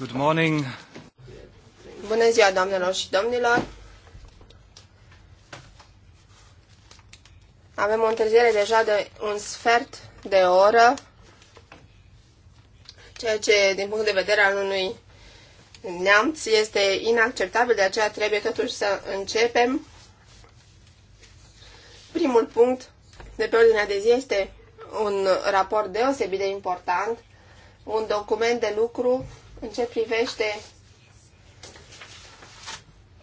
Good morning. Bună ziua, doamnelor și domnilor. Avem o întârziere deja de un sfert de oră, ceea ce, din punct de vedere al unui neamț, este inacceptabil, de aceea trebuie totuși să începem. Primul punct de pe ordinea de zi este un raport deosebit de important, un document de lucru în ce privește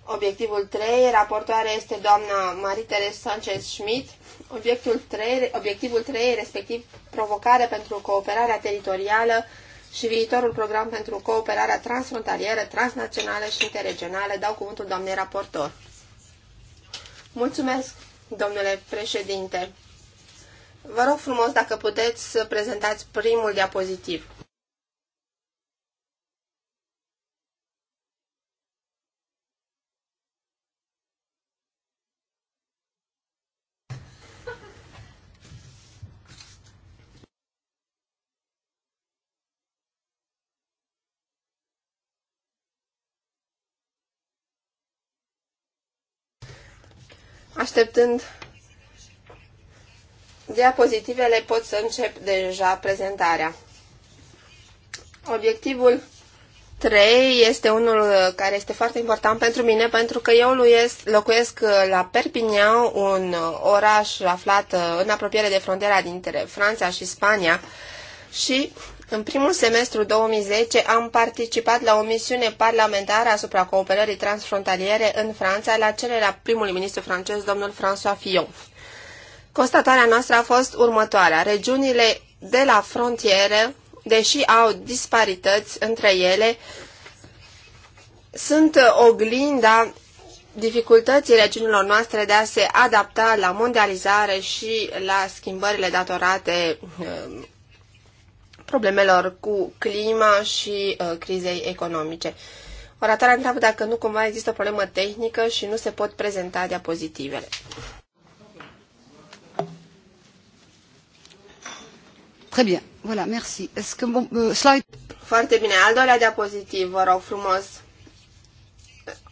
obiectivul 3, raportoarea este doamna marie Teresa Sanchez-Schmidt. Obiectul 3, obiectivul 3, respectiv provocare pentru cooperarea teritorială și viitorul program pentru cooperarea transfrontalieră, transnațională și interregională. Dau cuvântul doamnei raportor. Mulțumesc, domnule președinte. Vă rog frumos dacă puteți să prezentați primul diapozitiv. așteptând diapozitivele, pot să încep deja prezentarea. Obiectivul 3 este unul care este foarte important pentru mine, pentru că eu locuiesc la Perpignan, un oraș aflat în apropiere de frontiera dintre Franța și Spania și în primul semestru 2010 am participat la o misiune parlamentară asupra cooperării transfrontaliere în Franța la cererea primului ministru francez, domnul François Fillon. Constatarea noastră a fost următoarea. Regiunile de la frontieră, deși au disparități între ele, sunt oglinda dificultății regiunilor noastre de a se adapta la mondializare și la schimbările datorate problemelor cu clima și uh, crizei economice. Oratoarea întreabă dacă nu cumva există o problemă tehnică și nu se pot prezenta diapozitivele. Très bien. Voilà, merci. Est-ce que mon euh, slide... Foarte bine. Al doilea diapozitiv, vă rog frumos.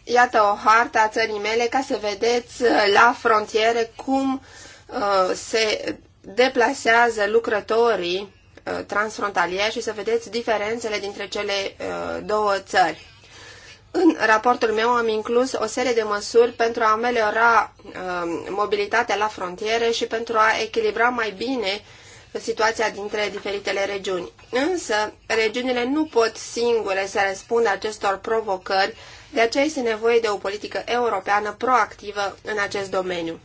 Iată o hartă a țării mele ca să vedeți uh, la frontiere cum uh, se deplasează lucrătorii Uh, transfrontalier și să vedeți diferențele dintre cele uh, două țări. În raportul meu am inclus o serie de măsuri pentru a ameliora uh, mobilitatea la frontiere și pentru a echilibra mai bine situația dintre diferitele regiuni. Însă, regiunile nu pot singure să răspundă acestor provocări, de aceea este nevoie de o politică europeană proactivă în acest domeniu.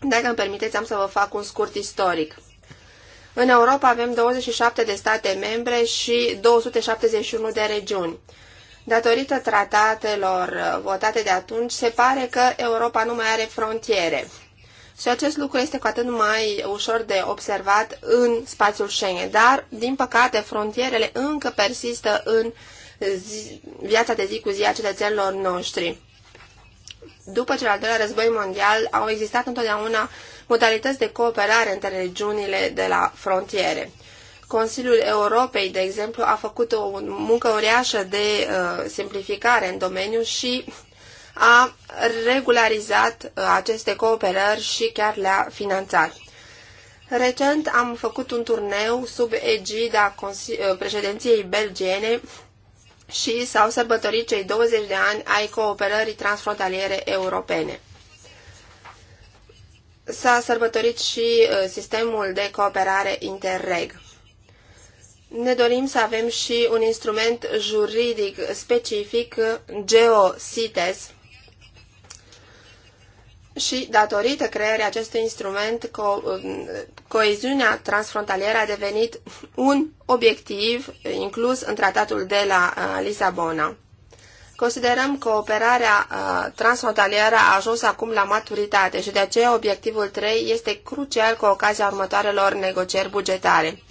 Dacă îmi permiteți, am să vă fac un scurt istoric. În Europa avem 27 de state membre și 271 de regiuni. Datorită tratatelor uh, votate de atunci, se pare că Europa nu mai are frontiere. Și acest lucru este cu atât mai ușor de observat în spațiul Schengen, dar, din păcate, frontierele încă persistă în zi, viața de zi cu zi a cetățenilor noștri. După cel al doilea război mondial, au existat întotdeauna modalități de cooperare între regiunile de la frontiere. Consiliul Europei, de exemplu, a făcut o muncă uriașă de uh, simplificare în domeniu și a regularizat uh, aceste cooperări și chiar le-a finanțat. Recent am făcut un turneu sub egida uh, președinției belgiene și s-au sărbătorit cei 20 de ani ai cooperării transfrontaliere europene s-a sărbătorit și uh, sistemul de cooperare Interreg. Ne dorim să avem și un instrument juridic specific uh, GeoCites și datorită creării acestui instrument, co- uh, coeziunea transfrontalieră a devenit un obiectiv inclus în tratatul de la Lisabona. Considerăm că operarea uh, transfrontalieră a ajuns acum la maturitate și de aceea obiectivul 3 este crucial cu ocazia următoarelor negocieri bugetare.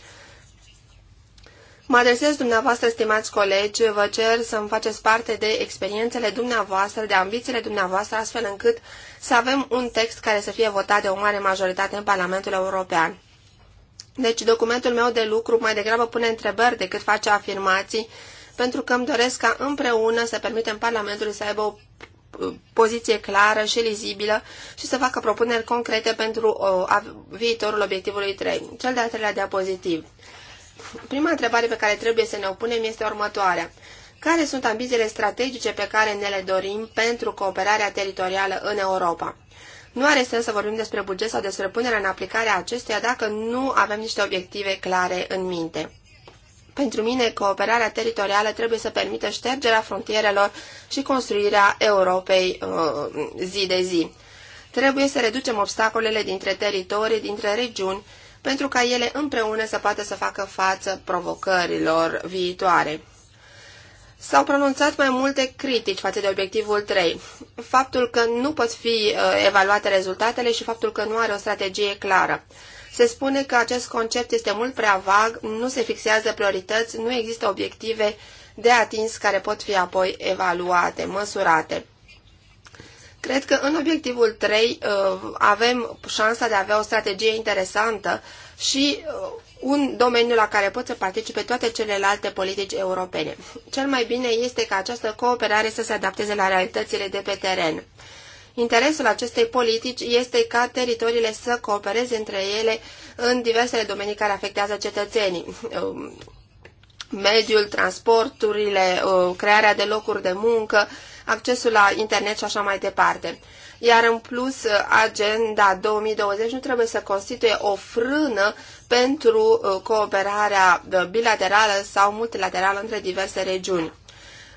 Mă adresez dumneavoastră, stimați colegi, vă cer să-mi faceți parte de experiențele dumneavoastră, de ambițiile dumneavoastră, astfel încât să avem un text care să fie votat de o mare majoritate în Parlamentul European. Deci documentul meu de lucru mai degrabă pune întrebări decât face afirmații pentru că îmi doresc ca împreună să permitem Parlamentului să aibă o uh, poziție clară și lizibilă și să facă propuneri concrete pentru o, uh, a, viitorul obiectivului 3, cel de-al treilea diapozitiv. Prima întrebare pe care trebuie să ne opunem este următoarea. Care sunt ambițiile strategice pe care ne le dorim pentru cooperarea teritorială în Europa? Nu are sens să vorbim despre buget sau despre punerea în aplicare a acestuia dacă nu avem niște obiective clare în minte. Pentru mine, cooperarea teritorială trebuie să permită ștergerea frontierelor și construirea Europei uh, zi de zi. Trebuie să reducem obstacolele dintre teritorii, dintre regiuni, pentru ca ele împreună să poată să facă față provocărilor viitoare. S-au pronunțat mai multe critici față de obiectivul 3, faptul că nu pot fi uh, evaluate rezultatele și faptul că nu are o strategie clară. Se spune că acest concept este mult prea vag, nu se fixează priorități, nu există obiective de atins care pot fi apoi evaluate, măsurate. Cred că în obiectivul 3 uh, avem șansa de a avea o strategie interesantă și uh, un domeniu la care pot să participe toate celelalte politici europene. Cel mai bine este ca această cooperare să se adapteze la realitățile de pe teren. Interesul acestei politici este ca teritoriile să coopereze între ele în diversele domenii care afectează cetățenii. Um, mediul, transporturile, um, crearea de locuri de muncă, accesul la internet și așa mai departe. Iar în plus, Agenda 2020 nu trebuie să constituie o frână pentru uh, cooperarea uh, bilaterală sau multilaterală între diverse regiuni.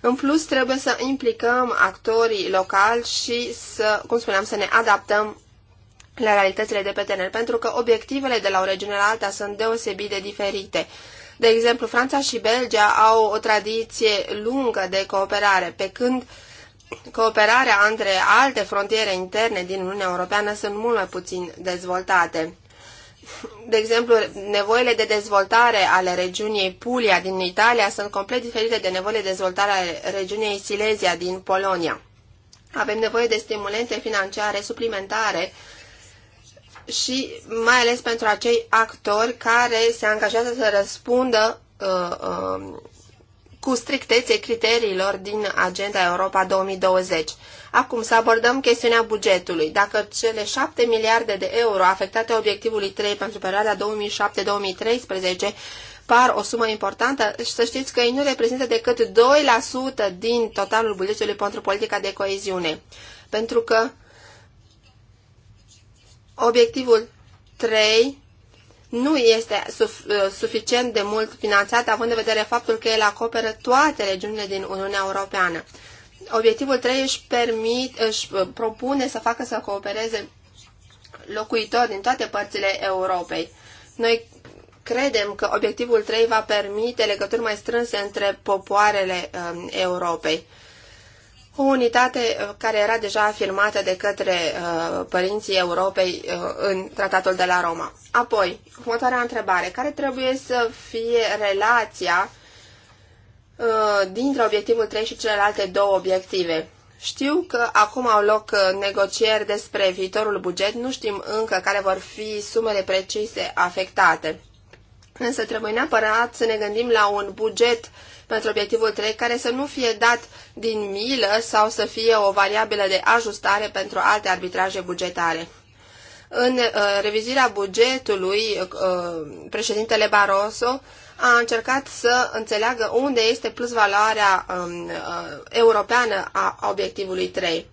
În plus, trebuie să implicăm actorii locali și să, cum spuneam, să ne adaptăm la realitățile de pe teren, pentru că obiectivele de la o regiune la alta sunt deosebit de diferite. De exemplu, Franța și Belgia au o tradiție lungă de cooperare, pe când cooperarea între alte frontiere interne din Uniunea Europeană sunt mult mai puțin dezvoltate de exemplu, nevoile de dezvoltare ale regiunii Puglia din Italia sunt complet diferite de nevoile de dezvoltare ale regiunii Silesia din Polonia. Avem nevoie de stimulente financiare suplimentare și mai ales pentru acei actori care se angajează să răspundă uh, uh, cu strictețe criteriilor din Agenda Europa 2020. Acum să abordăm chestiunea bugetului. Dacă cele 7 miliarde de euro afectate obiectivului 3 pentru perioada 2007-2013 par o sumă importantă, să știți că ei nu reprezintă decât 2% din totalul bugetului pentru politica de coeziune. Pentru că obiectivul 3 nu este uh, suficient de mult finanțat, având în vedere faptul că el acoperă toate regiunile din Uniunea Europeană obiectivul 3 își, permit, își uh, propune să facă să coopereze locuitori din toate părțile Europei. Noi credem că obiectivul 3 va permite legături mai strânse între popoarele um, Europei. O unitate uh, care era deja afirmată de către uh, părinții Europei uh, în Tratatul de la Roma. Apoi, următoarea întrebare. Care trebuie să fie relația Uh, dintre obiectivul 3 și celelalte două obiective. Știu că acum au loc uh, negocieri despre viitorul buget, nu știm încă care vor fi sumele precise afectate. Însă trebuie neapărat să ne gândim la un buget pentru obiectivul 3 care să nu fie dat din milă sau să fie o variabilă de ajustare pentru alte arbitraje bugetare. În uh, revizirea bugetului, uh, președintele Barroso a încercat să înțeleagă unde este plus valoarea um, uh, europeană a obiectivului 3.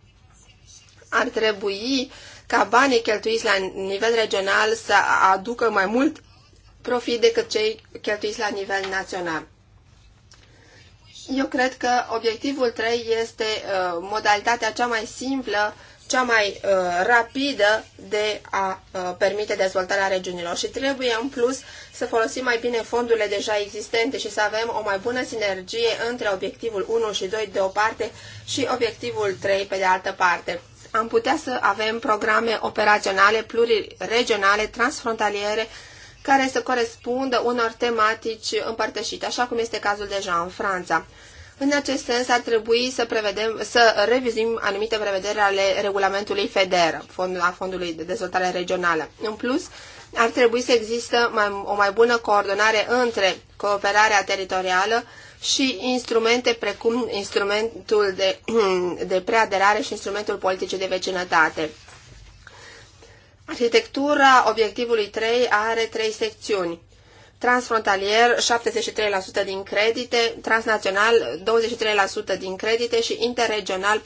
Ar trebui ca banii cheltuiți la nivel regional să aducă mai mult profit decât cei cheltuiți la nivel național. Eu cred că obiectivul 3 este uh, modalitatea cea mai simplă cea mai uh, rapidă de a uh, permite dezvoltarea regiunilor și trebuie în plus să folosim mai bine fondurile deja existente și să avem o mai bună sinergie între obiectivul 1 și 2 de o parte și obiectivul 3 pe de altă parte. Am putea să avem programe operaționale pluriregionale, transfrontaliere, care să corespundă unor tematici împărtășite, așa cum este cazul deja în Franța. În acest sens ar trebui să, prevedem, să revizim anumite prevederi ale regulamentului FEDER, a Fondului de Dezvoltare Regională. În plus, ar trebui să există mai, o mai bună coordonare între cooperarea teritorială și instrumente precum instrumentul de, de preaderare și instrumentul politic de vecinătate. Arhitectura obiectivului 3 are trei secțiuni transfrontalier 73% din credite, transnațional 23% din credite și interregional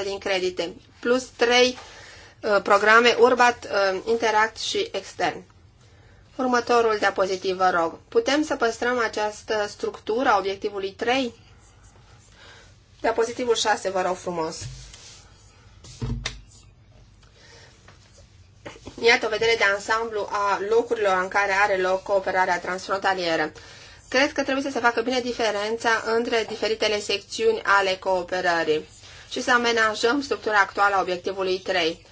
4% din credite, plus 3 uh, programe Urbat, uh, Interact și Extern. Următorul diapozitiv, vă rog. Putem să păstrăm această structură a obiectivului 3? Diapozitivul 6, vă rog frumos. Iată o vedere de ansamblu a locurilor în care are loc cooperarea transfrontalieră. Cred că trebuie să se facă bine diferența între diferitele secțiuni ale cooperării și să amenajăm structura actuală a obiectivului 3.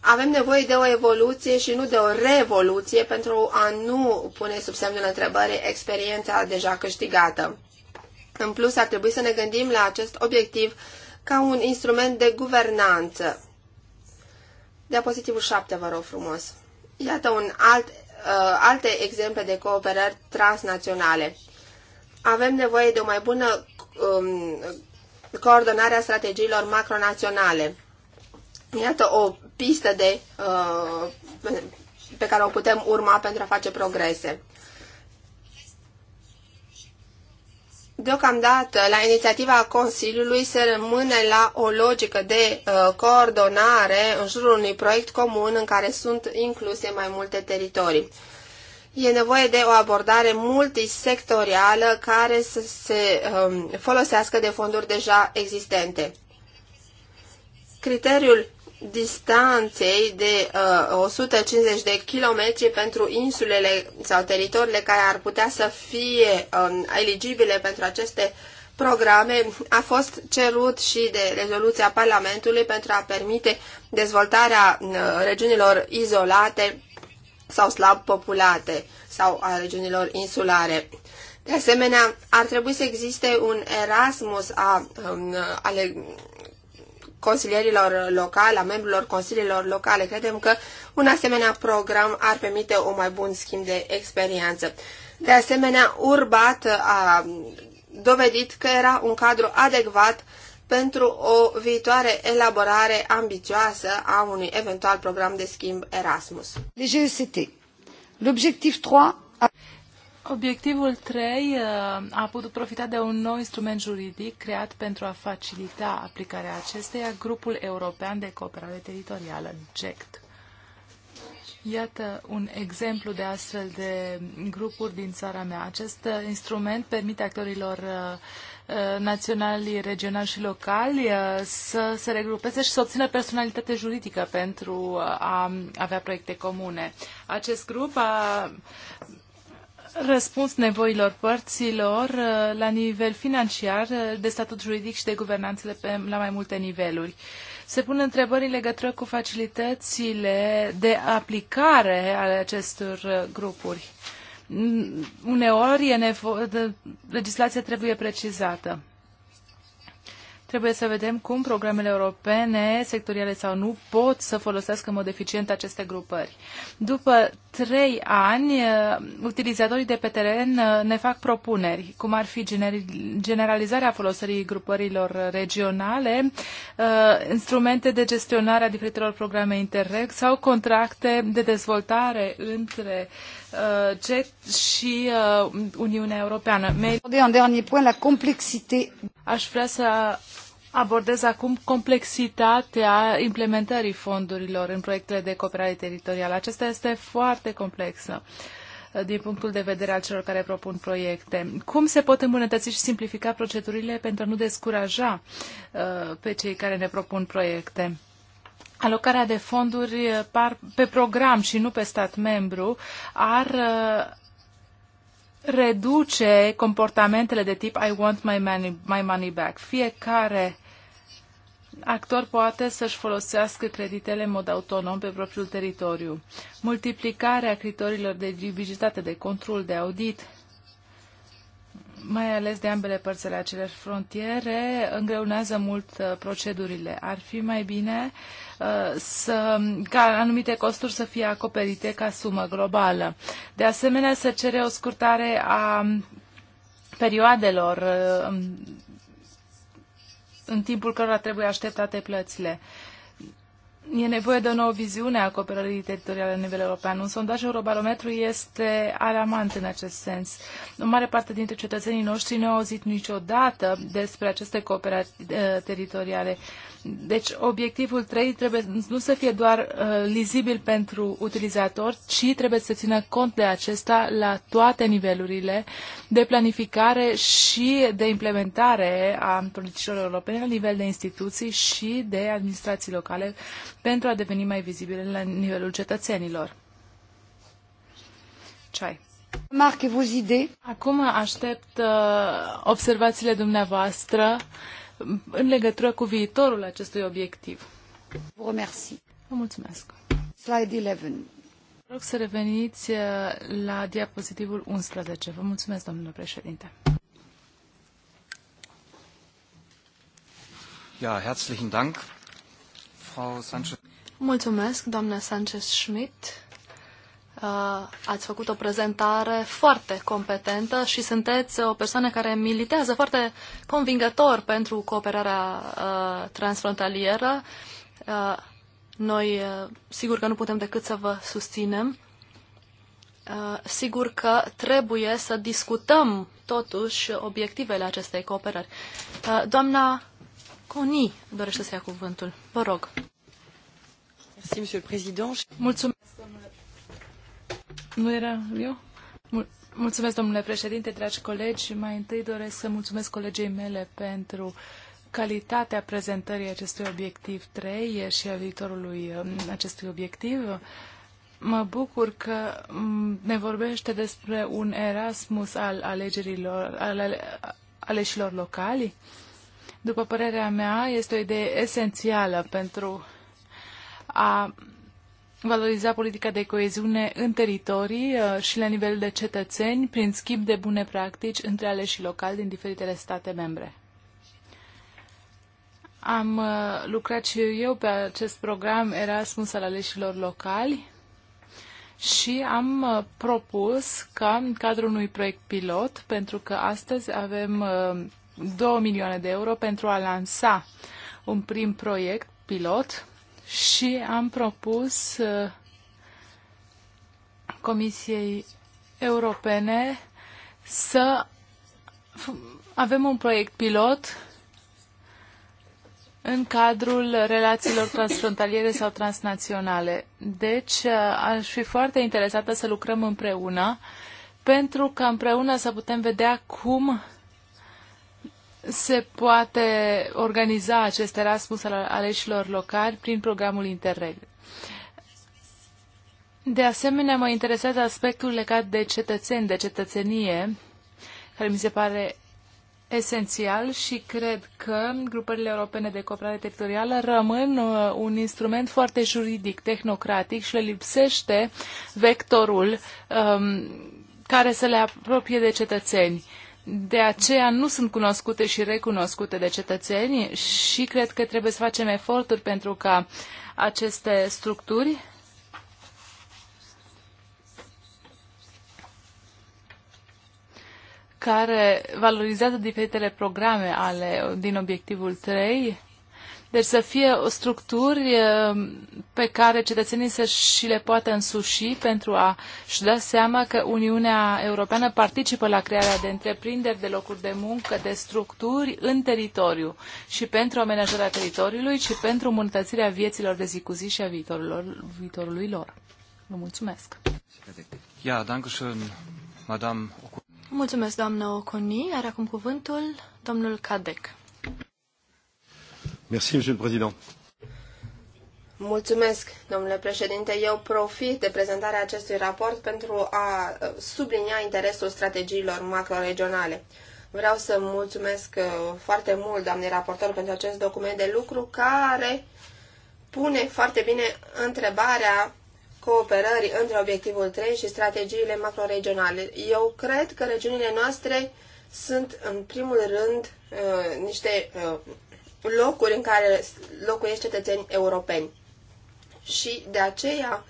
Avem nevoie de o evoluție și nu de o revoluție pentru a nu pune sub semnul întrebării experiența deja câștigată. În plus, ar trebui să ne gândim la acest obiectiv ca un instrument de guvernanță Diapozitivul 7, vă rog frumos. Iată un alt, uh, alte exemple de cooperări transnaționale. Avem nevoie de o mai bună um, coordonare a strategiilor macronaționale. Iată o pistă de, uh, pe care o putem urma pentru a face progrese. Deocamdată, la inițiativa Consiliului se rămâne la o logică de uh, coordonare în jurul unui proiect comun în care sunt incluse mai multe teritorii. E nevoie de o abordare multisectorială care să se um, folosească de fonduri deja existente. Criteriul distanței de uh, 150 de kilometri pentru insulele sau teritoriile care ar putea să fie uh, eligibile pentru aceste programe a fost cerut și de rezoluția Parlamentului pentru a permite dezvoltarea uh, regiunilor izolate sau slab populate sau a regiunilor insulare. De asemenea, ar trebui să existe un Erasmus a, a, um, a consilierilor locale, a membrilor consiliilor locale. Credem că un asemenea program ar permite un mai bun schimb de experiență. De asemenea, Urbat a dovedit că era un cadru adecvat pentru o viitoare elaborare ambițioasă a unui eventual program de schimb Erasmus. L'objectif 3 Obiectivul 3 uh, a putut profita de un nou instrument juridic creat pentru a facilita aplicarea acesteia, Grupul European de Cooperare Teritorială, GECT. Iată un exemplu de astfel de grupuri din țara mea. Acest uh, instrument permite actorilor uh, naționali, regionali și locali să se regrupeze și să obțină personalitate juridică pentru a avea proiecte comune. Acest grup a răspuns nevoilor părților uh, la nivel financiar, uh, de statut juridic și de guvernanțele pe, la mai multe niveluri. Se pun întrebări în legătură cu facilitățile de aplicare ale acestor uh, grupuri. Uneori e nevo- legislația trebuie precizată. Trebuie să vedem cum programele europene, sectoriale sau nu, pot să folosească în mod eficient aceste grupări. După trei ani, eh, utilizatorii de pe teren eh, ne fac propuneri, cum ar fi generalizarea folosării grupărilor regionale, eh, instrumente de gestionare a diferitelor programe interreg sau contracte de dezvoltare între CEC uh, și uh, Uniunea Europeană. Aș vrea să abordez acum complexitatea implementării fondurilor în proiectele de cooperare teritorială. Aceasta este foarte complexă uh, din punctul de vedere al celor care propun proiecte. Cum se pot îmbunătăți și simplifica procedurile pentru a nu descuraja uh, pe cei care ne propun proiecte? alocarea de fonduri eh, par, pe program și nu pe stat membru ar eh, reduce comportamentele de tip I want my money, my money back. Fiecare actor poate să-și folosească creditele în mod autonom pe propriul teritoriu. Multiplicarea criteriilor de eligibilitate, de control, de audit, mai ales de ambele părți aceleași frontiere, îngreunează mult eh, procedurile. Ar fi mai bine uh, să, ca anumite costuri să fie acoperite ca sumă globală. De asemenea, se cere o scurtare a perioadelor uh, în timpul cărora trebuie așteptate plățile. E nevoie de o nouă viziune a acoperării teritoriale la nivel european. Un sondaj Eurobarometru este alarmant în acest sens. O mare parte dintre cetățenii noștri nu au auzit niciodată despre aceste cooperări uh, teritoriale. Deci obiectivul 3 trebuie nu să fie doar uh, lizibil pentru utilizator, ci trebuie să țină cont de acesta la toate nivelurile de planificare și de implementare a politicilor europene la nivel de instituții și de administrații locale pentru a deveni mai vizibile la nivelul cetățenilor. Ceai. Marc, vos idei? Acum aștept uh, observațiile dumneavoastră în legătură cu viitorul acestui obiectiv. Vă mulțumesc. Slide 11. rog să reveniți uh, la diapozitivul 11. Vă mulțumesc, domnule președinte. Ja, herzlichen Dank, Frau Sanchez. Mulțumesc, doamna Sanchez-Schmidt. Uh, ați făcut o prezentare foarte competentă și sunteți o persoană care militează foarte convingător pentru cooperarea uh, transfrontalieră. Uh, noi, sigur că nu putem decât să vă susținem. Sigur că trebuie să discutăm totuși obiectivele acestei cooperări. Doamna Coni dorește să ia cuvântul. Vă rog. Mulțumesc, domnule nu era eu? Mul mulțumesc, domnule președinte, dragi colegi. Mai întâi doresc să mulțumesc colegei mele pentru calitatea prezentării acestui obiectiv 3 și a viitorului um, acestui obiectiv. Mă bucur că um, ne vorbește despre un Erasmus al alegerilor, al ale, aleșilor locali. După părerea mea, este o idee esențială pentru a valoriza politica de coeziune în teritorii uh, și la nivel de cetățeni prin schimb de bune practici între aleși local din diferitele state membre. Am uh, lucrat și eu pe acest program Erasmus al aleșilor locali și am uh, propus ca în cadrul unui proiect pilot, pentru că astăzi avem 2 milioane de euro pentru a lansa un prim proiect pilot și am propus uh, Comisiei Europene să avem un proiect pilot în cadrul relațiilor transfrontaliere sau transnaționale. Deci, uh, aș fi foarte interesată să lucrăm împreună pentru că împreună să putem vedea cum se poate organiza acest Erasmus al aleșilor locali prin programul Interreg. De asemenea, mă interesează aspectul legat de cetățeni, de cetățenie, care mi se pare esențial și cred că grupările europene de cooperare teritorială rămân uh, un instrument foarte juridic, tehnocratic și le lipsește vectorul um, care să le apropie de cetățeni. Uh, de aceea nu sunt cunoscute și recunoscute de cetățeni și cred că trebuie să facem eforturi pentru ca aceste structuri care valorizează diferitele programe ale, din obiectivul 3 deci să fie o structuri eh, pe care cetățenii să și le poată însuși pentru a-și da seama că Uniunea Europeană participă la crearea de întreprinderi, de locuri de muncă, de structuri în teritoriu și pentru amenajarea teritoriului și pentru îmbunătățirea vieților de zi cu zi și a viitorilor, viitorului lor. Vă mulțumesc! Ja, danke schön, Madame Mulțumesc, doamnă Oconi. Are acum cuvântul domnul Cadec. Mulțumesc, domnule președinte. Eu profit de prezentarea acestui raport pentru a uh, sublinia interesul strategiilor macroregionale. Vreau să mulțumesc uh, foarte mult, doamnei raportor, pentru acest document de lucru care pune foarte bine întrebarea cooperării între obiectivul 3 și strategiile macroregionale. Eu cred că regiunile noastre sunt, în primul rând, uh, niște locuri în care locuiesc cetățeni europeni. Și de aceea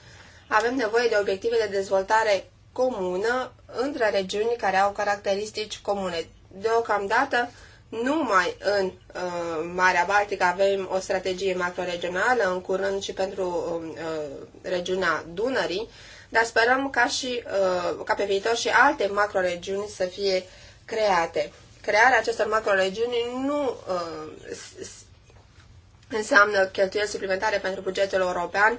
avem nevoie de obiective de dezvoltare comună între regiuni care au caracteristici comune. Deocamdată, numai în uh, Marea Baltică avem o strategie macroregională, în curând și pentru um, uh, regiunea Dunării, dar sperăm ca, și, uh, ca pe viitor și alte macroregiuni să fie create crearea acestor macroregiuni nu uh, înseamnă cheltuieli suplimentare pentru bugetul european,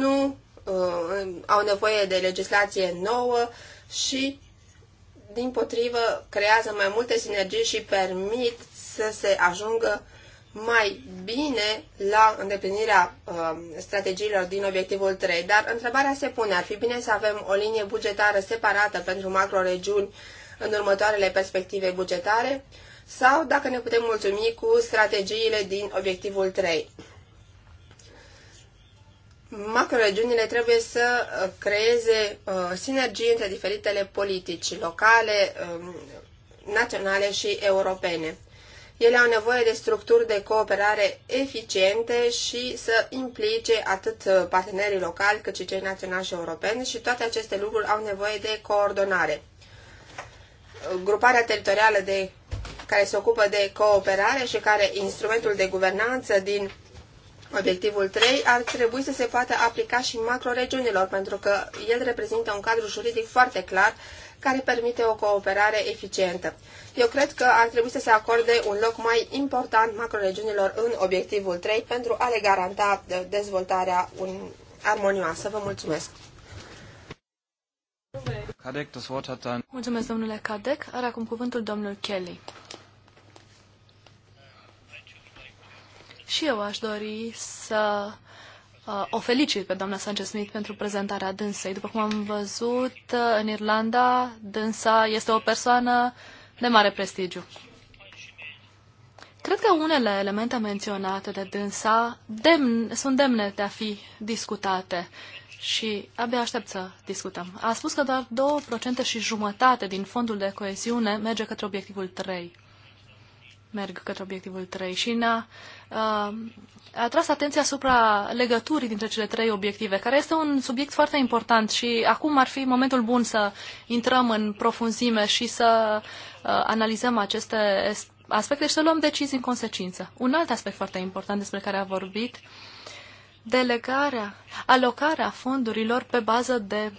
nu uh, au nevoie de legislație nouă și, din potrivă, creează mai multe sinergii și permit să se ajungă mai bine la îndeplinirea uh, strategiilor din obiectivul 3. Dar întrebarea se pune, ar fi bine să avem o linie bugetară separată pentru macroregiuni în următoarele perspective bugetare sau dacă ne putem mulțumi cu strategiile din obiectivul 3. Macroregiunile trebuie să uh, creeze uh, sinergii între diferitele politici locale, um, naționale și europene. Ele au nevoie de structuri de cooperare eficiente și să implice atât uh, partenerii locali cât și cei naționali și europeni și toate aceste lucruri au nevoie de coordonare gruparea teritorială de, care se ocupă de cooperare și care instrumentul de guvernanță din obiectivul 3 ar trebui să se poată aplica și macroregiunilor, pentru că el reprezintă un cadru juridic foarte clar care permite o cooperare eficientă. Eu cred că ar trebui să se acorde un loc mai important macroregiunilor în obiectivul 3 pentru a le garanta dezvoltarea un... armonioasă. Vă mulțumesc! Cadec, das Wort hat dann... Mulțumesc, domnule Cadec. Are acum cuvântul domnul Kelly. Și eu aș dori să uh, o felicit pe doamna Sanchez-Smith pentru prezentarea dânsei. După cum am văzut, uh, în Irlanda, dânsa este o persoană de mare prestigiu. Cred că unele elemente menționate de dânsa demn, sunt demne de a fi discutate și abia aștept să discutăm. A spus că doar 2% și jumătate din fondul de coeziune merge către obiectivul 3. Merg către obiectivul 3 și ne-a uh, atras atenția asupra legăturii dintre cele trei obiective, care este un subiect foarte important și acum ar fi momentul bun să intrăm în profunzime și să uh, analizăm aceste aspecte și să luăm decizii în consecință. Un alt aspect foarte important despre care a vorbit uh, delegarea, alocarea fondurilor pe bază de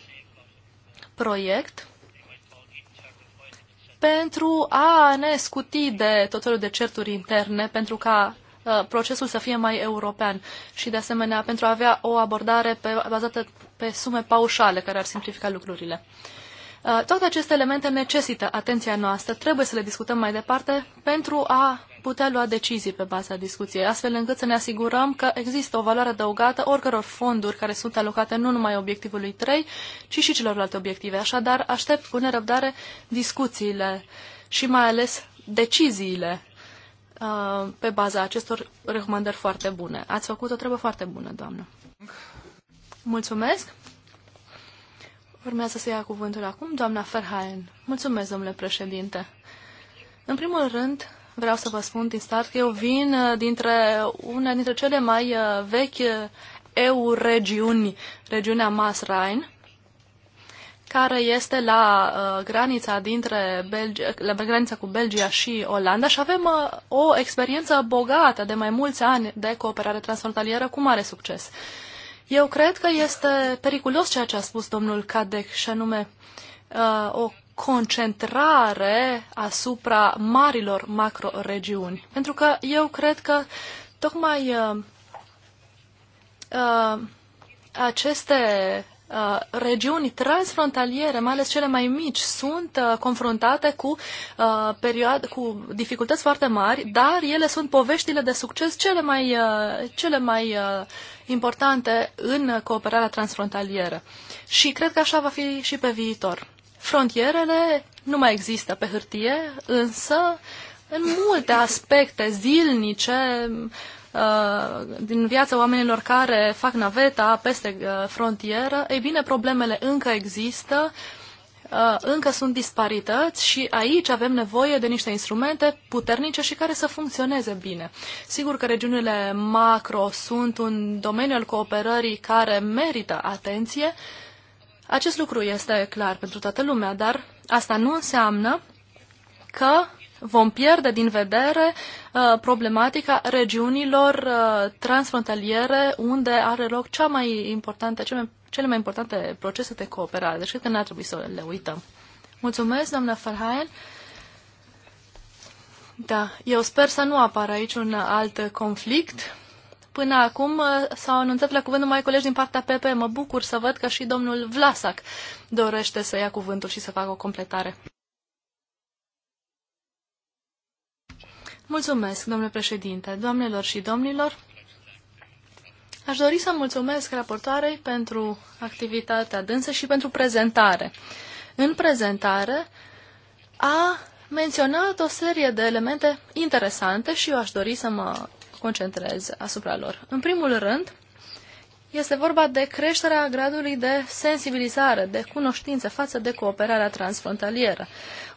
proiect pentru a ne scuti de tot felul de certuri interne, pentru ca uh, procesul să fie mai european și, de asemenea, pentru a avea o abordare pe, bazată pe sume paușale, care ar simplifica lucrurile. Uh, toate aceste elemente necesită atenția noastră, trebuie să le discutăm mai departe pentru a putea lua decizii pe baza discuției, astfel încât să ne asigurăm că există o valoare adăugată oricăror fonduri care sunt alocate nu numai obiectivului 3, ci și celorlalte obiective. Așadar, aștept cu nerăbdare discuțiile și mai ales deciziile uh, pe baza acestor recomandări foarte bune. Ați făcut o treabă foarte bună, doamnă. Mulțumesc! Urmează să ia cuvântul acum doamna Ferhaen. Mulțumesc, domnule președinte. În primul rând, vreau să vă spun din start că eu vin uh, dintre una dintre cele mai uh, vechi uh, EU-regiuni, regiunea Masrain, care este la uh, granița dintre Belgi- la granița cu Belgia și Olanda și avem uh, o experiență bogată de mai mulți ani de cooperare transfrontalieră cu mare succes. Eu cred că este periculos ceea ce a spus domnul Cadec și anume uh, o concentrare asupra marilor macroregiuni. Pentru că eu cred că tocmai uh, uh, aceste uh, regiuni transfrontaliere, mai ales cele mai mici, sunt uh, confruntate cu, uh, perioade, cu dificultăți foarte mari, dar ele sunt poveștile de succes cele mai, uh, cele mai uh, importante în cooperarea transfrontalieră. Și cred că așa va fi și pe viitor. Frontierele nu mai există pe hârtie, însă în multe aspecte zilnice uh, din viața oamenilor care fac naveta peste uh, frontieră, ei bine, problemele încă există, uh, încă sunt disparități și aici avem nevoie de niște instrumente puternice și care să funcționeze bine. Sigur că regiunile macro sunt un domeniu al cooperării care merită atenție, acest lucru este clar pentru toată lumea, dar asta nu înseamnă că vom pierde din vedere uh, problematica regiunilor uh, transfrontaliere unde are loc cea mai importante, cele mai, cele mai importante procese de cooperare. Deci cred că n-ar trebui să le uităm. Mulțumesc, doamna Farhaen. Da, eu sper să nu apară aici un alt conflict Până acum uh, s-au anunțat la cuvânt numai colegi din partea PP. Mă bucur să văd că și domnul Vlasac dorește să ia cuvântul și să facă o completare. Mulțumesc, domnule președinte, doamnelor și domnilor. Aș dori să mulțumesc raportoarei pentru activitatea dânsă și pentru prezentare. În prezentare a menționat o serie de elemente interesante și eu aș dori să mă concentrez asupra lor. În primul rând, este vorba de creșterea gradului de sensibilizare, de cunoștință față de cooperarea transfrontalieră.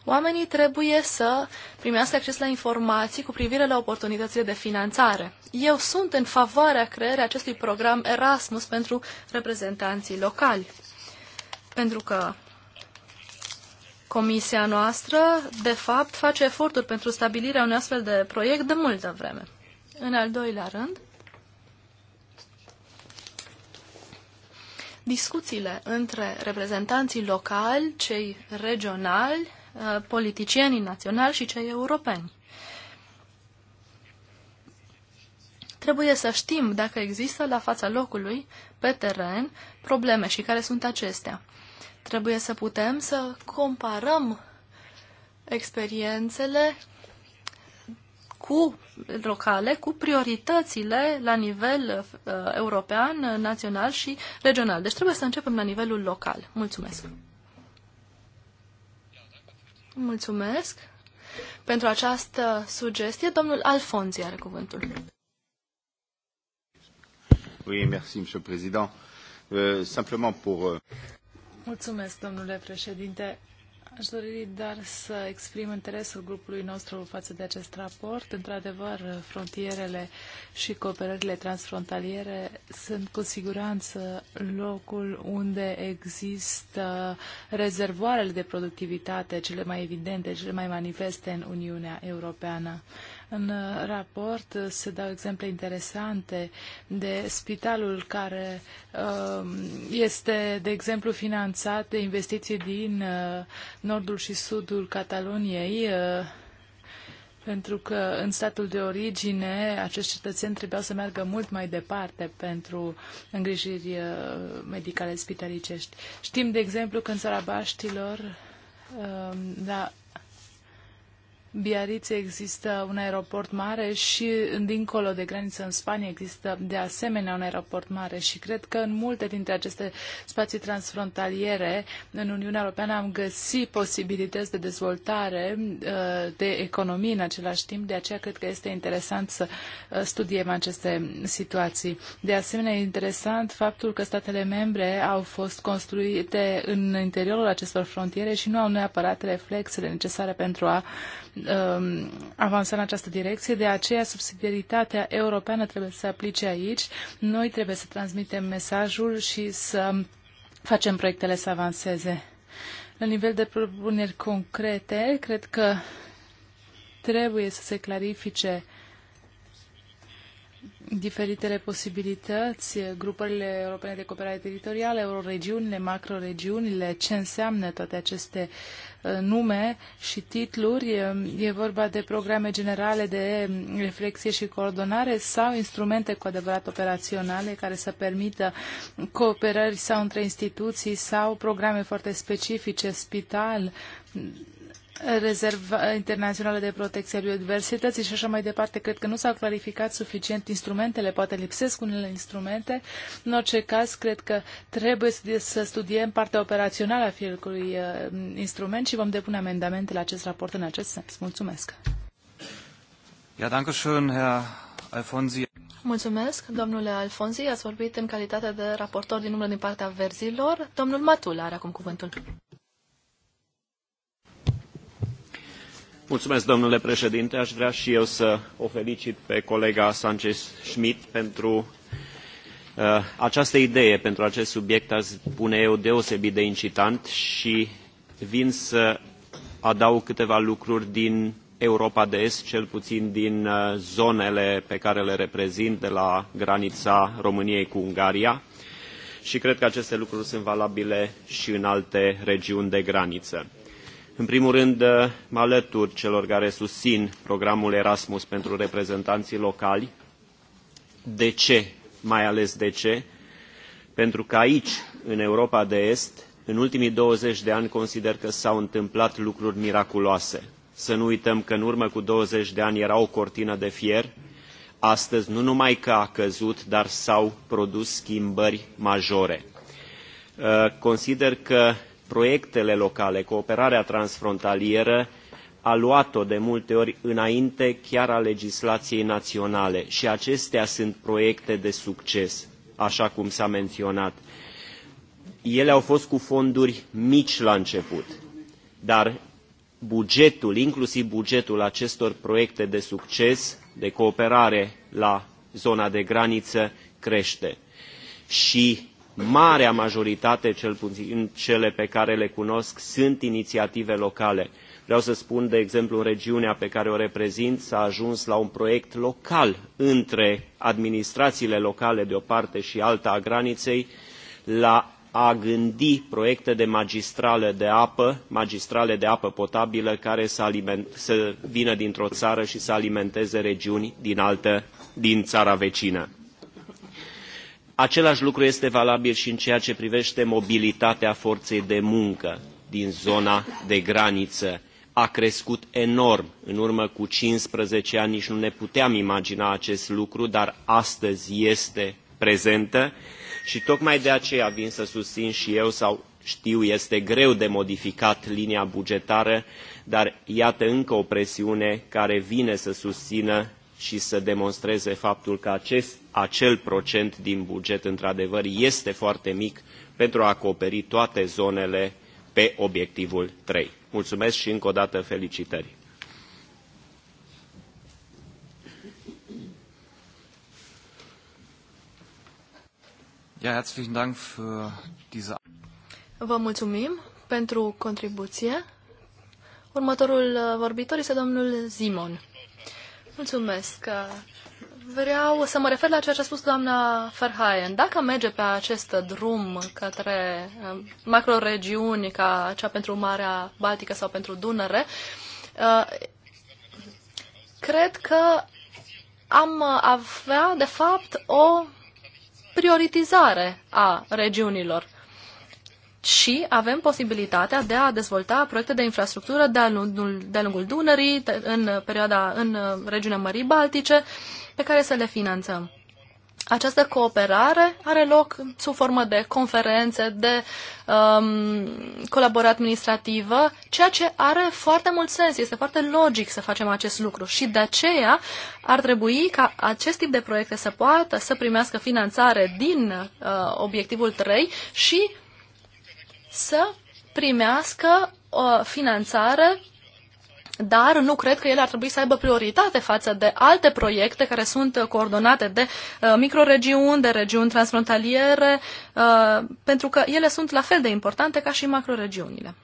Oamenii trebuie să primească acces la informații cu privire la oportunitățile de finanțare. Eu sunt în favoarea creării acestui program Erasmus pentru reprezentanții locali, pentru că comisia noastră, de fapt, face eforturi pentru stabilirea unui astfel de proiect de multă vreme. În al doilea rând, discuțiile între reprezentanții locali, cei regionali, uh, politicienii naționali și cei europeni. Trebuie să știm dacă există la fața locului, pe teren, probleme și care sunt acestea. Trebuie să putem să comparăm experiențele cu locale, cu prioritățile la nivel uh, european, uh, național și regional. Deci trebuie să începem la nivelul local. Mulțumesc! Mulțumesc pentru această sugestie. Domnul Alfonzi are cuvântul. Oui, merci, monsieur président. Uh, simplement pour... Uh... Mulțumesc, domnule președinte. Aș dori dar să exprim interesul grupului nostru față de acest raport. Într-adevăr, frontierele și cooperările transfrontaliere sunt cu siguranță locul unde există rezervoarele de productivitate cele mai evidente, cele mai manifeste în Uniunea Europeană. În raport se dau exemple interesante de spitalul care um, este, de exemplu, finanțat de investiții din uh, nordul și sudul Cataloniei, uh, pentru că în statul de origine acești cetățeni trebuiau să meargă mult mai departe pentru îngrijiri uh, medicale spitalicești. Știm, de exemplu, că în țara Baștilor um, la Biarritz există un aeroport mare și dincolo de graniță în Spania există de asemenea un aeroport mare și cred că în multe dintre aceste spații transfrontaliere în Uniunea Europeană am găsit posibilități de dezvoltare uh, de economii în același timp, de aceea cred că este interesant să uh, studiem aceste situații. De asemenea, e interesant faptul că statele membre au fost construite în interiorul acestor frontiere și nu au neapărat reflexele necesare pentru a uh, Um, avansa în această direcție, de aceea subsidiaritatea europeană trebuie să se aplice aici. Noi trebuie să transmitem mesajul și să facem proiectele să avanseze. La nivel de propuneri concrete, cred că trebuie să se clarifice uh, diferitele posibilități, grupările europene de cooperare teritorială, euroregiunile, macroregiunile, ce înseamnă toate aceste uh, nume și titluri. Um, e vorba de programe generale de reflexie și coordonare sau instrumente cu adevărat operaționale care să permită cooperări sau între instituții sau programe foarte specifice, spital, Rezerva Internațională de Protecție a Biodiversității și așa mai departe. Cred că nu s-au clarificat suficient instrumentele, poate lipsesc unele instrumente. În orice caz, cred că trebuie să studiem partea operațională a fiecărui uh, instrument și vom depune amendamente la acest raport în acest sens. Mulțumesc! Ja, danke schön, Herr Alfonsi. Mulțumesc, domnule Alfonsi. Ați vorbit în calitate de raportor din numărul din partea verzilor. Domnul Matul are acum cuvântul. domnule președinte. Aș vrea și eu să o felicit pe colega Sanchez-Schmidt pentru uh, această idee, pentru acest subiect, aș spune eu, deosebit de incitant și vin să adaug câteva lucruri din Europa de Est, cel puțin din uh, zonele pe care le reprezint de la granița României cu Ungaria și cred că aceste lucruri sunt valabile și în alte regiuni de graniță. În primul rând, eh, mă alătur celor care susțin programul Erasmus pentru reprezentanții locali. De ce? Mai ales de ce? Pentru că aici, în Europa de Est, în ultimii 20 de ani consider că s-au întâmplat lucruri miraculoase. Să nu uităm că în urmă cu 20 de ani era o cortină de fier, astăzi nu numai că a căzut, dar s-au produs schimbări majore. Eh, consider că proiectele locale, cooperarea transfrontalieră, a luat-o de multe ori înainte chiar a legislației naționale și acestea sunt proiecte de succes, așa cum s-a menționat. Ele au fost cu fonduri mici la început, dar bugetul, inclusiv bugetul acestor proiecte de succes, de cooperare la zona de graniță, crește. Și marea majoritate, cel puțin cele pe care le cunosc, sunt inițiative locale. Vreau să spun, de exemplu, în regiunea pe care o reprezint s-a ajuns la un proiect local între administrațiile locale de o parte și alta a graniței la a gândi proiecte de magistrale de apă, magistrale de apă potabilă care să, aliment, să vină dintr-o țară și să alimenteze regiuni din, altă, din țara vecină. Același lucru este valabil și în ceea ce privește mobilitatea forței de muncă din zona de graniță. A crescut enorm. În urmă cu 15 ani nici nu ne puteam imagina acest lucru, dar astăzi este prezentă și tocmai de aceea vin să susțin și eu sau știu este greu de modificat linia bugetară, dar iată încă o presiune care vine să susțină și să demonstreze faptul că acest, acel procent din buget, într-adevăr, este foarte mic pentru a acoperi toate zonele pe obiectivul 3. Mulțumesc și încă o dată felicitări! Ja, herzlichen Dank für diese... Vă mulțumim pentru contribuție. Următorul vorbitor este domnul Zimon. Mulțumesc. Vreau să mă refer la ceea ce a spus doamna Ferhaien. Dacă merge pe acest drum către um, macroregiuni ca cea pentru Marea Baltică sau pentru Dunăre, uh, cred că am avea, de fapt, o prioritizare a regiunilor și avem posibilitatea de a dezvolta proiecte de infrastructură de-a lungul, de lungul Dunării, în perioada în uh, regiunea Mării Baltice, pe care să le finanțăm. Această cooperare are loc sub formă de conferențe, de um, colaborare administrativă, ceea ce are foarte mult sens, este foarte logic să facem acest lucru și de aceea ar trebui ca acest tip de proiecte să poată să primească finanțare din uh, obiectivul 3 și să primească o uh, finanțare dar nu cred că ele ar trebui să aibă prioritate față de alte proiecte care sunt uh, coordonate de uh, microregiuni, de regiuni transfrontaliere, uh, pentru că ele sunt la fel de importante ca și macroregiunile.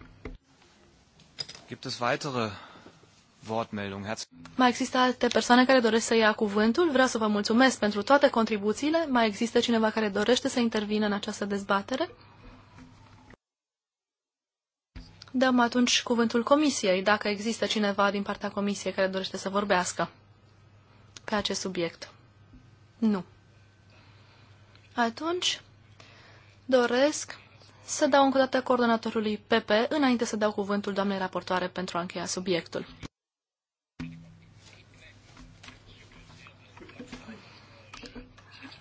Gibt es weitere Mai există alte persoane care doresc să ia cuvântul? Vreau să vă mulțumesc pentru toate contribuțiile. Mai există cineva care dorește să intervină în această dezbatere? dăm atunci cuvântul comisiei, dacă există cineva din partea comisiei care dorește să vorbească pe acest subiect. Nu. Atunci, doresc să dau încă o dată coordonatorului PP înainte să dau cuvântul doamnei raportoare pentru a încheia subiectul.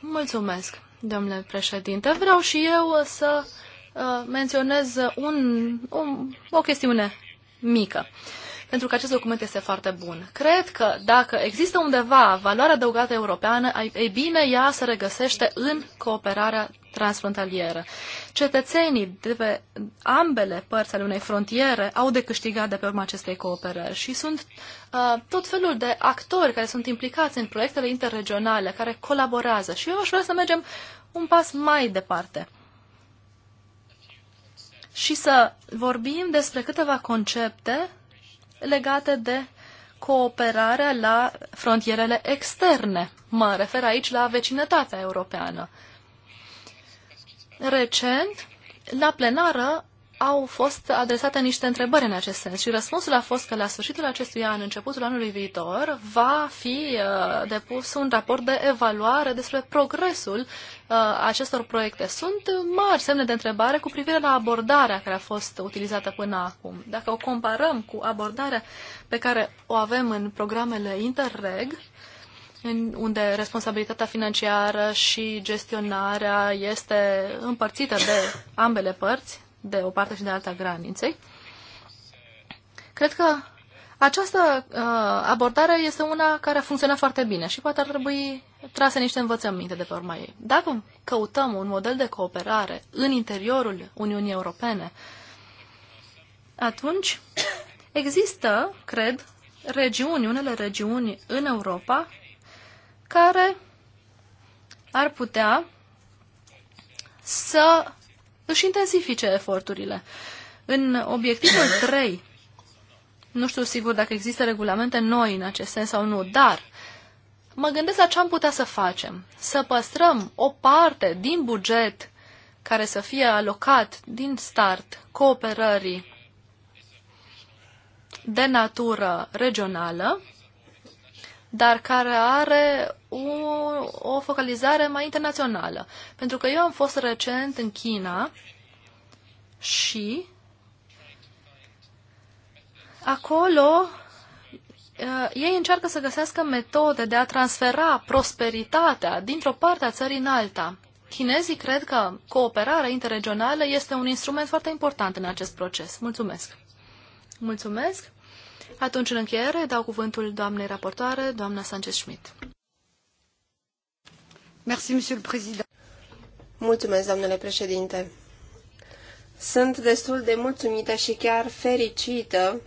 Mulțumesc, domnule președinte. Vreau și eu să Uh, menționez un, um, o chestiune mică, pentru că acest document este foarte bun. Cred că dacă există undeva valoarea adăugată europeană, e bine, ea se regăsește în cooperarea transfrontalieră. Cetățenii de pe ambele părți ale unei frontiere au de câștigat de pe urma acestei cooperări și sunt uh, tot felul de actori care sunt implicați în proiectele interregionale, care colaborează și eu aș vrea să mergem un pas mai departe și să vorbim despre câteva concepte legate de cooperarea la frontierele externe. Mă refer aici la vecinătatea europeană. Recent, la plenară, au fost adresate niște întrebări în acest sens și răspunsul a fost că la sfârșitul acestui an, începutul anului viitor, va fi uh, depus un raport de evaluare despre progresul uh, acestor proiecte. Sunt mari semne de întrebare cu privire la abordarea care a fost utilizată până acum. Dacă o comparăm cu abordarea pe care o avem în programele Interreg, în unde responsabilitatea financiară și gestionarea este împărțită de ambele părți, de o parte și de alta graniței. Cred că această uh, abordare este una care a funcționat foarte bine și poate ar trebui trase niște învățăminte de pe urma ei. Dacă căutăm un model de cooperare în interiorul Uniunii Europene, atunci există, cred, regiuni, unele regiuni în Europa care ar putea să își intensifice eforturile. În obiectivul 3, nu știu sigur dacă există regulamente noi în acest sens sau nu, dar mă gândesc la ce am putea să facem. Să păstrăm o parte din buget care să fie alocat din start cooperării de natură regională dar care are o, o focalizare mai internațională. Pentru că eu am fost recent în China și acolo uh, ei încearcă să găsească metode de a transfera prosperitatea dintr-o parte a țării în alta. Chinezii cred că cooperarea interregională este un instrument foarte important în acest proces. Mulțumesc! Mulțumesc! Atunci, în încheiere, dau cuvântul doamnei raportoare, doamna Sanchez-Schmidt. Mulțumesc, domnule președinte. Sunt destul de mulțumită și chiar fericită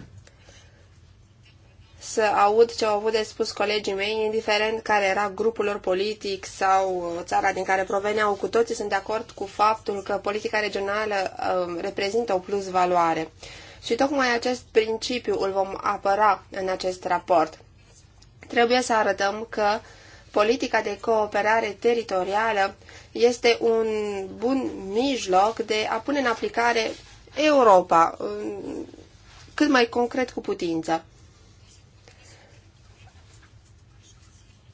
să aud ce au avut de spus colegii mei, indiferent care era grupul lor politic sau uh, țara din care proveneau. Cu toții sunt de acord cu faptul că politica regională uh, reprezintă o plus valoare. Și tocmai acest principiu îl vom apăra în acest raport. Trebuie să arătăm că politica de cooperare teritorială este un bun mijloc de a pune în aplicare Europa cât mai concret cu putință.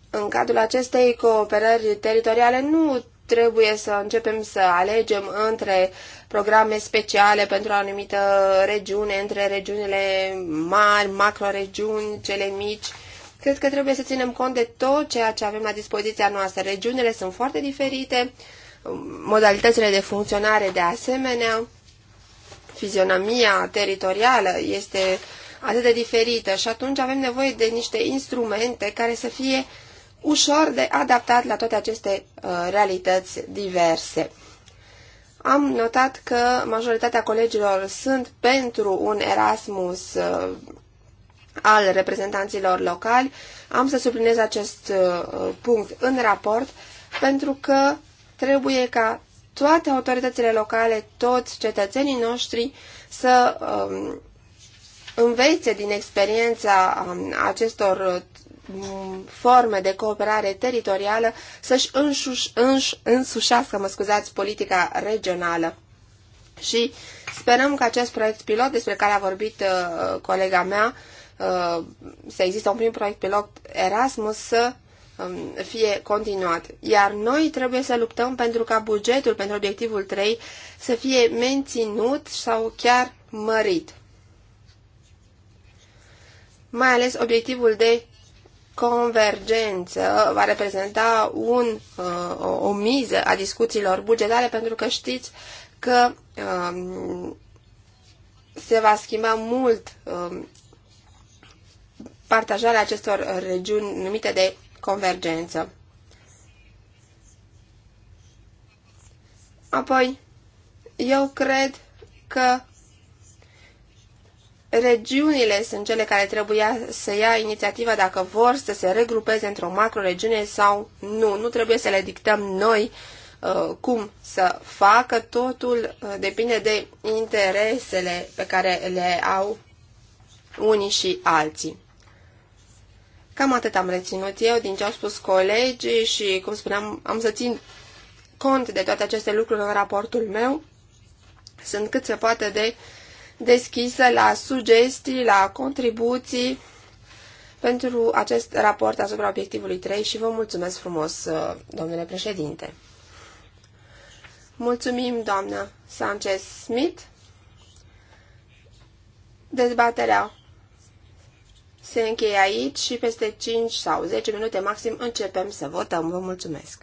În cadrul acestei cooperări teritoriale nu trebuie să începem să alegem între programe speciale pentru o anumită regiune, între regiunile mari, macro-regiuni, cele mici. Cred că trebuie să ținem cont de tot ceea ce avem la dispoziția noastră. Regiunile sunt foarte diferite, modalitățile de funcționare de asemenea, fizionomia teritorială este atât de diferită și atunci avem nevoie de niște instrumente care să fie ușor de adaptat la toate aceste uh, realități diverse. Am notat că majoritatea colegilor sunt pentru un Erasmus uh, al reprezentanților locali. Am să subliniez acest uh, punct în raport pentru că trebuie ca toate autoritățile locale, toți cetățenii noștri să um, învețe din experiența um, acestor forme de cooperare teritorială să-și înș, însușească mă scuzați, politica regională. Și sperăm că acest proiect pilot despre care a vorbit uh, colega mea, uh, să există un prim proiect pilot Erasmus, să um, fie continuat. Iar noi trebuie să luptăm pentru ca bugetul pentru obiectivul 3 să fie menținut sau chiar mărit mai ales obiectivul de convergență va reprezenta un, uh, o, o miză a discuțiilor bugetare, pentru că știți că um, se va schimba mult um, partajarea acestor regiuni numite de convergență. Apoi, eu cred că Regiunile sunt cele care trebuia să ia inițiativa dacă vor să se regrupeze într-o macroregiune sau nu. Nu trebuie să le dictăm noi uh, cum să facă, totul uh, depinde de interesele pe care le au unii și alții. Cam atât am reținut eu din ce au spus colegii și, cum spuneam, am să țin cont de toate aceste lucruri în raportul meu. Sunt cât se poate de uh, deschisă la sugestii, la contribuții pentru acest raport asupra obiectivului 3 și vă mulțumesc frumos, uh, domnule președinte. Mulțumim, doamna Sanchez-Smith. Dezbaterea se încheie aici și peste 5 sau 10 minute maxim începem să votăm. Vă mulțumesc!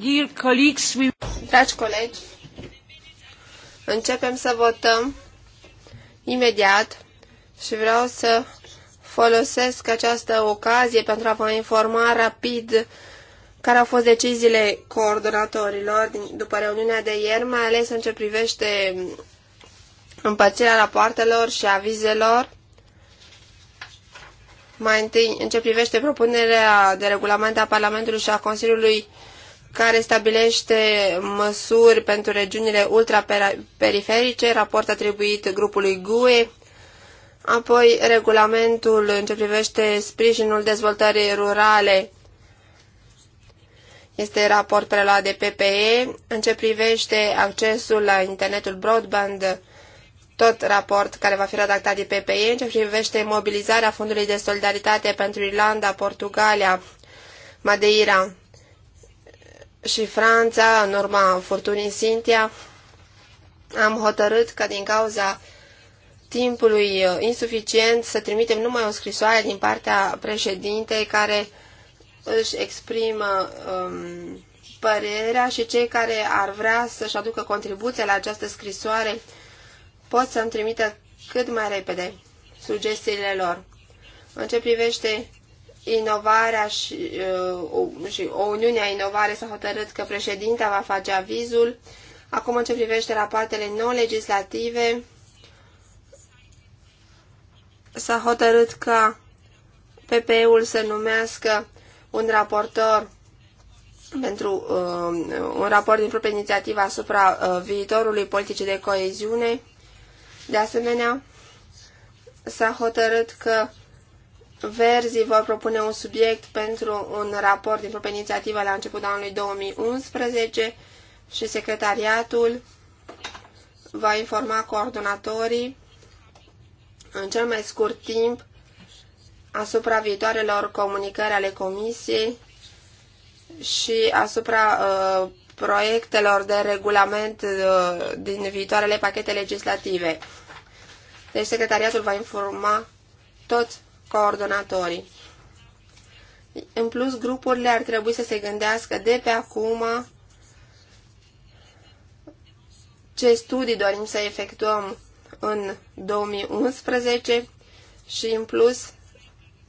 Dear colleagues, we... Dragi colegi, începem să votăm imediat și vreau să folosesc această ocazie pentru a vă informa rapid care au fost deciziile coordonatorilor după reuniunea de ieri, mai ales în ce privește împărțirea rapoartelor și avizelor. Mai întâi, în ce privește propunerea de regulament a Parlamentului și a Consiliului care stabilește măsuri pentru regiunile ultraperiferice, raport atribuit grupului GUE, apoi regulamentul în ce privește sprijinul dezvoltării rurale, este raport preluat de PPE, în ce privește accesul la internetul broadband, tot raport care va fi redactat de PPE, în ce privește mobilizarea Fondului de Solidaritate pentru Irlanda, Portugalia, Madeira, și Franța, în urma furtunii Sintia, am hotărât că din cauza timpului uh, insuficient să trimitem numai o scrisoare din partea președintei care își exprimă um, părerea și cei care ar vrea să-și aducă contribuția la această scrisoare pot să-mi trimită cât mai repede sugestiile lor. În ce privește inovarea și, uh, și o Uniune a Inovare s-a hotărât că președinta va face avizul. Acum, în ce privește rapoartele non-legislative, s-a hotărât ca PPE-ul să numească un raportor pentru uh, un raport din proprie inițiativă asupra uh, viitorului politicii de coeziune. De asemenea, s-a hotărât că Verzi vor propune un subiect pentru un raport din propria inițiativă la începutul anului 2011 și secretariatul va informa coordonatorii în cel mai scurt timp asupra viitoarelor comunicări ale comisiei și asupra uh, proiectelor de regulament uh, din viitoarele pachete legislative. Deci secretariatul va informa toți coordonatorii. În plus, grupurile ar trebui să se gândească de pe acum ce studii dorim să efectuăm în 2011 și, în plus,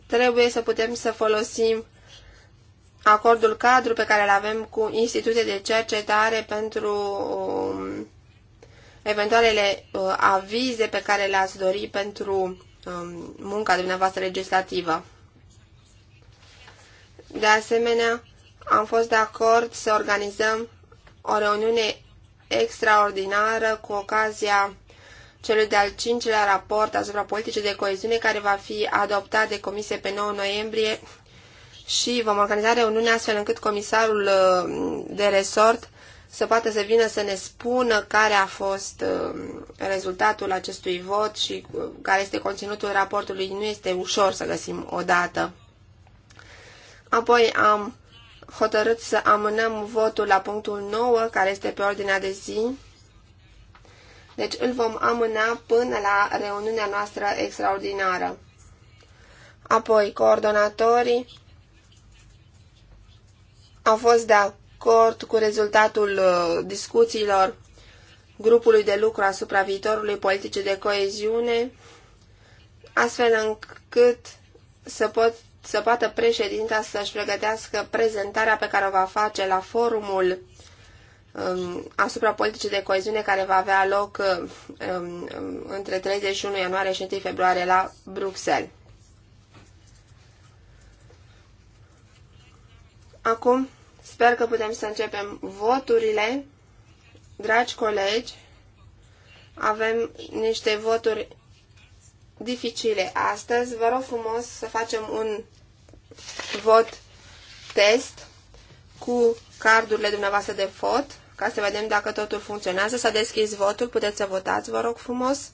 trebuie să putem să folosim acordul cadru pe care îl avem cu instituții de cercetare pentru um, eventualele uh, avize pe care le-ați dori pentru Um, munca dumneavoastră legislativă. De asemenea, am fost de acord să organizăm o reuniune extraordinară cu ocazia celui de-al cincilea raport asupra politicii de coeziune care va fi adoptat de comisie pe 9 noiembrie și vom organiza reuniunea astfel încât comisarul uh, de resort să poată să vină să ne spună care a fost um, rezultatul acestui vot și uh, care este conținutul raportului. Nu este ușor să găsim o dată. Apoi am hotărât să amânăm votul la punctul 9, care este pe ordinea de zi. Deci îl vom amâna până la reuniunea noastră extraordinară. Apoi, coordonatorii au fost de acord acord cu rezultatul uh, discuțiilor grupului de lucru asupra viitorului politice de coeziune, astfel încât să, pot, să poată președinta să-și pregătească prezentarea pe care o va face la forumul um, asupra politicii de coeziune care va avea loc uh, um, între 31 ianuarie și 1 februarie la Bruxelles. Acum Sper că putem să începem voturile. Dragi colegi, avem niște voturi dificile astăzi. Vă rog frumos să facem un vot test cu cardurile dumneavoastră de vot, ca să vedem dacă totul funcționează. S-a deschis votul, puteți să votați, vă rog frumos.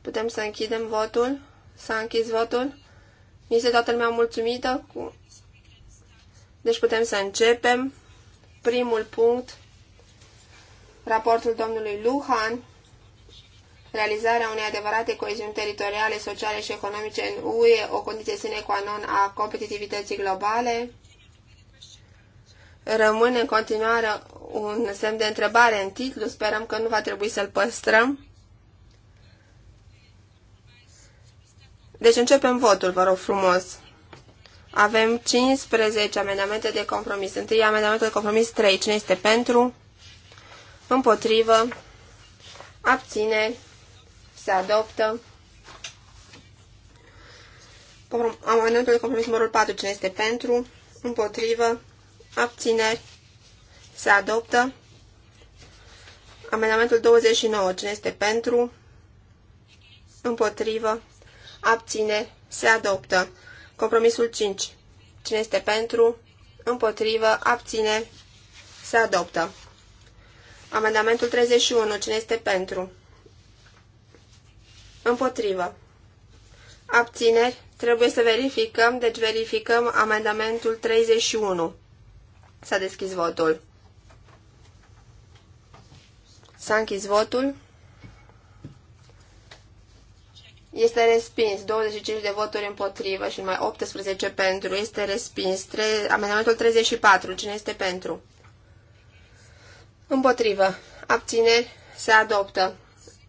Putem să închidem votul? S-a închis votul? Este toată lumea mulțumită? Cu... Deci putem să începem. Primul punct, raportul domnului Luhan, realizarea unei adevărate coeziuni teritoriale, sociale și economice în UE, o condiție sine qua non a competitivității globale. Rămâne în continuare un semn de întrebare în titlu, sperăm că nu va trebui să-l păstrăm. Deci începem votul, vă rog frumos. Avem 15 amendamente de compromis. Întâi amendamentul de compromis 3. Cine este pentru? Împotrivă? Abține? Se adoptă? Amendamentul de compromis numărul 4. Cine este pentru? Împotrivă? Abțineri? Se adoptă? Amendamentul 29. Cine este pentru? Împotrivă? Abține, se adoptă. Compromisul 5. Cine este pentru, împotrivă, Abține, se adoptă. Amendamentul 31. Cine este pentru? Împotrivă. Abțineri. Trebuie să verificăm, deci verificăm amendamentul 31. S-a deschis votul. S-a închis votul. Este respins 25 de voturi împotrivă și numai 18 pentru. Este respins Tre amendamentul 34. Cine este pentru? Împotrivă. Abțineri. Se adoptă.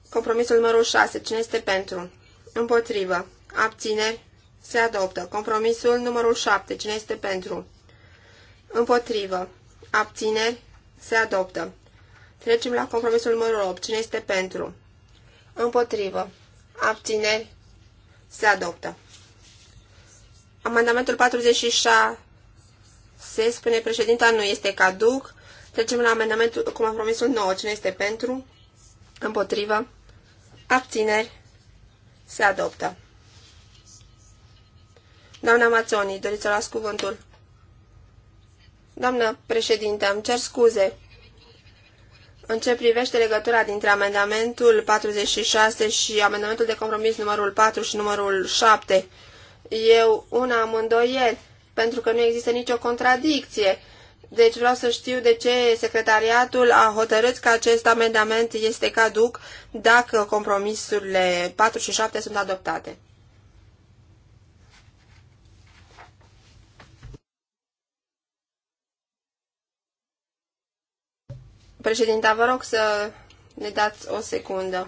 Compromisul numărul 6. Cine este pentru? Împotrivă. Abțineri. Se adoptă. Compromisul numărul 7. Cine este pentru? Împotrivă. Abțineri. Se adoptă. Trecem la compromisul numărul 8. Cine este pentru? Împotrivă abțineri, se adoptă. Amendamentul 46, se spune președinta, nu este caduc. Trecem la amendamentul cum am promis, 9. Cine este pentru? Împotrivă? Abțineri? Se adoptă. Doamna Mazzoni, doriți să las cuvântul? Doamnă președinte, îmi cer scuze. În ce privește legătura dintre amendamentul 46 și amendamentul de compromis numărul 4 și numărul 7, eu una am îndoieli, pentru că nu există nicio contradicție. Deci vreau să știu de ce secretariatul a hotărât că acest amendament este caduc dacă compromisurile 4 și 7 sunt adoptate. Președinta, vă rog să ne dați o secundă.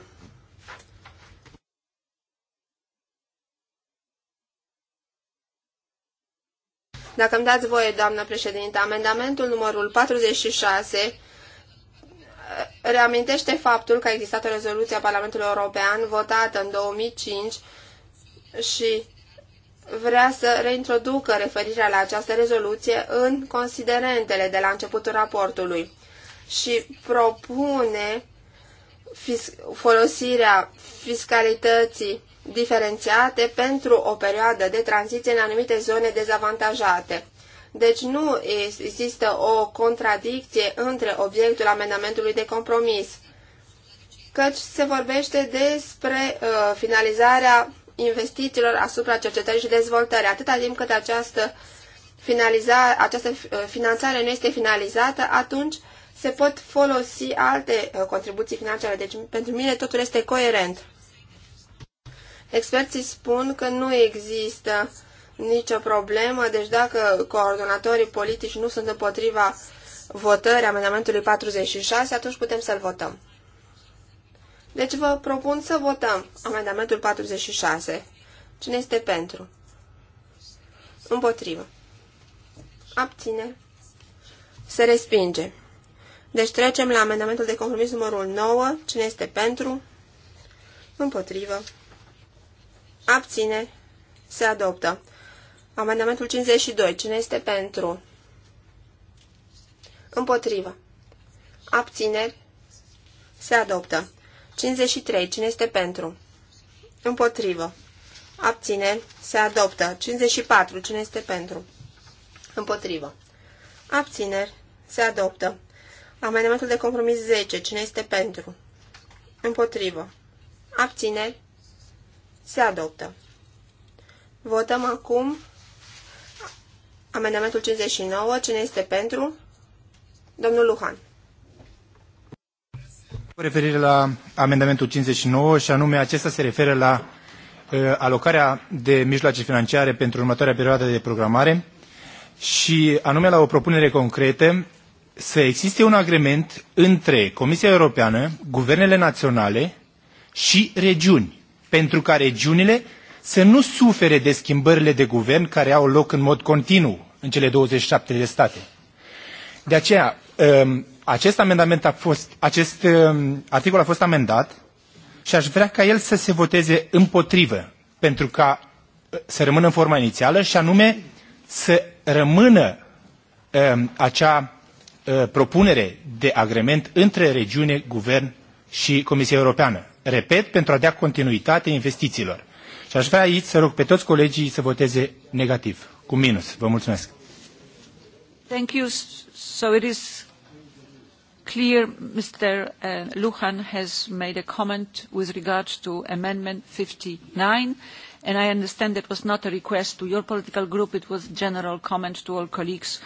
Dacă îmi dați voie, doamnă președinte, amendamentul numărul 46 eh, reamintește faptul că a existat o rezoluție a Parlamentului European votată în 2005 și vrea să reintroducă referirea la această rezoluție în considerentele de la începutul raportului și propune fis- folosirea fiscalității diferențiate pentru o perioadă de tranziție în anumite zone dezavantajate. Deci nu există o contradicție între obiectul amendamentului de compromis, căci se vorbește despre uh, finalizarea investițiilor asupra cercetării și dezvoltării. Atâta timp cât această, această uh, finanțare nu este finalizată, atunci se pot folosi alte uh, contribuții financiare. Deci, pentru mine, totul este coerent. Experții spun că nu există nicio problemă, deci dacă coordonatorii politici nu sunt împotriva votării amendamentului 46, atunci putem să-l votăm. Deci vă propun să votăm amendamentul 46. Cine este pentru? Împotrivă. Abține. Se respinge. Deci trecem la amendamentul de compromis numărul 9. Cine este pentru? Împotrivă. Abține. Se adoptă. Amendamentul 52. Cine este pentru? Împotrivă. Abțineri. Se adoptă. 53. Cine este pentru? Împotrivă. Abține. Se adoptă. 54. Cine este pentru? Împotrivă. Abțineri. Se adoptă. Amendamentul de compromis 10. Cine este pentru? Împotrivă. Abțineri. Se adoptă. Votăm acum amendamentul 59. Cine este pentru? Domnul Luhan. Cu referire la amendamentul 59 și anume acesta se referă la uh, alocarea de mijloace financiare pentru următoarea perioadă de programare și anume la o propunere concretă să existe un agrement între Comisia Europeană, guvernele naționale și regiuni, pentru ca regiunile să nu sufere de schimbările de guvern care au loc în mod continuu în cele 27 de state. De aceea, um, acest, amendament a fost, acest um, articol a fost amendat și aș vrea ca el să se voteze împotrivă, pentru ca uh, să rămână în forma inițială și anume să rămână um, acea Uh, propunere de agrement între regiune, guvern și Comisia Europeană. Repet, pentru a da continuitate investițiilor. Și aș vrea aici să rog pe toți colegii să voteze negativ, cu minus. Vă mulțumesc. Thank you. So it is clear Mr. Uh, Luhan has made a comment with regard to amendment 59 and I understand that was not a request to your political group, it was general comment to all colleagues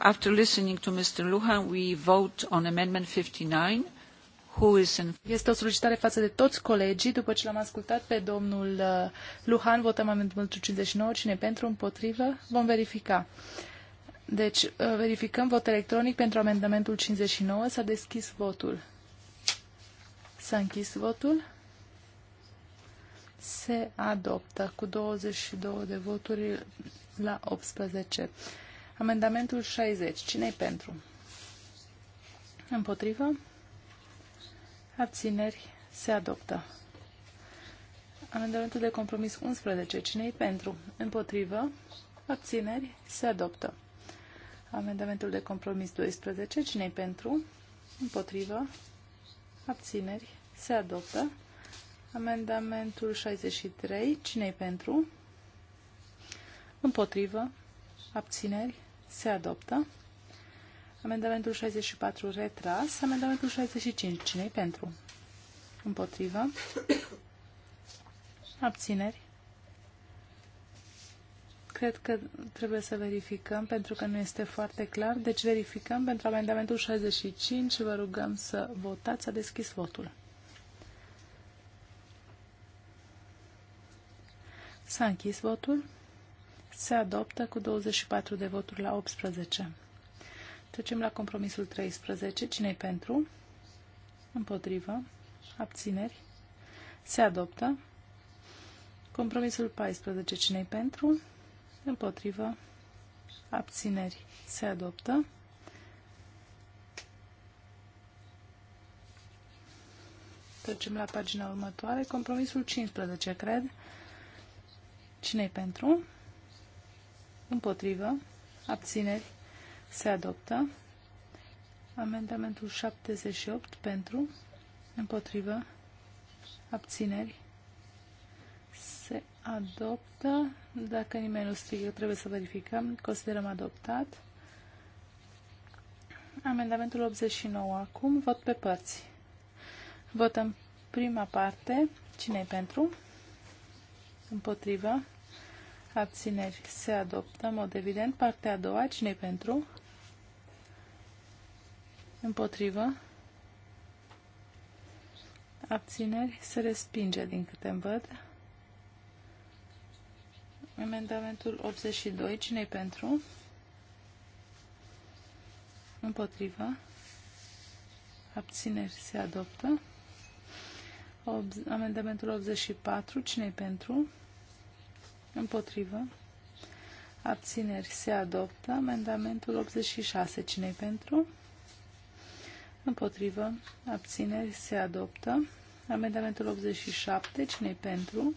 after listening to Mr. Luhan, we vote on amendment 59. Who is in... Este o solicitare față de toți colegii. După ce l-am ascultat pe domnul uh, Luhan, votăm amendamentul 59. Cine pentru, împotrivă? Vom verifica. Deci, uh, verificăm vot electronic pentru amendamentul 59. S-a deschis votul. S-a închis votul. Se adoptă cu 22 de voturi la 18. Amendamentul 60. Cine-i pentru? Împotrivă? Abțineri? Se adoptă. Amendamentul de compromis 11. Cine-i pentru? Împotrivă? Abțineri? Se adoptă. Amendamentul de compromis 12. Cine-i pentru? Împotrivă? Abțineri? Se adoptă. Amendamentul 63. Cine-i pentru? Împotrivă? Abțineri? Se adoptă. Amendamentul 64 retras. Amendamentul 65. Cine-i pentru? Împotrivă. Abțineri. Cred că trebuie să verificăm pentru că nu este foarte clar. Deci verificăm pentru amendamentul 65 și vă rugăm să votați. a deschis votul. S-a închis votul se adoptă cu 24 de voturi la 18. Trecem la compromisul 13. cine e pentru? Împotrivă. Abțineri. Se adoptă. Compromisul 14. cine e pentru? Împotrivă. Abțineri. Se adoptă. Trecem la pagina următoare. Compromisul 15, cred. cine e pentru? Împotrivă. Abțineri. Se adoptă. Amendamentul 78 pentru. Împotrivă. Abțineri. Se adoptă. Dacă nimeni nu strigă, trebuie să verificăm. Considerăm adoptat. Amendamentul 89 acum. Vot pe părți. Votăm prima parte. cine pentru? Împotrivă abțineri se adoptă, în mod evident. Partea a doua, cine pentru? Împotrivă. Abțineri se respinge, din câte îmi văd. Amendamentul 82, cine pentru? Împotrivă. Abțineri se adoptă. Amendamentul 84, cine pentru? Împotrivă. Împotrivă. Abțineri se adoptă. Amendamentul 86. cine pentru? Împotrivă. Abțineri se adoptă. Amendamentul 87. cine pentru?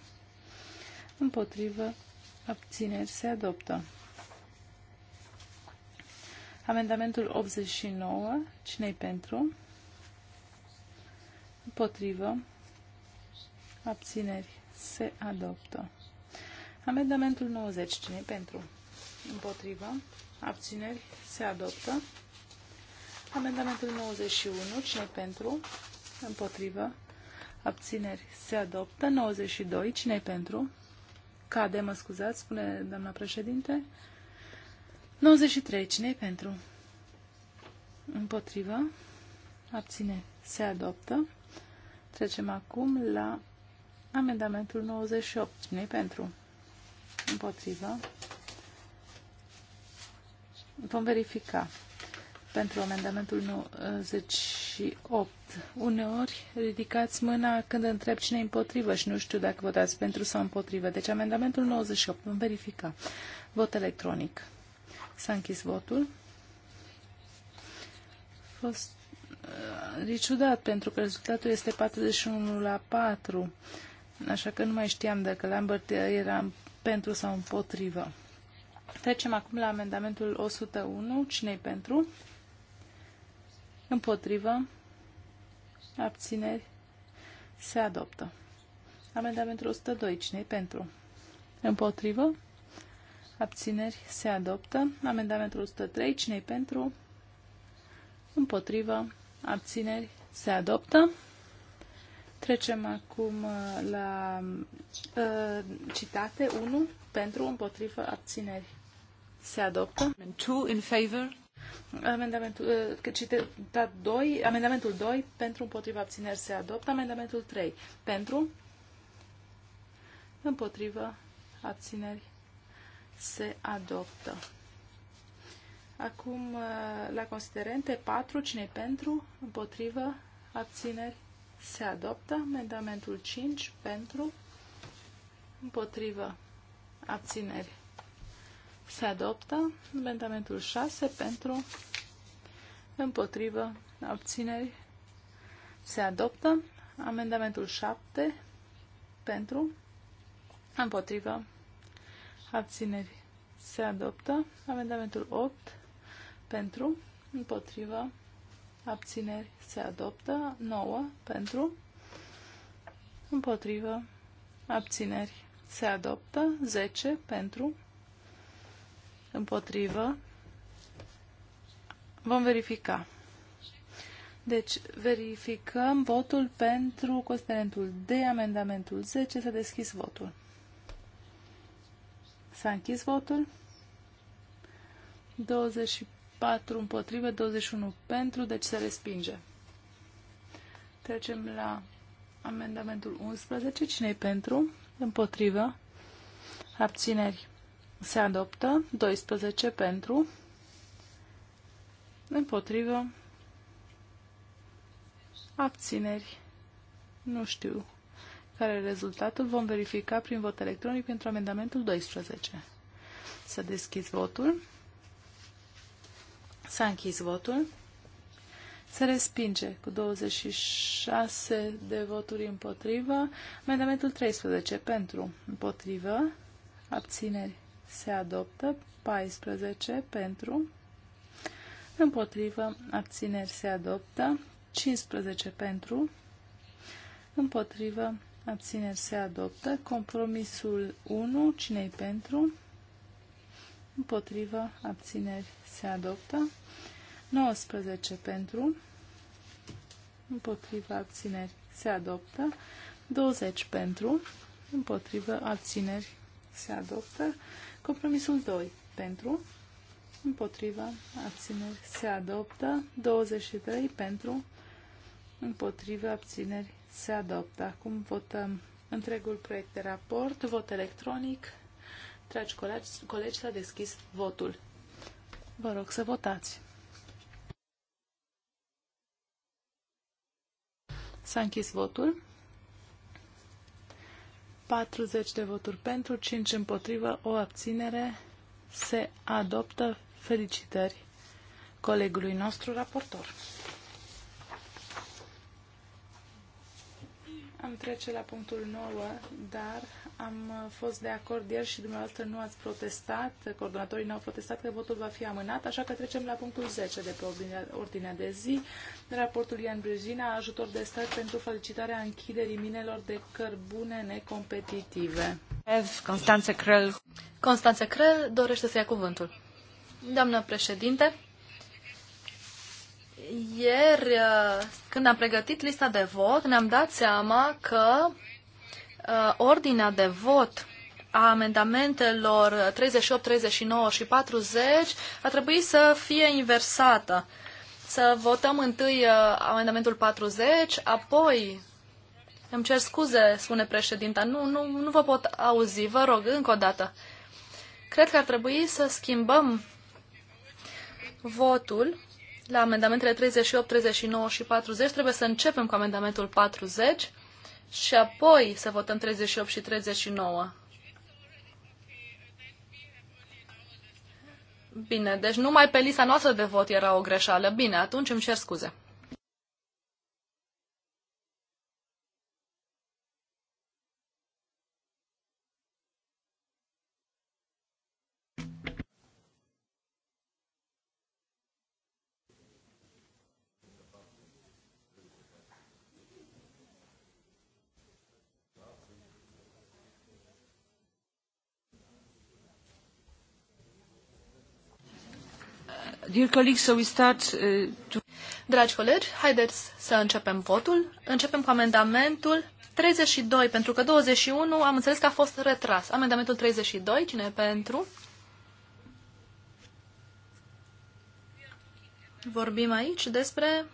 Împotrivă. Abțineri se adoptă. Amendamentul 89. cine pentru? Împotrivă. Abțineri se adoptă. Amendamentul 90. Cine pentru? Împotrivă. Abțineri. Se adoptă. Amendamentul 91. Cine pentru? Împotrivă. Abțineri. Se adoptă. 92. cine pentru? Cade, mă scuzați, spune doamna președinte. 93. cine pentru? Împotrivă. Abțineri. Se adoptă. Trecem acum la amendamentul 98. cine pentru? Împotrivă. Vom verifica. Pentru amendamentul 98. Uneori ridicați mâna când întreb cine împotrivă și nu știu dacă votați pentru sau împotrivă. Deci amendamentul 98. Vom verifica. Vot electronic. S-a închis votul. A fost uh, ciudat pentru că rezultatul este 41 la 4. Așa că nu mai știam dacă Lambert era pentru sau împotrivă. Trecem acum la amendamentul 101. cine pentru? Împotrivă. Abțineri. Se adoptă. Amendamentul 102. cine pentru? Împotrivă. Abțineri. Se adoptă. Amendamentul 103. cine pentru? Împotrivă. Abțineri. Se adoptă. Trecem acum uh, la uh, citate 1 pentru împotrivă abțineri. Se adoptă. 2 in favor. Amendamentul, uh, citat 2, amendamentul 2 pentru împotriva abțineri se adoptă. Amendamentul 3 pentru împotriva abțineri se adoptă. Acum uh, la considerente 4, cine pentru, împotriva, abțineri se adoptă amendamentul 5 pentru împotrivă abțineri. Se adoptă amendamentul 6 pentru împotrivă abțineri. Se adoptă amendamentul 7 pentru împotrivă abțineri. Se adoptă amendamentul 8 pentru împotrivă abțineri se adoptă, 9 pentru, împotrivă, abțineri se adoptă, 10 pentru, împotrivă, vom verifica. Deci, verificăm votul pentru considerentul de amendamentul 10, s-a deschis votul. S-a închis votul. 24 4 împotrivă, 21 pentru, deci se respinge. Trecem la amendamentul 11. Cine-i pentru? Împotrivă. Abțineri. Se adoptă. 12 pentru. Împotrivă. Abțineri. Nu știu care e rezultatul. Vom verifica prin vot electronic pentru amendamentul 12. Să deschizi votul. S-a închis votul. Se respinge cu 26 de voturi împotrivă. Amendamentul 13 pentru împotrivă. Abțineri se adoptă. 14 pentru. Împotrivă. Abțineri se adoptă. 15 pentru. Împotrivă. Abțineri se adoptă. Compromisul 1. Cine-i pentru? împotrivă, abțineri, se adoptă. 19 pentru, împotrivă, abțineri, se adoptă. 20 pentru, împotrivă, abțineri, se adoptă. Compromisul 2 pentru, împotrivă, abțineri, se adoptă. 23 pentru, împotrivă, abțineri, se adoptă. Acum votăm întregul proiect de raport, vot electronic, Dragi colegi, colegi s-a deschis votul. Vă rog să votați. S-a închis votul. 40 de voturi pentru, 5 împotrivă, o abținere. Se adoptă. Felicitări colegului nostru raportor. Am trece la punctul 9, dar am fost de acord ieri și dumneavoastră nu ați protestat, coordonatorii nu au protestat că votul va fi amânat, așa că trecem la punctul 10 de pe ordinea, ordinea de zi. Raportul Ian Brăjina, ajutor de stat pentru felicitarea închiderii minelor de cărbune necompetitive. Constanță Crăl. Constanță Crăl dorește să ia cuvântul. Doamnă președinte, ieri, uh, când am pregătit lista de vot, ne-am dat seama că uh, ordinea de vot a amendamentelor 38, 39 și 40 a trebuit să fie inversată. Să votăm întâi uh, amendamentul 40, apoi îmi cer scuze, spune președinta. Nu, nu, nu vă pot auzi. Vă rog, încă o dată. Cred că ar trebui să schimbăm votul la amendamentele 38, 39 și 40. Trebuie să începem cu amendamentul 40 și apoi să votăm 38 și 39. Bine, deci numai pe lista noastră de vot era o greșeală. Bine, atunci îmi cer scuze. Dear colleagues, so we start, uh, to... Dragi colegi, haideți să începem votul. Începem cu amendamentul 32, pentru că 21 am înțeles că a fost retras. Amendamentul 32, cine e pentru? Vorbim aici despre...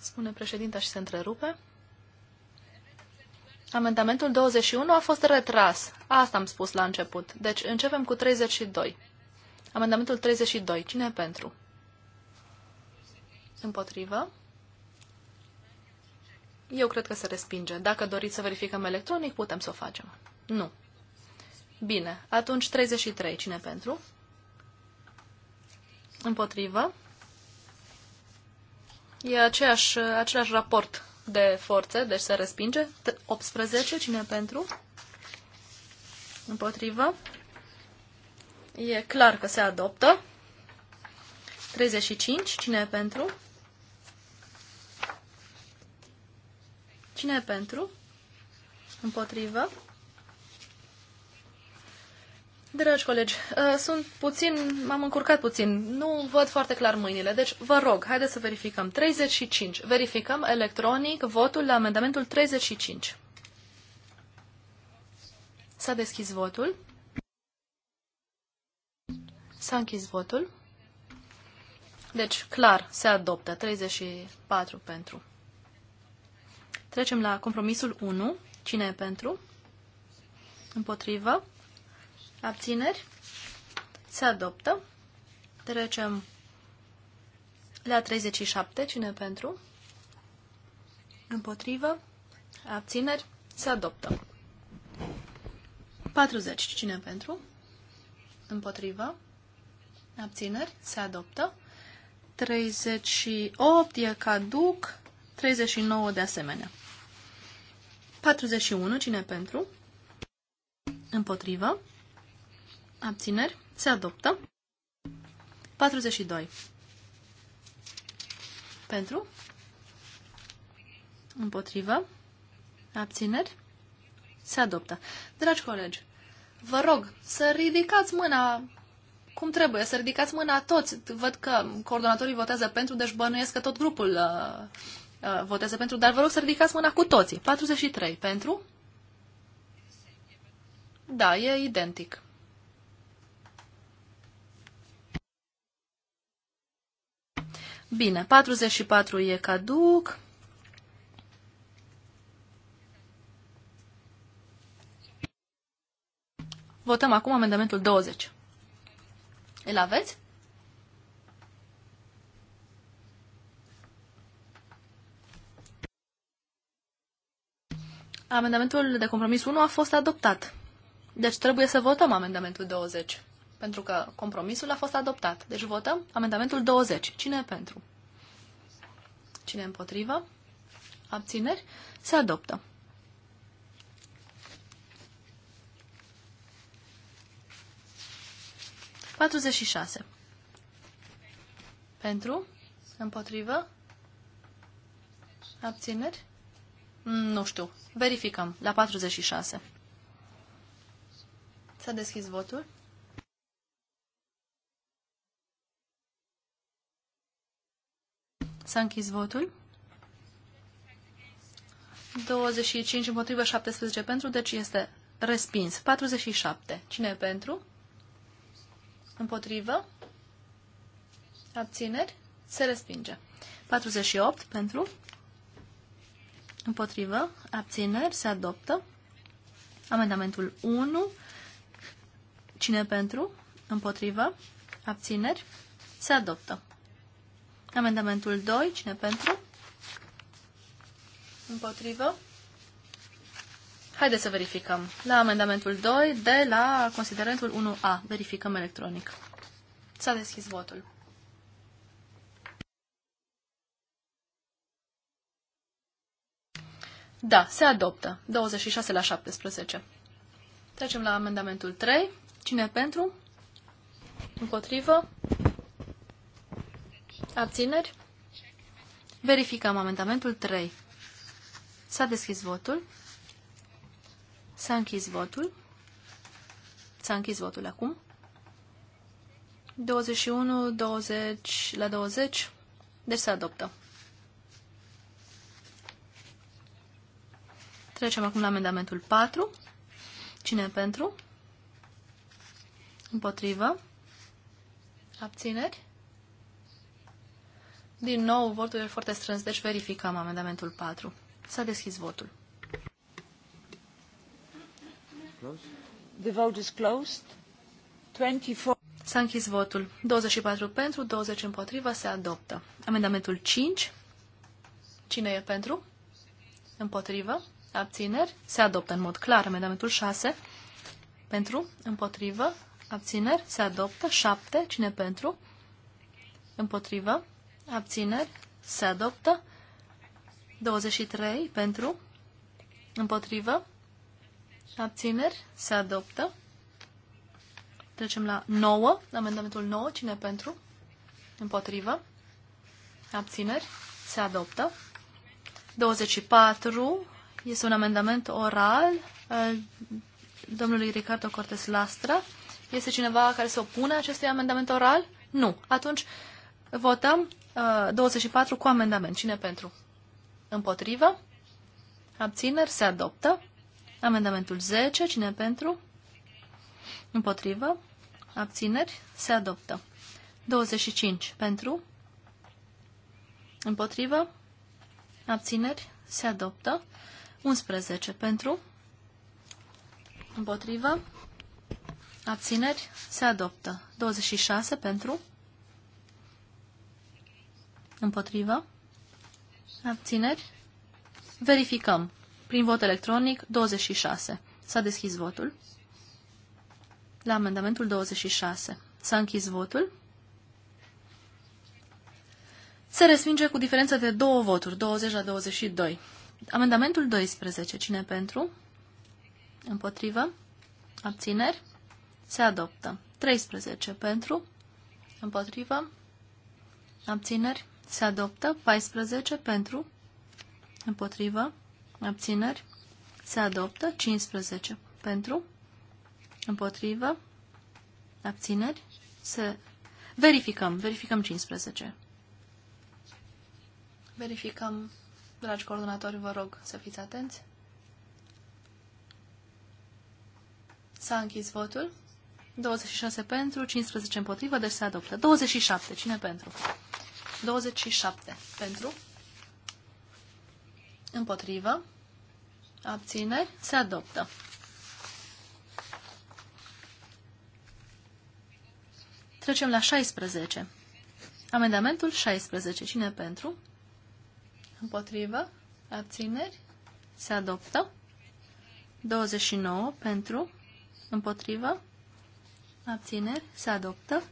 Spune președinta și se întrerupe. Amendamentul 21 a fost retras. Asta am spus la început. Deci începem cu 32. Amendamentul 32. Cine e pentru? Împotrivă. Eu cred că se respinge. Dacă doriți să verificăm electronic, putem să o facem. Nu. Bine. Atunci 33. Cine pentru? Împotrivă. E aceeași, același raport de forțe, deci se respinge. 18, cine pentru? Împotrivă. E clar că se adoptă. 35, cine e pentru? Cine e pentru? Împotrivă. Dragi colegi, uh, sunt puțin, m-am încurcat puțin, nu văd foarte clar mâinile, deci vă rog, haideți să verificăm. 35. Verificăm electronic votul la amendamentul 35. S-a deschis votul. S-a închis votul. Deci, clar, se adoptă 34 pentru. Trecem la compromisul 1. Cine e pentru? Împotrivă? Abțineri? Se adoptă. Trecem la 37. Cine pentru? Împotrivă? Abțineri? Se adoptă. 40. Cine pentru? Împotrivă? Abțineri? Se adoptă. 38 e caduc, 39 de asemenea. 41, cine pentru? Împotrivă. Abțineri. Se adoptă. 42. Pentru. Împotrivă. Abțineri. Se adoptă. Dragi colegi, vă rog să ridicați mâna cum trebuie, să ridicați mâna toți. Văd că coordonatorii votează pentru, deci bănuiesc că tot grupul uh, uh, votează pentru, dar vă rog să ridicați mâna cu toții. 43 pentru. Da, e identic. Bine, 44 e caduc. Votăm acum amendamentul 20. Îl aveți? Amendamentul de compromis 1 a fost adoptat. Deci trebuie să votăm amendamentul 20 pentru că compromisul a fost adoptat. Deci votăm amendamentul 20. Cine e pentru? Cine e împotrivă? Abțineri? Se adoptă. Patruzeci Pentru? Împotrivă? Abțineri? Mm, nu știu. Verificăm. La 46. S-a deschis votul. S-a închis votul. 25 împotrivă, 17 pentru, deci este respins. 47. Cine e pentru? Împotrivă? Abțineri? Se respinge. 48 pentru? Împotrivă? Abțineri? Se adoptă. Amendamentul 1. Cine pentru? Împotrivă? Abțineri? Se adoptă. Amendamentul 2, cine pentru? Împotrivă. Haideți să verificăm. La amendamentul 2, de la considerentul 1A, verificăm electronic. S-a deschis votul. Da, se adoptă. 26 la 17. Trecem la amendamentul 3. Cine pentru? Împotrivă? Abțineri? Verificăm amendamentul 3. S-a deschis votul. S-a închis votul. S-a închis votul acum. 21, 20 la 20. Deci se adoptă. Trecem acum la amendamentul 4. Cine pentru? Împotrivă? Abțineri? Din nou, votul e foarte strâns, deci verificăm amendamentul 4. S-a deschis votul. The vote is closed. 24. S-a închis votul. 24 pentru, 20 împotriva, se adoptă. Amendamentul 5. Cine e pentru? Împotrivă. Abțineri. Se adoptă în mod clar. Amendamentul 6. Pentru. Împotrivă. Abțineri. Se adoptă. 7. Cine pentru? Împotrivă abțineri, se adoptă. 23 pentru, împotrivă, abțineri, se adoptă. Trecem la 9, amendamentul 9, cine pentru, împotrivă, abțineri, se adoptă. 24 este un amendament oral al domnului Ricardo Cortes Lastra. Este cineva care se opune acestui amendament oral? Nu. Atunci votăm 24 uh, cu amendament. Cine pentru? Împotrivă? Abțineri? Se adoptă. Amendamentul 10. Cine pentru? Împotrivă? Abțineri? Se adoptă. 25. Pentru? Împotrivă? Abțineri? Se adoptă. 11. Pentru? Împotrivă? Abțineri? Se adoptă. 26. Pentru? Împotrivă? Abțineri? Verificăm. Prin vot electronic, 26. S-a deschis votul. La amendamentul 26. S-a închis votul. Se respinge cu diferență de două voturi, 20 la 22. Amendamentul 12. Cine pentru? Împotrivă? Abțineri? Se adoptă. 13 pentru? Împotrivă? Abțineri? Se adoptă 14 pentru, împotrivă, abțineri. Se adoptă 15 pentru, împotrivă, abțineri. Se... Verificăm, verificăm 15. Verificăm, dragi coordonatori, vă rog să fiți atenți. S-a închis votul. 26 pentru, 15 împotrivă, deci se adoptă. 27. Cine pentru? 27 pentru, împotrivă, abțineri, se adoptă. Trecem la 16. Amendamentul 16. Cine pentru? Împotrivă, abțineri, se adoptă. 29 pentru, împotrivă, abțineri, se adoptă.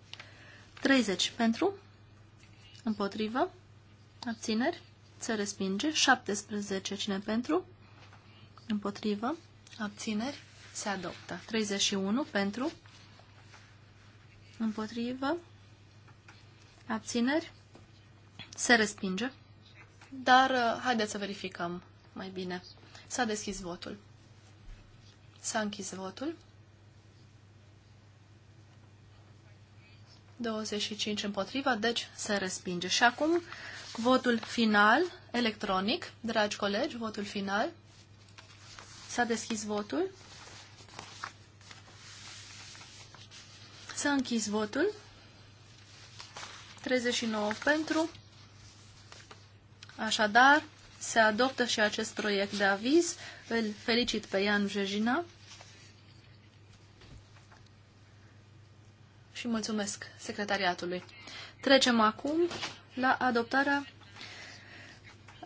30 pentru, Împotrivă. Abțineri. Se respinge. 17. Cine pentru? Împotrivă. Abțineri. Se adoptă. 31. Pentru. Împotrivă. Abțineri. Se respinge. Dar uh, haideți să verificăm mai bine. S-a deschis votul. S-a închis votul. 25 împotriva, deci se respinge. Și acum votul final, electronic, dragi colegi, votul final. S-a deschis votul. S-a închis votul. 39 pentru. Așadar, se adoptă și acest proiect de aviz. Îl felicit pe Ian Jejina. și mulțumesc secretariatului. Trecem acum la adoptarea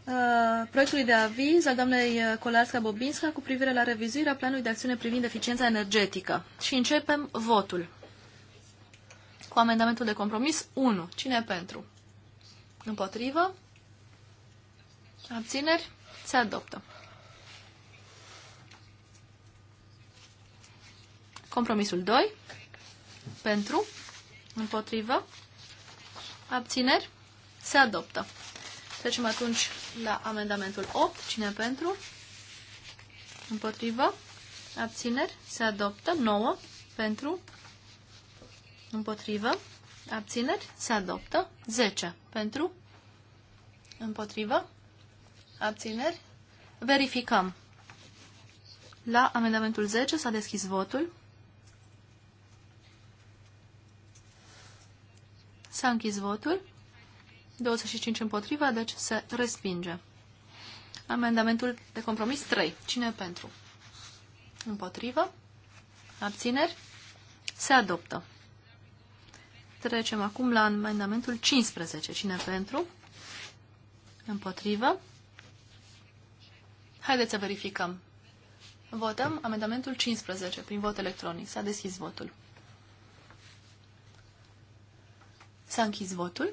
uh, proiectului de aviz al doamnei Kolarska-Bobinska uh, cu privire la revizuirea planului de acțiune privind eficiența energetică. Și începem votul cu amendamentul de compromis 1. Cine pentru? Împotrivă? Abțineri? Se adoptă. Compromisul 2 pentru, împotrivă, abțineri, se adoptă. Trecem atunci la amendamentul 8, cine pentru, împotrivă, abțineri, se adoptă, 9, pentru, împotrivă, abțineri, se adoptă, 10, pentru, împotrivă, abțineri, verificăm. La amendamentul 10 s-a deschis votul. S-a închis votul. 25 împotriva, deci se respinge. Amendamentul de compromis 3. Cine pentru? Împotrivă? Abțineri? Se adoptă. Trecem acum la amendamentul 15. Cine pentru? Împotrivă? Haideți să verificăm. Votăm amendamentul 15 prin vot electronic. S-a deschis votul. S-a închis votul.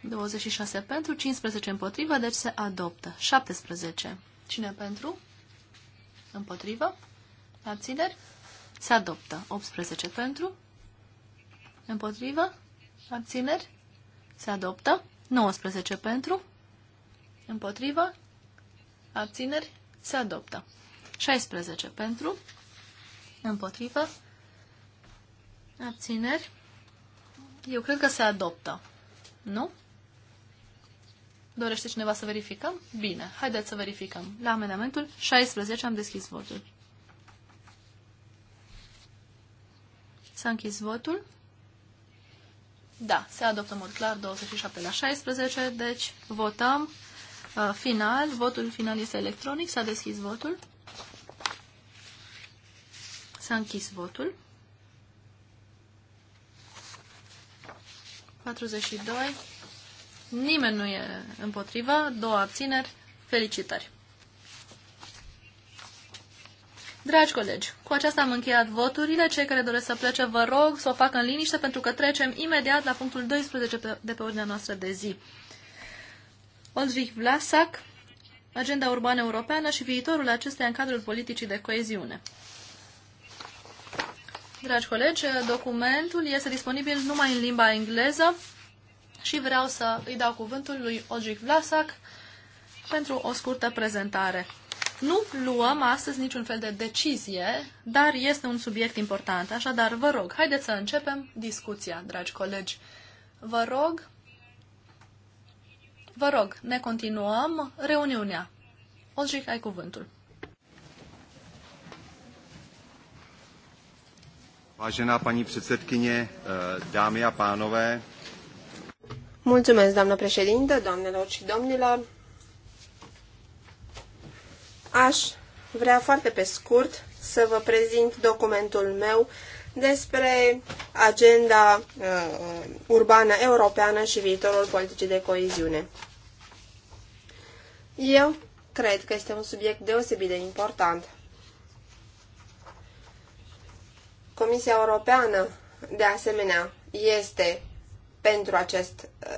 26 pentru, 15 împotrivă, deci se adoptă. 17. Cine pentru? Împotrivă? Abțineri? Se adoptă. 18 pentru? Împotrivă? Abțineri? Se adoptă. 19 pentru? Împotrivă? Abțineri? Se adoptă. 16 pentru? Împotrivă? Abțineri? Eu cred că se adoptă. Nu? Dorește cineva să verificăm? Bine, haideți să verificăm. La amendamentul 16 am deschis votul. S-a închis votul. Da, se adoptă mult mod clar 27 la 16, deci votăm uh, final. Votul final este electronic. S-a deschis votul. S-a închis votul. 42. Nimeni nu e împotrivă. Două abțineri. Felicitări! Dragi colegi, cu aceasta am încheiat voturile. Cei care doresc să plece, vă rog să o facă în liniște pentru că trecem imediat la punctul 12 de pe ordinea noastră de zi. Oldrich Vlasac, Agenda Urbană Europeană și viitorul acesteia în cadrul politicii de coeziune dragi colegi, documentul este disponibil numai în limba engleză și vreau să îi dau cuvântul lui Ogic Vlasac pentru o scurtă prezentare. Nu luăm astăzi niciun fel de decizie, dar este un subiect important. Așadar, vă rog, haideți să începem discuția, dragi colegi. Vă rog, vă rog, ne continuăm reuniunea. Ogic, ai cuvântul. Vážená paní předsedkyně, eh, dámy a pánové. Mulțumesc, doamnă președintă, doamnelor și domnilor. Aș vrea foarte pe scurt să vă prezint documentul meu despre agenda uh, urbană europeană și viitorul politicii de coeziune. Eu cred că este un subiect deosebit de important. Comisia Europeană, de asemenea, este pentru acest uh,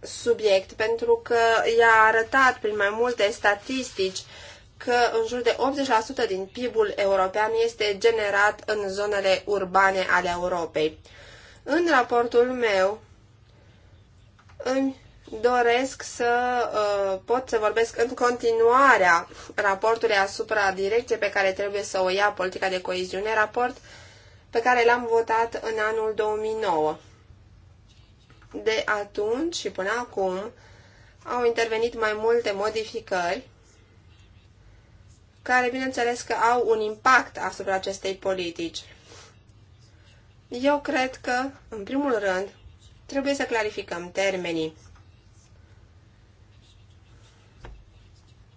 subiect, pentru că i-a arătat prin mai multe statistici că în jur de 80% din PIB-ul european este generat în zonele urbane ale Europei. În raportul meu îmi doresc să uh, pot să vorbesc în continuarea raportului asupra direcției pe care trebuie să o ia politica de coeziune, raport pe care l-am votat în anul 2009. De atunci și până acum au intervenit mai multe modificări care, bineînțeles, că au un impact asupra acestei politici. Eu cred că, în primul rând, trebuie să clarificăm termenii.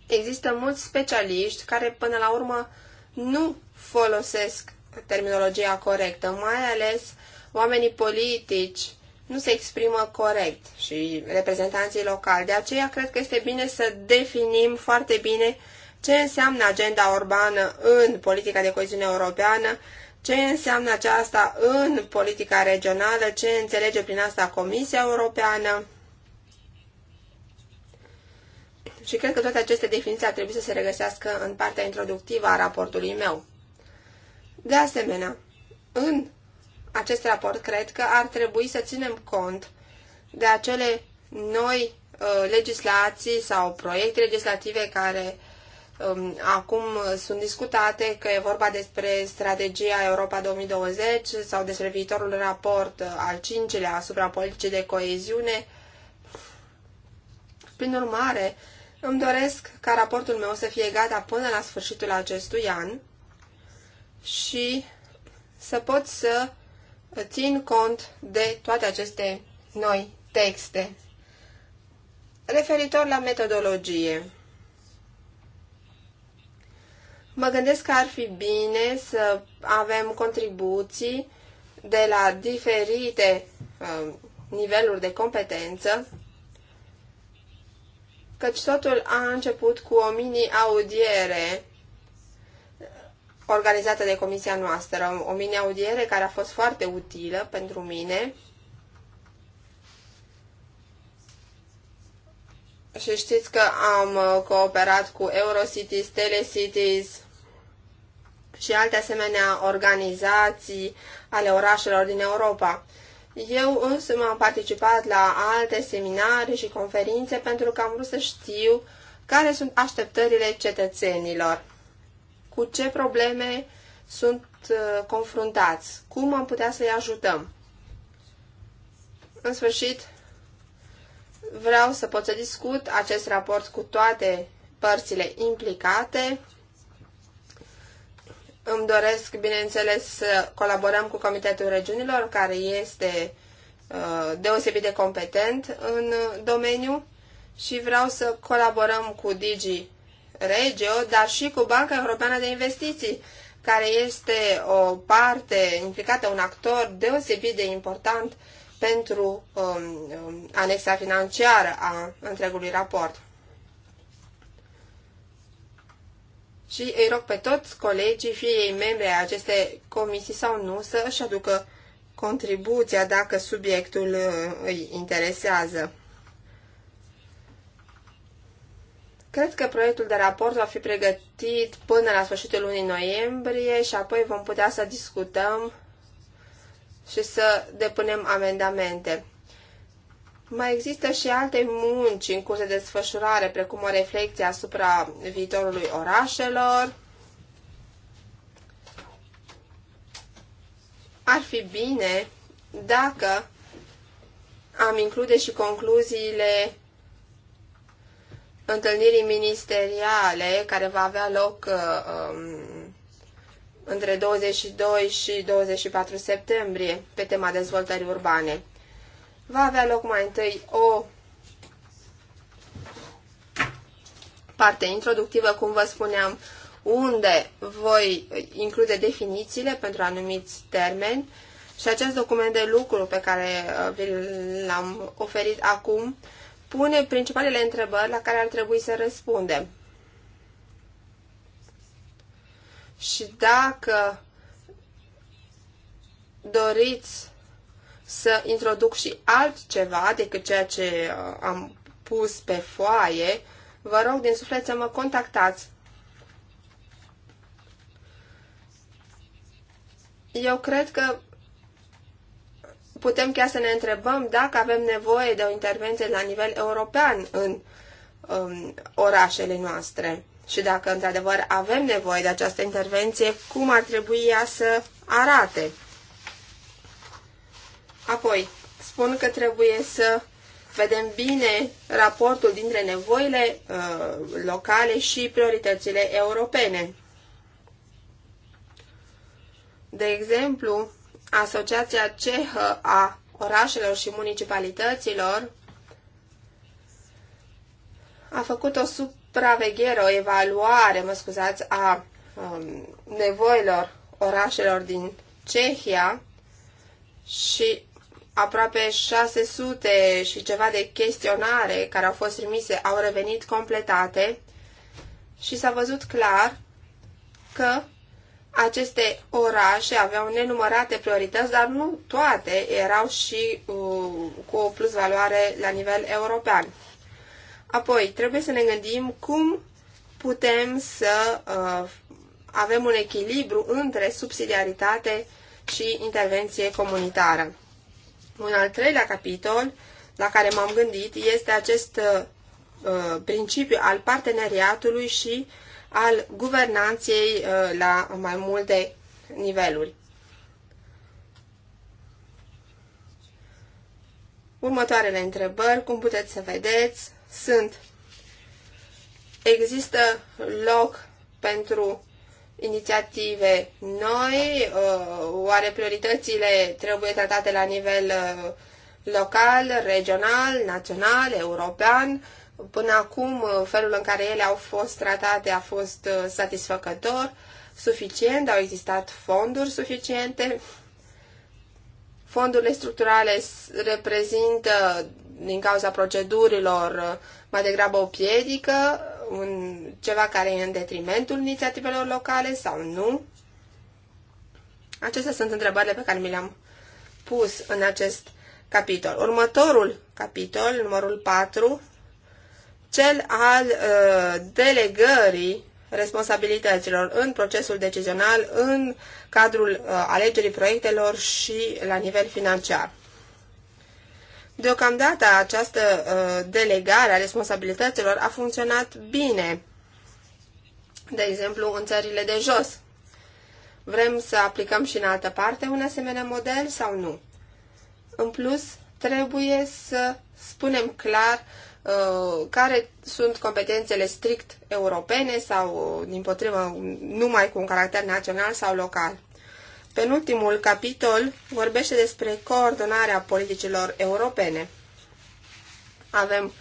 Există mulți specialiști care, până la urmă, nu folosesc terminologia corectă, mai ales oamenii politici nu se exprimă corect și reprezentanții locali. De aceea cred că este bine să definim foarte bine ce înseamnă agenda urbană în politica de coeziune europeană, ce înseamnă aceasta în politica regională, ce înțelege prin asta Comisia Europeană. Și cred că toate aceste definiții ar trebui să se regăsească în partea introductivă a raportului meu. De asemenea, în acest raport cred că ar trebui să ținem cont de acele noi uh, legislații sau proiecte legislative care um, acum sunt discutate, că e vorba despre strategia Europa 2020 sau despre viitorul raport uh, al cincilea asupra politicii de coeziune. Prin urmare, îmi doresc ca raportul meu să fie gata până la sfârșitul acestui an, și să pot să țin cont de toate aceste noi texte. Referitor la metodologie, mă gândesc că ar fi bine să avem contribuții de la diferite uh, niveluri de competență, căci totul a început cu o mini-audiere organizată de comisia noastră, o mini-audiere care a fost foarte utilă pentru mine. Și știți că am uh, cooperat cu Eurocities, Telecities și alte asemenea organizații ale orașelor din Europa. Eu însă am participat la alte seminarii și conferințe pentru că am vrut să știu care sunt așteptările cetățenilor cu ce probleme sunt uh, confruntați, cum am putea să-i ajutăm. În sfârșit, vreau să pot să discut acest raport cu toate părțile implicate. Îmi doresc, bineînțeles, să colaborăm cu Comitetul Regiunilor, care este uh, deosebit de competent în domeniu și vreau să colaborăm cu Digi Regio, dar și cu Banca Europeană de Investiții, care este o parte implicată, un actor deosebit de important pentru um, um anexa financiară a întregului raport. Și îi rog pe toți colegii, fie ei membri ai acestei comisii sau nu, să își aducă contribuția dacă subiectul uh, îi interesează. Cred că proiectul de raport va fi pregătit până la sfârșitul lunii noiembrie și apoi vom putea să discutăm și să depunem amendamente. Mai există și alte munci în curs de desfășurare, precum o reflecție asupra viitorului orașelor. Ar fi bine dacă am include și concluziile întâlnirii ministeriale care va avea loc uh, um, între 22 și 24 septembrie pe tema dezvoltării urbane. Va avea loc mai întâi o parte introductivă, cum vă spuneam, unde voi include definițiile pentru anumiți termeni și acest document de lucru pe care uh, vi l-am oferit acum pune principalele întrebări la care ar trebui să răspundem. Și dacă doriți să introduc și altceva decât ceea ce uh, am pus pe foaie, vă rog din suflet să mă contactați. Eu cred că putem chiar să ne întrebăm dacă avem nevoie de o intervenție la nivel european în um, orașele noastre și dacă într-adevăr avem nevoie de această intervenție, cum ar trebui ea să arate. Apoi, spun că trebuie să vedem bine raportul dintre nevoile uh, locale și prioritățile europene. De exemplu, Asociația Cehă a Orașelor și Municipalităților a făcut o supraveghere, o evaluare, mă scuzați, a um, nevoilor orașelor din Cehia și aproape 600 și ceva de chestionare care au fost trimise au revenit completate și s-a văzut clar că aceste orașe aveau nenumărate priorități, dar nu toate erau și uh, cu o plusvaloare la nivel european. Apoi, trebuie să ne gândim cum putem să uh, avem un echilibru între subsidiaritate și intervenție comunitară. Un al treilea capitol la care m-am gândit este acest uh, uh principiu al parteneriatului și al guvernanței uh, la mai multe niveluri. Următoarele întrebări, cum puteți să vedeți, sunt Există loc pentru inițiative noi? Uh, oare prioritățile trebuie tratate la nivel uh, local, regional, național, european? Până acum, uh, felul în care ele au fost tratate a fost uh, satisfăcător, suficient, au existat fonduri suficiente. Fondurile structurale reprezintă, din cauza procedurilor, uh, mai degrabă o piedică, un, ceva care e în detrimentul inițiativelor locale sau nu. Acestea sunt întrebările pe care mi le-am pus în acest capitol. Următorul capitol, numărul 4, cel al uh, delegării responsabilităților în procesul decizional, în cadrul uh, alegerii proiectelor și la nivel financiar. Deocamdată această uh, delegare a responsabilităților a funcționat bine, de exemplu în țările de jos. Vrem să aplicăm și în altă parte un asemenea model sau nu? În plus, trebuie să spunem clar uh, Uh, care sunt competențele strict europene sau, din potrivă, numai cu un caracter național sau local. Penultimul capitol vorbește despre coordonarea politicilor europene. Avem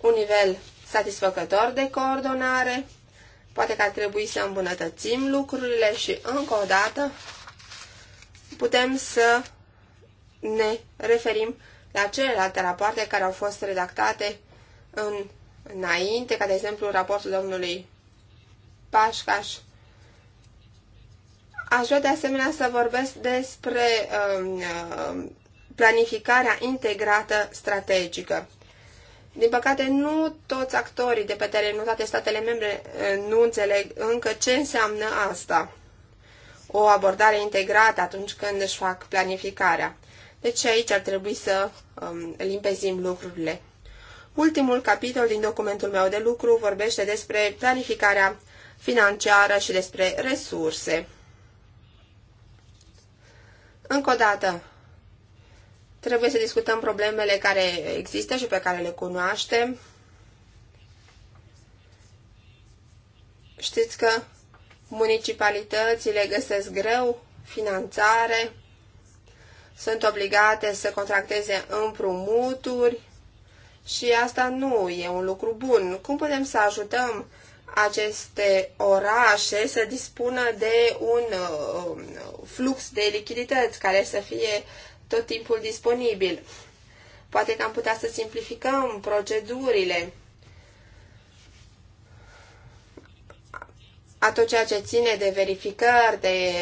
un nivel satisfăcător de coordonare, poate că ar trebui să îmbunătățim lucrurile și, încă o dată, putem să ne referim la celelalte rapoarte care au fost redactate în, înainte, ca de exemplu raportul domnului Pașcaș. Aș vrea de asemenea să vorbesc despre um, um planificarea integrată strategică. Din păcate, nu toți actorii de pe terenul, toate statele membre uh, nu înțeleg încă ce înseamnă asta. O abordare integrată atunci când își fac planificarea. Deci aici ar trebui să um, limpezim lucrurile. Ultimul capitol din documentul meu de lucru vorbește despre planificarea financiară și despre resurse. Încă o dată, trebuie să discutăm problemele care există și pe care le cunoaștem. Știți că municipalitățile găsesc greu finanțare, sunt obligate să contracteze împrumuturi, și asta nu e un lucru bun. Cum putem să ajutăm aceste orașe să dispună de un uh, flux de lichidități care să fie tot timpul disponibil? Poate că am putea să simplificăm procedurile. A tot ceea ce ține de verificări, de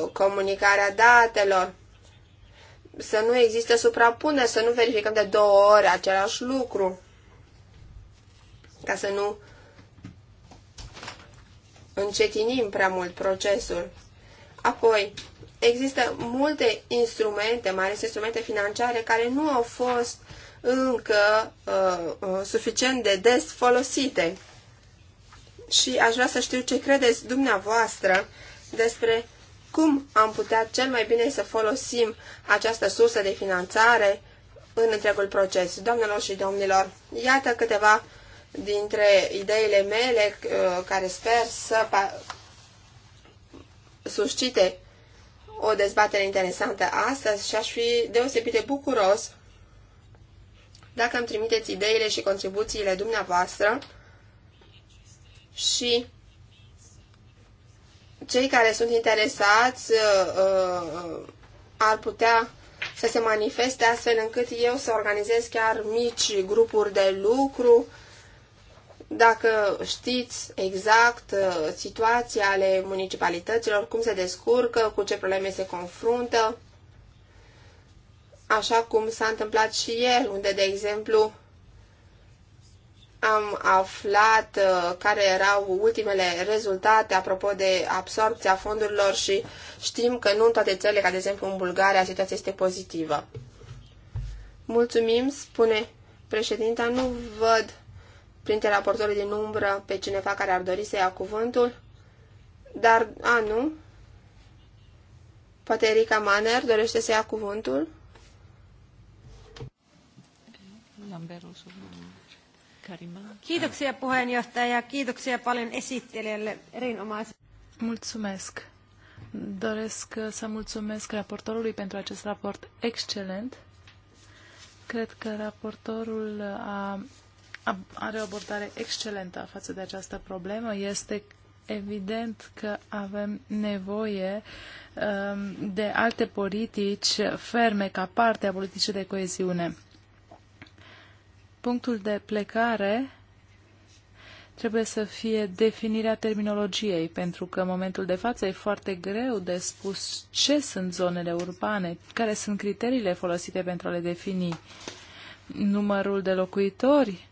uh, comunicarea datelor să nu existe suprapune, să nu verificăm de două ori același lucru, ca să nu încetinim prea mult procesul. Apoi, există multe instrumente, mai ales instrumente financiare, care nu au fost încă uh, uh suficient de des folosite. Și aș vrea să știu ce credeți dumneavoastră despre cum am putea cel mai bine să folosim această sursă de finanțare în întregul proces. domnilor și domnilor, iată câteva dintre ideile mele uh, care sper să suscite o dezbatere interesantă astăzi și aș fi deosebit de bucuros dacă îmi trimiteți ideile și contribuțiile dumneavoastră și cei care sunt interesați uh, uh, ar putea să se manifeste astfel încât eu să organizez chiar mici grupuri de lucru. Dacă știți exact uh, situația ale municipalităților, cum se descurcă, cu ce probleme se confruntă, așa cum s-a întâmplat și el, unde, de exemplu, am aflat uh, care erau ultimele rezultate apropo de absorpția fondurilor și știm că nu în toate țările, ca de exemplu în Bulgaria, situația este pozitivă. Mulțumim, spune președinta, nu văd printre raportorii din umbră pe cineva care ar dori să ia cuvântul, dar, a, nu, poate Erika Manner dorește să ia cuvântul? Lamberul Kiitoksia puheenjohtaja, kiitoksia paljon esittelijälle Mulțumesc. Doresc să mulțumesc raportorului pentru acest raport excelent. Cred că raportorul a, a, are o abordare excelentă față de această problemă. Este evident că avem nevoie um, de alte politici ferme ca parte a politicii de coeziune punctul de plecare trebuie să fie definirea terminologiei, pentru că în momentul de față e foarte greu de spus ce sunt zonele urbane, care sunt criteriile folosite pentru a le defini, numărul de locuitori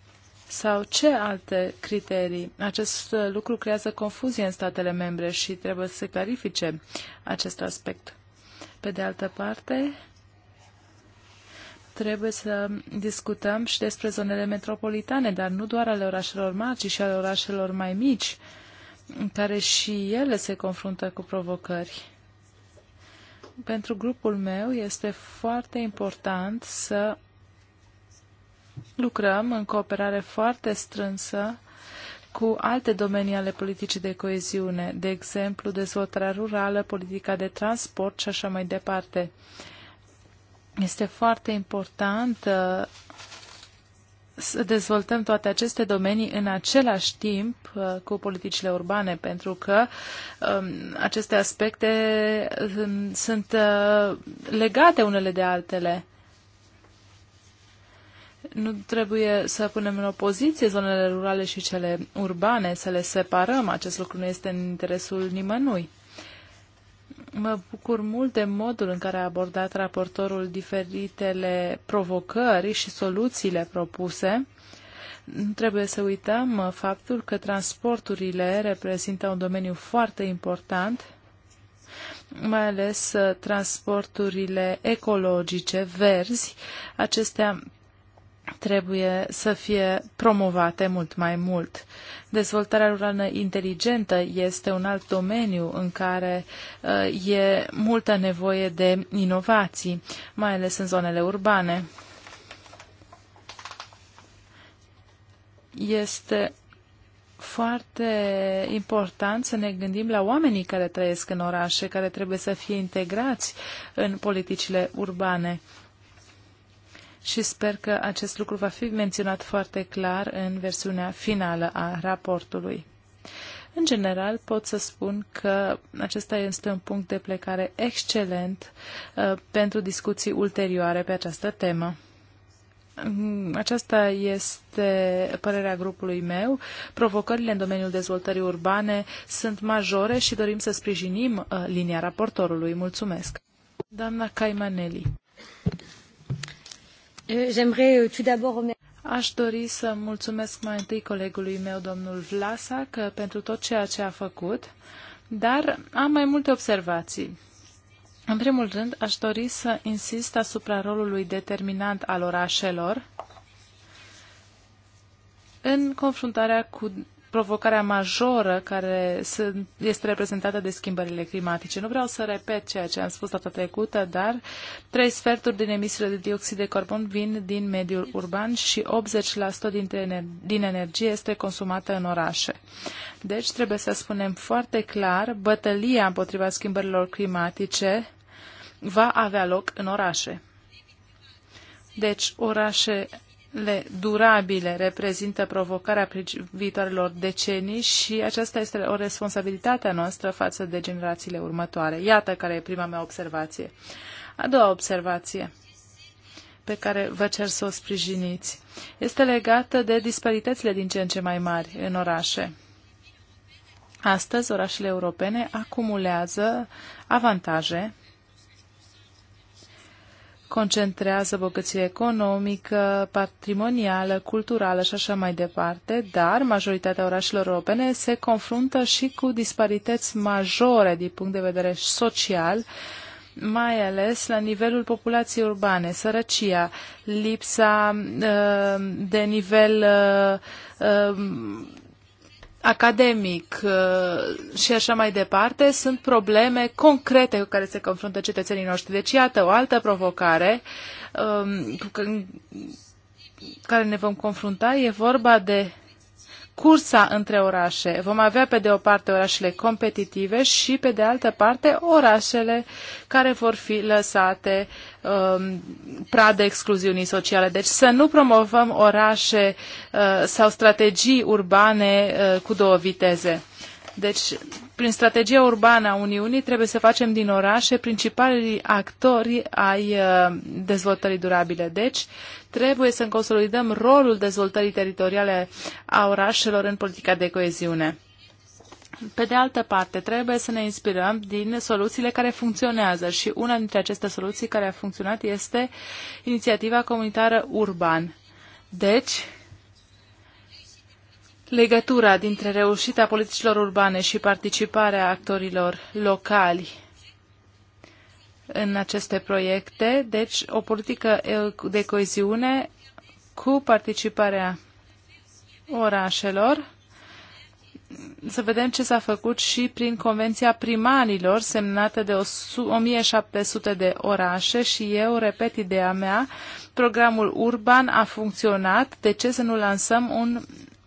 sau ce alte criterii. Acest lucru creează confuzie în statele membre și trebuie să se clarifice acest aspect. Pe de altă parte, trebuie să discutăm și despre zonele metropolitane, dar nu doar ale orașelor mari, ci și ale orașelor mai mici, care și ele se confruntă cu provocări. Pentru grupul meu este foarte important să lucrăm în cooperare foarte strânsă cu alte domenii ale politicii de coeziune, de exemplu dezvoltarea rurală, politica de transport și așa mai departe. Uh, este foarte important uh, să dezvoltăm toate aceste domenii în același timp uh, cu politicile urbane, pentru că um, aceste aspecte um, sunt uh, legate unele de altele. Nu trebuie să punem în opoziție zonele rurale și cele urbane, să le separăm. Acest lucru nu este în interesul nimănui. Mă bucur mult de modul în care a abordat raportorul diferitele provocări și soluțiile propuse. Nu trebuie să uităm uh, faptul că transporturile reprezintă un domeniu foarte important, mai ales uh, transporturile ecologice, verzi. Acestea trebuie să fie promovate mult mai mult. Dezvoltarea rurală inteligentă este un alt domeniu în care uh, e multă nevoie de inovații, mai ales în zonele urbane. Este foarte important să ne gândim la oamenii care trăiesc în orașe, care trebuie să fie integrați în politicile urbane și sper că acest lucru va fi menționat foarte clar în versiunea finală a raportului. În general, pot să spun că acesta este un punct de plecare excelent uh, pentru discuții ulterioare pe această temă. Mm, aceasta este părerea grupului meu. Provocările în domeniul dezvoltării urbane sunt majore și dorim să sprijinim uh, linia raportorului. Mulțumesc. Doamna Caimaneli. Euh, aș dori să mulțumesc mai întâi colegului meu, domnul Vlasac, uh, pentru tot ceea ce a făcut, dar am mai multe observații. În primul rând, aș dori să insist asupra rolului determinant al orașelor în confruntarea cu provocarea majoră care este reprezentată de schimbările climatice. Nu vreau să repet ceea ce am spus data trecută, dar trei sferturi din emisiile de dioxid de carbon vin din mediul urban și 80% din energie este consumată în orașe. Deci trebuie să spunem foarte clar, bătălia împotriva schimbărilor climatice va avea loc în orașe. Deci orașe le durabile reprezintă provocarea viitoarelor decenii și aceasta este o responsabilitate a noastră față de generațiile următoare. Iată care e prima mea observație. A doua observație pe care vă cer să o sprijiniți este legată de disparitățile din ce în ce mai mari în orașe. Astăzi, orașele europene acumulează avantaje concentrează bogăție economică, patrimonială, culturală și așa mai departe, dar majoritatea orașelor europene se confruntă și cu disparități majore din punct de vedere social, mai ales la nivelul populației urbane, sărăcia, lipsa uh, de nivel uh, uh, academic uh, și așa mai departe, sunt probleme concrete cu care se confruntă cetățenii noștri. Deci, iată, o altă provocare um, cu care ne vom confrunta e vorba de cursa între orașe. Vom avea pe de o parte orașele competitive și pe de altă parte orașele care vor fi lăsate um, pradă excluziunii sociale. Deci să nu promovăm orașe uh, sau strategii urbane uh, cu două viteze. Deci, prin strategia urbană a Uniunii, trebuie să facem din orașe principalii actori ai uh, dezvoltării durabile. Deci, trebuie să consolidăm rolul dezvoltării teritoriale a orașelor în politica de coeziune. Pe de altă parte, trebuie să ne inspirăm din soluțiile care funcționează și una dintre aceste soluții care a funcționat este inițiativa comunitară urban. Deci, legătura dintre reușita politicilor urbane și participarea actorilor locali în aceste proiecte, deci o politică de coeziune cu participarea orașelor. Să vedem ce s-a făcut și prin Convenția Primarilor, semnată de 1700 de orașe și eu repet ideea mea, programul urban a funcționat, de ce să nu lansăm un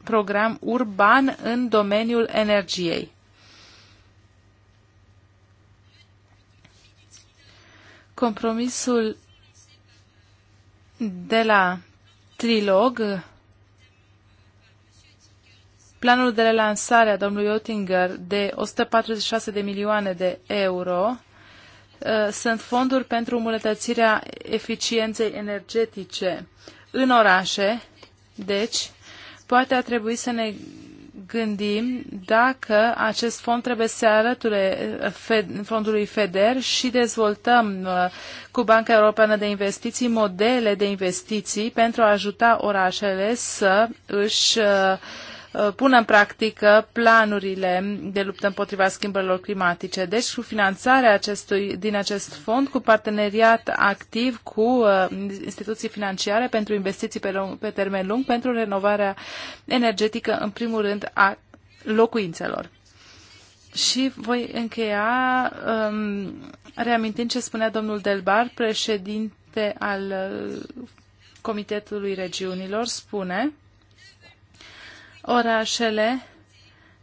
program urban în domeniul energiei. Compromisul de la trilog, planul de relansare a domnului Oettinger de 146 de milioane de euro, uh, sunt fonduri pentru îmbunătățirea eficienței energetice în orașe, deci Poate ar trebui să ne gândim dacă acest fond trebuie să se arăture uh, fondului FEDER și dezvoltăm uh, cu Banca Europeană de Investiții modele de investiții pentru a ajuta orașele să își uh, Uh, pună în practică planurile de luptă împotriva schimbărilor climatice. Deci, cu finanțarea acestui, din acest fond, cu parteneriat activ cu uh, instituții financiare pentru investiții pe, lung, pe termen lung, pentru renovarea energetică, în primul rând, a locuințelor. Și voi încheia um, reamintind ce spunea domnul Delbar, președinte al uh, Comitetului Regiunilor, spune orașele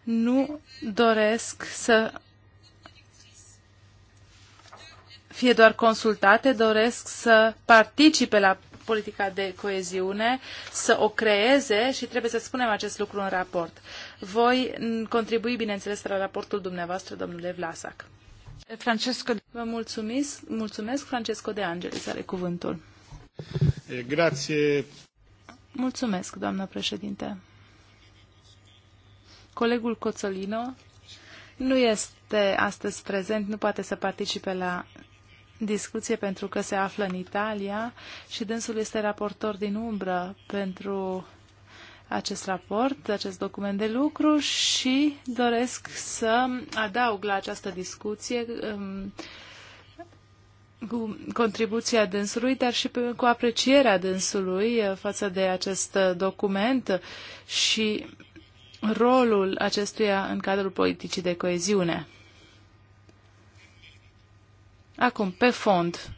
nu doresc să fie doar consultate, doresc să participe la politica de coeziune, să o creeze și trebuie să spunem acest lucru în raport. Voi contribui, bineînțeles, la raportul dumneavoastră, domnule Vlasac. Francesco... Vă mulțumesc, mulțumesc, Francesco de Angelis are cuvântul. Grație. Mulțumesc, doamnă președinte. Colegul Coțolino nu este astăzi prezent, nu poate să participe la discuție pentru că se află în Italia și dânsul este raportor din umbră pentru acest raport, acest document de lucru și doresc să adaug la această discuție um, cu contribuția dânsului, dar și cu aprecierea dânsului uh, față de acest uh, document și rolul acestuia în cadrul politicii de coeziune. Acum, pe fond,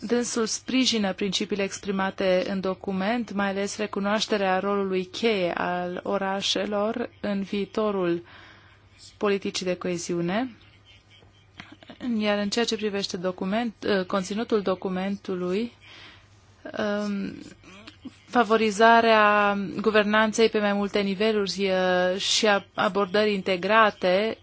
dânsul sprijină principiile exprimate în document, mai ales recunoașterea rolului cheie al orașelor în viitorul politicii de coeziune. Iar în ceea ce privește document, eh, conținutul documentului, ehm, favorizarea guvernanței pe mai multe niveluri și a abordării integrate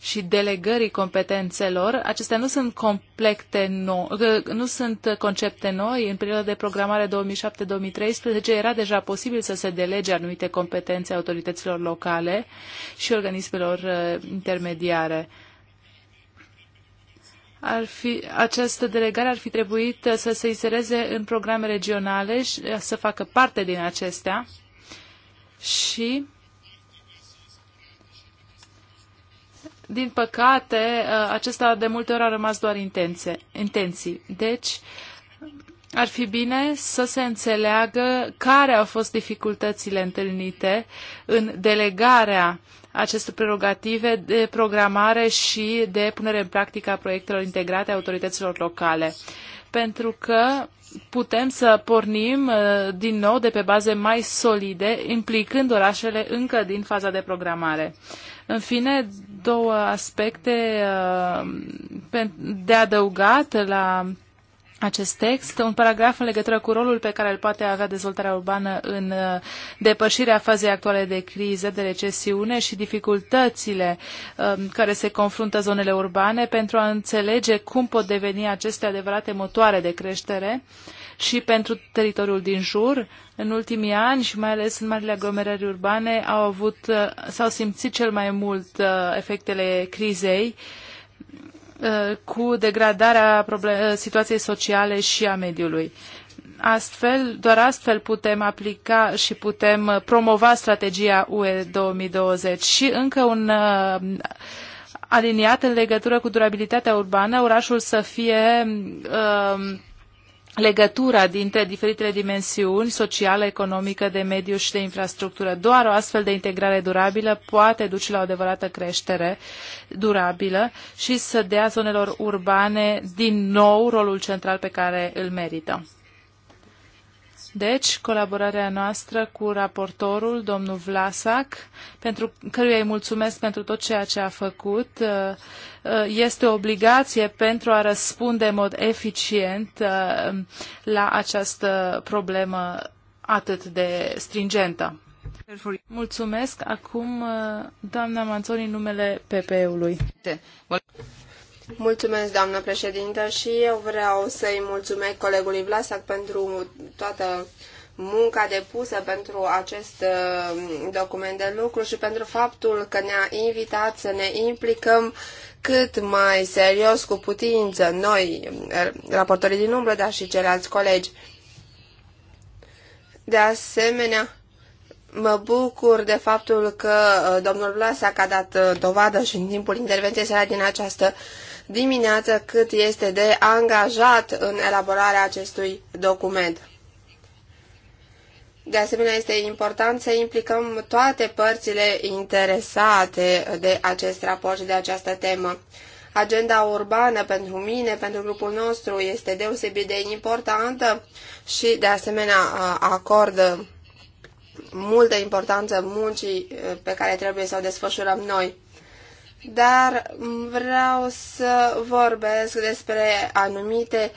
și delegării competențelor, acestea nu sunt complete no, nu sunt concepte noi. În perioada de programare 2007-2013 era deja posibil să se delege anumite competențe autorităților locale și organismelor intermediare ar fi, această delegare ar fi trebuit uh, să se insereze în programe regionale și uh, să facă parte din acestea și din păcate, uh, acesta de multe ori a rămas doar intențe, intenții. Deci, ar fi bine să se înțeleagă care au fost dificultățile întâlnite în delegarea aceste prerogative de programare și de punere în practică a proiectelor integrate a autorităților locale. Pentru că putem să pornim uh, din nou de pe baze mai solide, implicând orașele încă din faza de programare. În fine, două aspecte uh, de adăugat la acest text, un paragraf în legătură cu rolul pe care îl poate avea dezvoltarea urbană în uh, depășirea fazei actuale de criză, de recesiune și dificultățile um, care se confruntă zonele urbane pentru a înțelege cum pot deveni aceste adevărate motoare de creștere și pentru teritoriul din jur. În ultimii ani și mai ales în marile aglomerări urbane au avut, uh, s-au simțit cel mai mult uh, efectele crizei Uh, cu degradarea uh, situației sociale și a mediului. Astfel, doar astfel putem aplica și putem promova strategia UE 2020 și încă un uh, aliniat în legătură cu durabilitatea urbană, orașul să fie uh, legătura dintre diferitele dimensiuni socială, economică, de mediu și de infrastructură. Doar o astfel de integrare durabilă poate duce la o adevărată creștere durabilă și să dea zonelor urbane din nou rolul central pe care îl merită. Deci, colaborarea noastră cu raportorul, domnul Vlasac, pentru căruia îi mulțumesc pentru tot ceea ce a făcut, uh, uh, este o obligație pentru a răspunde în mod eficient uh, la această problemă atât de stringentă. Mulțumesc. Acum, doamna Manțoni, numele PPE-ului. Mulțumesc, doamnă președintă, și eu vreau să-i mulțumesc colegului Vlasac pentru toată munca depusă pentru acest uh, document de lucru și pentru faptul că ne-a invitat să ne implicăm cât mai serios cu putință noi, uh, raportorii din umbră, dar și ceilalți colegi. De asemenea, mă bucur de faptul că uh, domnul Vlasac a dat dovadă și în timpul intervenției sale din această dimineață cât este de angajat în elaborarea acestui document. De asemenea, este important să implicăm toate părțile interesate de acest raport și de această temă. Agenda urbană pentru mine, pentru grupul nostru, este deosebit de importantă și, de asemenea, acordă multă importanță muncii pe care trebuie să o desfășurăm noi dar vreau să vorbesc despre anumite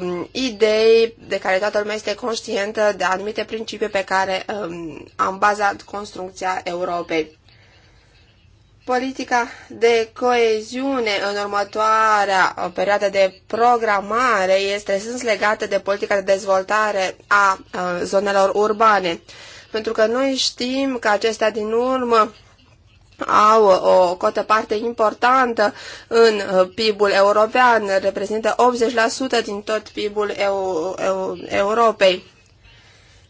um, idei de care toată lumea este conștientă, de anumite principii pe care um, am bazat construcția Europei. Politica de coeziune în următoarea uh, perioadă de programare este strâns legată de politica de dezvoltare a, a uh, zonelor urbane, pentru că noi știm că acestea din urmă au o cotă parte importantă în uh, PIB-ul european, reprezintă 80% din tot PIB-ul Europei.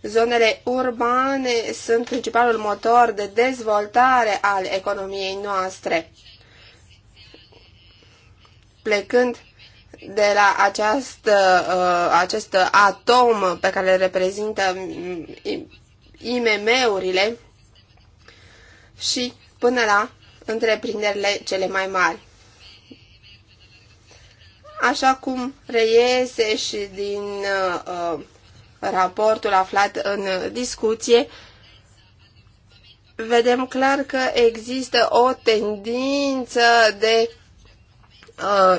Zonele urbane sunt principalul motor de dezvoltare al economiei noastre. Plecând de la aceast, uh, acest atom pe care le reprezintă mm, IMM-urile și până la întreprinderile cele mai mari. Așa cum reiese și din uh, uh raportul aflat în discuție, vedem clar că există o tendință de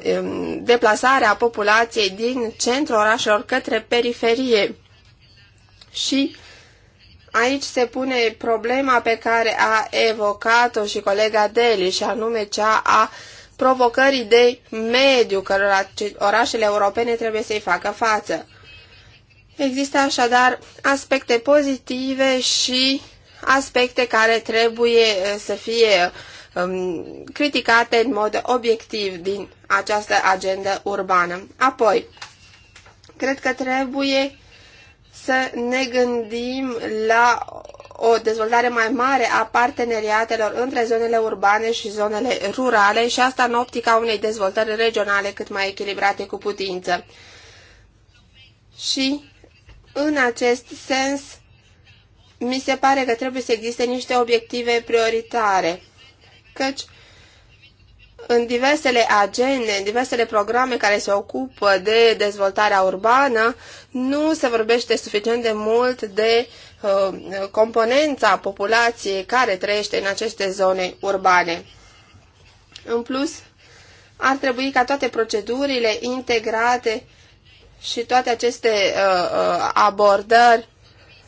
deplasarea uh, um, deplasare a populației din centrul orașelor către periferie și uh, Aici se pune problema pe care a evocat-o și colega Deli, și anume cea a provocării de mediu cărora orașele europene trebuie să-i facă față. Există așadar aspecte pozitive și aspecte care trebuie uh, să fie um, criticate în mod obiectiv din această agendă urbană. Apoi, cred că trebuie să ne gândim la o dezvoltare mai mare a parteneriatelor între zonele urbane și zonele rurale și asta în optica unei dezvoltări regionale cât mai echilibrate cu putință. Și în acest sens, mi se pare că trebuie să existe niște obiective prioritare, căci în diversele agende, în diversele programe care se ocupă de dezvoltarea urbană, nu se vorbește suficient de mult de uh, componența populației care trăiește în aceste zone urbane. În plus, ar trebui ca toate procedurile integrate și toate aceste uh, uh, abordări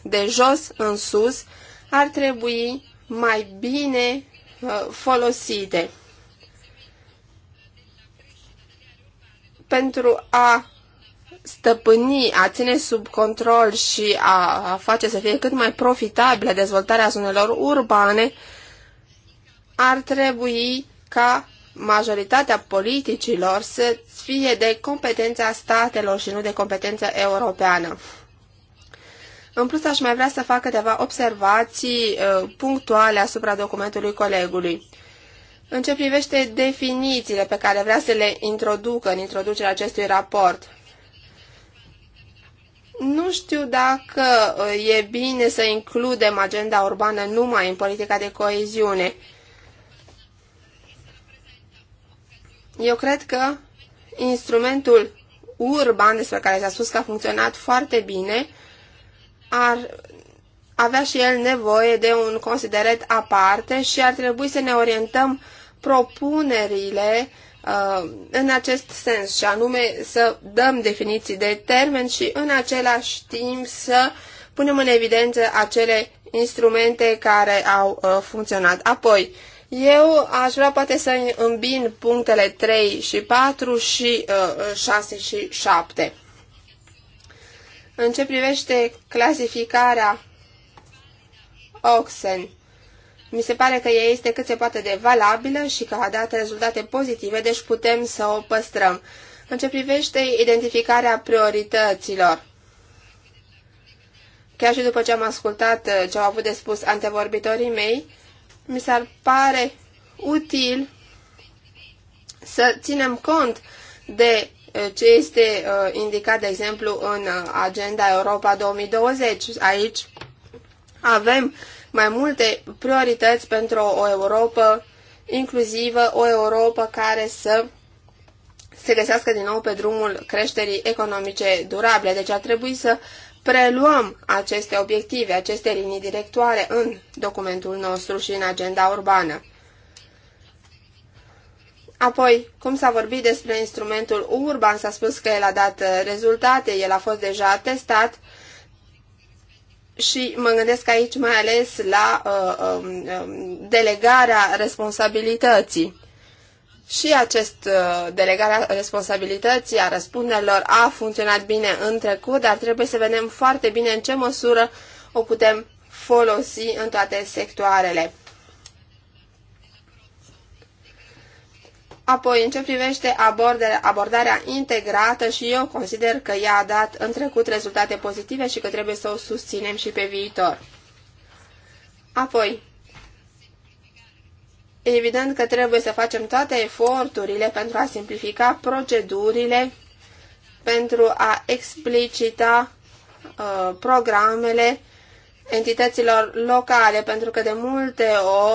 de jos în sus ar trebui mai bine uh, folosite. pentru a stăpâni, a ține sub control și a face să fie cât mai profitabilă dezvoltarea zonelor urbane, ar trebui ca majoritatea politicilor să fie de competența statelor și nu de competența europeană. În plus, aș mai vrea să fac câteva observații uh, punctuale asupra documentului colegului. În ce privește definițiile pe care vrea să le introducă în introducerea acestui raport, nu știu dacă uh, e bine să includem agenda urbană numai în politica de coeziune. Eu cred că instrumentul urban, despre care s-a spus că a funcționat foarte bine, ar avea și el nevoie de un considerat aparte și ar trebui să ne orientăm propunerile uh, în acest sens, și anume să dăm definiții de termen și în același timp să punem în evidență acele instrumente care au uh, funcționat. Apoi, eu aș vrea poate să îmbin punctele 3 și 4 și 6 uh, și 7. În ce privește clasificarea Oxen, mi se pare că ea este cât se poate de valabilă și că a dat rezultate pozitive, deci putem să o păstrăm. În ce privește identificarea priorităților, chiar și după ce am ascultat uh, ce au avut de spus antevorbitorii mei, mi s-ar pare util să ținem cont de uh, ce este uh, indicat, de exemplu, în agenda Europa 2020. Aici avem mai multe priorități pentru o Europa inclusivă, o Europa care să se găsească din nou pe drumul creșterii economice durabile. Deci ar trebui să preluăm aceste obiective, aceste linii directoare în documentul nostru și în agenda urbană. Apoi, cum s-a vorbit despre instrumentul urban, s-a spus că el a dat rezultate, el a fost deja testat și mă gândesc aici mai ales la uh, um, um, delegarea responsabilității. Și acest uh, delegarea responsabilității a răspunderilor a funcționat bine în trecut, dar trebuie să vedem foarte bine în ce măsură o putem folosi în toate sectoarele. Apoi, în ce privește abordarea integrată și eu consider că ea a dat în trecut rezultate pozitive și că trebuie să o susținem și pe viitor. Apoi, evident că trebuie să facem toate eforturile pentru a simplifica procedurile, pentru a explicita uh, programele entităților locale, pentru că de multe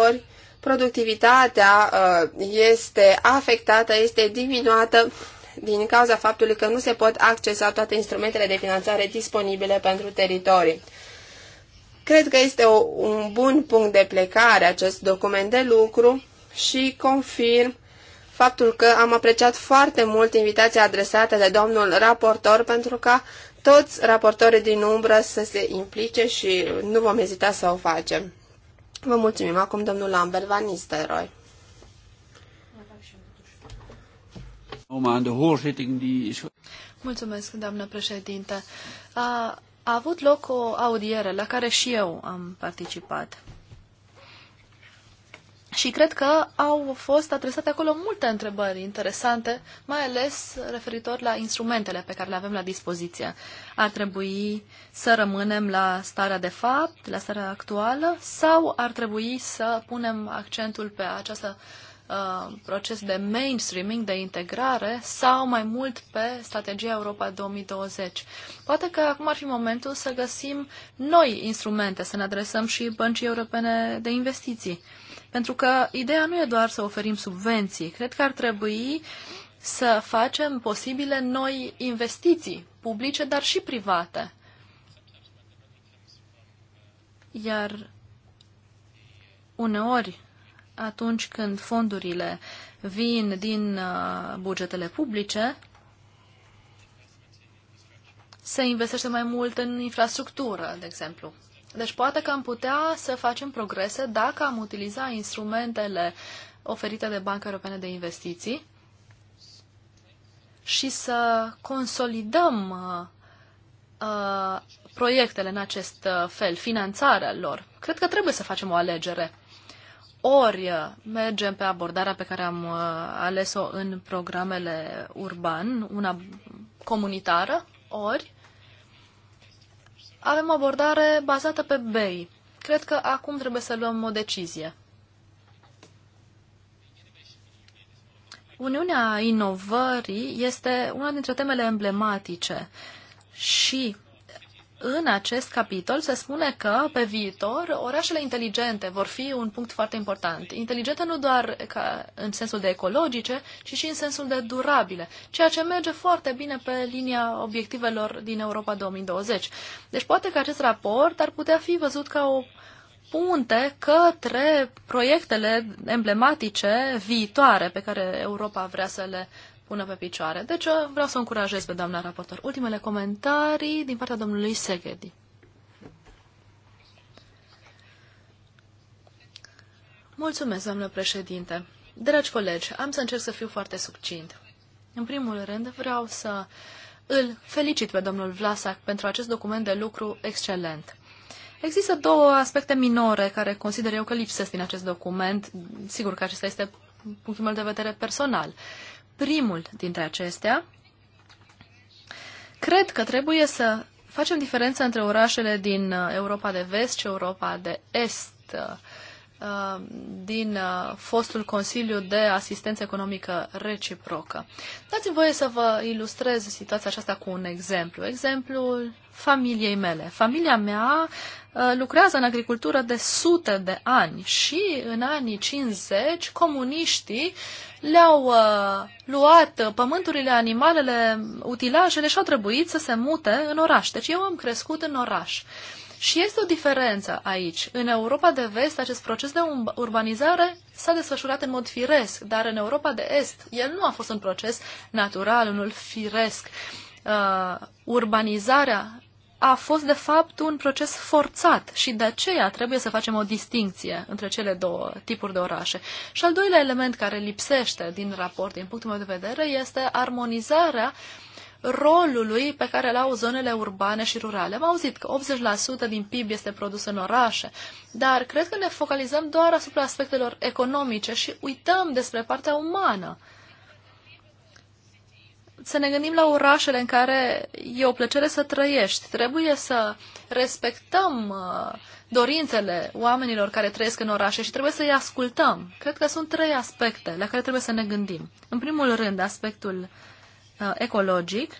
ori productivitatea uh, este afectată, este diminuată din cauza faptului că nu se pot accesa toate instrumentele de finanțare disponibile pentru teritorii. Cred că este o, un bun punct de plecare acest document de lucru și confirm faptul că am apreciat foarte mult invitația adresată de domnul raportor pentru ca toți raportorii din umbră să se implice și nu vom ezita să o facem. Vă mulțumim. Acum domnul Lambert Van Nistelrooy. Mulțumesc, doamnă președinte. A, a avut loc o audiere la care și eu am participat. Și cred că au fost adresate acolo multe întrebări interesante, mai ales referitor la instrumentele pe care le avem la dispoziție. Ar trebui să rămânem la starea de fapt, la starea actuală, sau ar trebui să punem accentul pe acest uh, proces de mainstreaming, de integrare sau mai mult pe strategia Europa 2020. Poate că acum ar fi momentul să găsim noi instrumente, să ne adresăm și băncii europene de investiții. Pentru că ideea nu e doar să oferim subvenții. Cred că ar trebui să facem posibile noi investiții publice, dar și private. Iar uneori, atunci când fondurile vin din uh, bugetele publice, se investește mai mult în infrastructură, de exemplu. Deci poate că am putea să facem progrese dacă am utiliza instrumentele oferite de Banca Europeană de Investiții și să consolidăm uh, uh proiectele în acest uh, fel, finanțarea lor. Cred că trebuie să facem o alegere. Ori uh, mergem pe abordarea pe care am ales-o în programele urban, una comunitară, ori avem o abordare bazată pe BEI. Cred că acum trebuie să luăm o decizie. Uniunea inovării este una dintre temele emblematice și în acest capitol se spune că pe viitor orașele inteligente vor fi un punct foarte important. Inteligente nu doar ca în sensul de ecologice, ci și în sensul de durabile, ceea ce merge foarte bine pe linia obiectivelor din Europa 2020. Deci poate că acest raport ar putea fi văzut ca o punte către proiectele emblematice viitoare pe care Europa vrea să le pună pe picioare. Deci vreau să încurajez pe doamna raportor. Ultimele comentarii din partea domnului Seghedi. Mulțumesc, doamnă președinte. Dragi colegi, am să încerc să fiu foarte succint. În primul rând, vreau să îl felicit pe domnul Vlasac pentru acest document de lucru excelent. Există două aspecte minore care consider eu că lipsesc din acest document. Sigur că acesta este punctul meu de vedere personal primul dintre acestea. Cred că trebuie să facem diferența între orașele din uh, Europa de Vest și Europa de Est. Uh, Uh, din uh, fostul Consiliu de Asistență Economică Reciprocă. Dați-mi voie să vă ilustrez situația aceasta cu un exemplu. Exemplul familiei mele. Familia mea uh, lucrează în agricultură de sute de ani și în anii 50 comuniștii le-au luat pământurile, animalele, utilajele și au trebuit să se mute în oraș. Deci eu am crescut în oraș. Și este o diferență aici. În Europa de vest, acest proces de urbanizare s-a desfășurat în mod firesc, dar în Europa de est, el nu a fost un proces natural, unul firesc. Uh, urbanizarea a fost, de fapt, un proces forțat și de aceea trebuie să facem o distinție între cele două tipuri de orașe. Și al doilea element care lipsește din raport, din punctul meu de vedere, este armonizarea uh, rolului pe care îl au zonele urbane și rurale. Am auzit că 80% din PIB este produs în orașe, dar cred că ne focalizăm doar asupra aspectelor economice și uităm despre partea umană. Să ne gândim la orașele în care e o plăcere să trăiești. Trebuie să respectăm uh, dorințele oamenilor care trăiesc în orașe și trebuie să-i ascultăm. Cred că sunt trei aspecte la care trebuie să ne gândim. În primul rând, aspectul Uh, ecologic.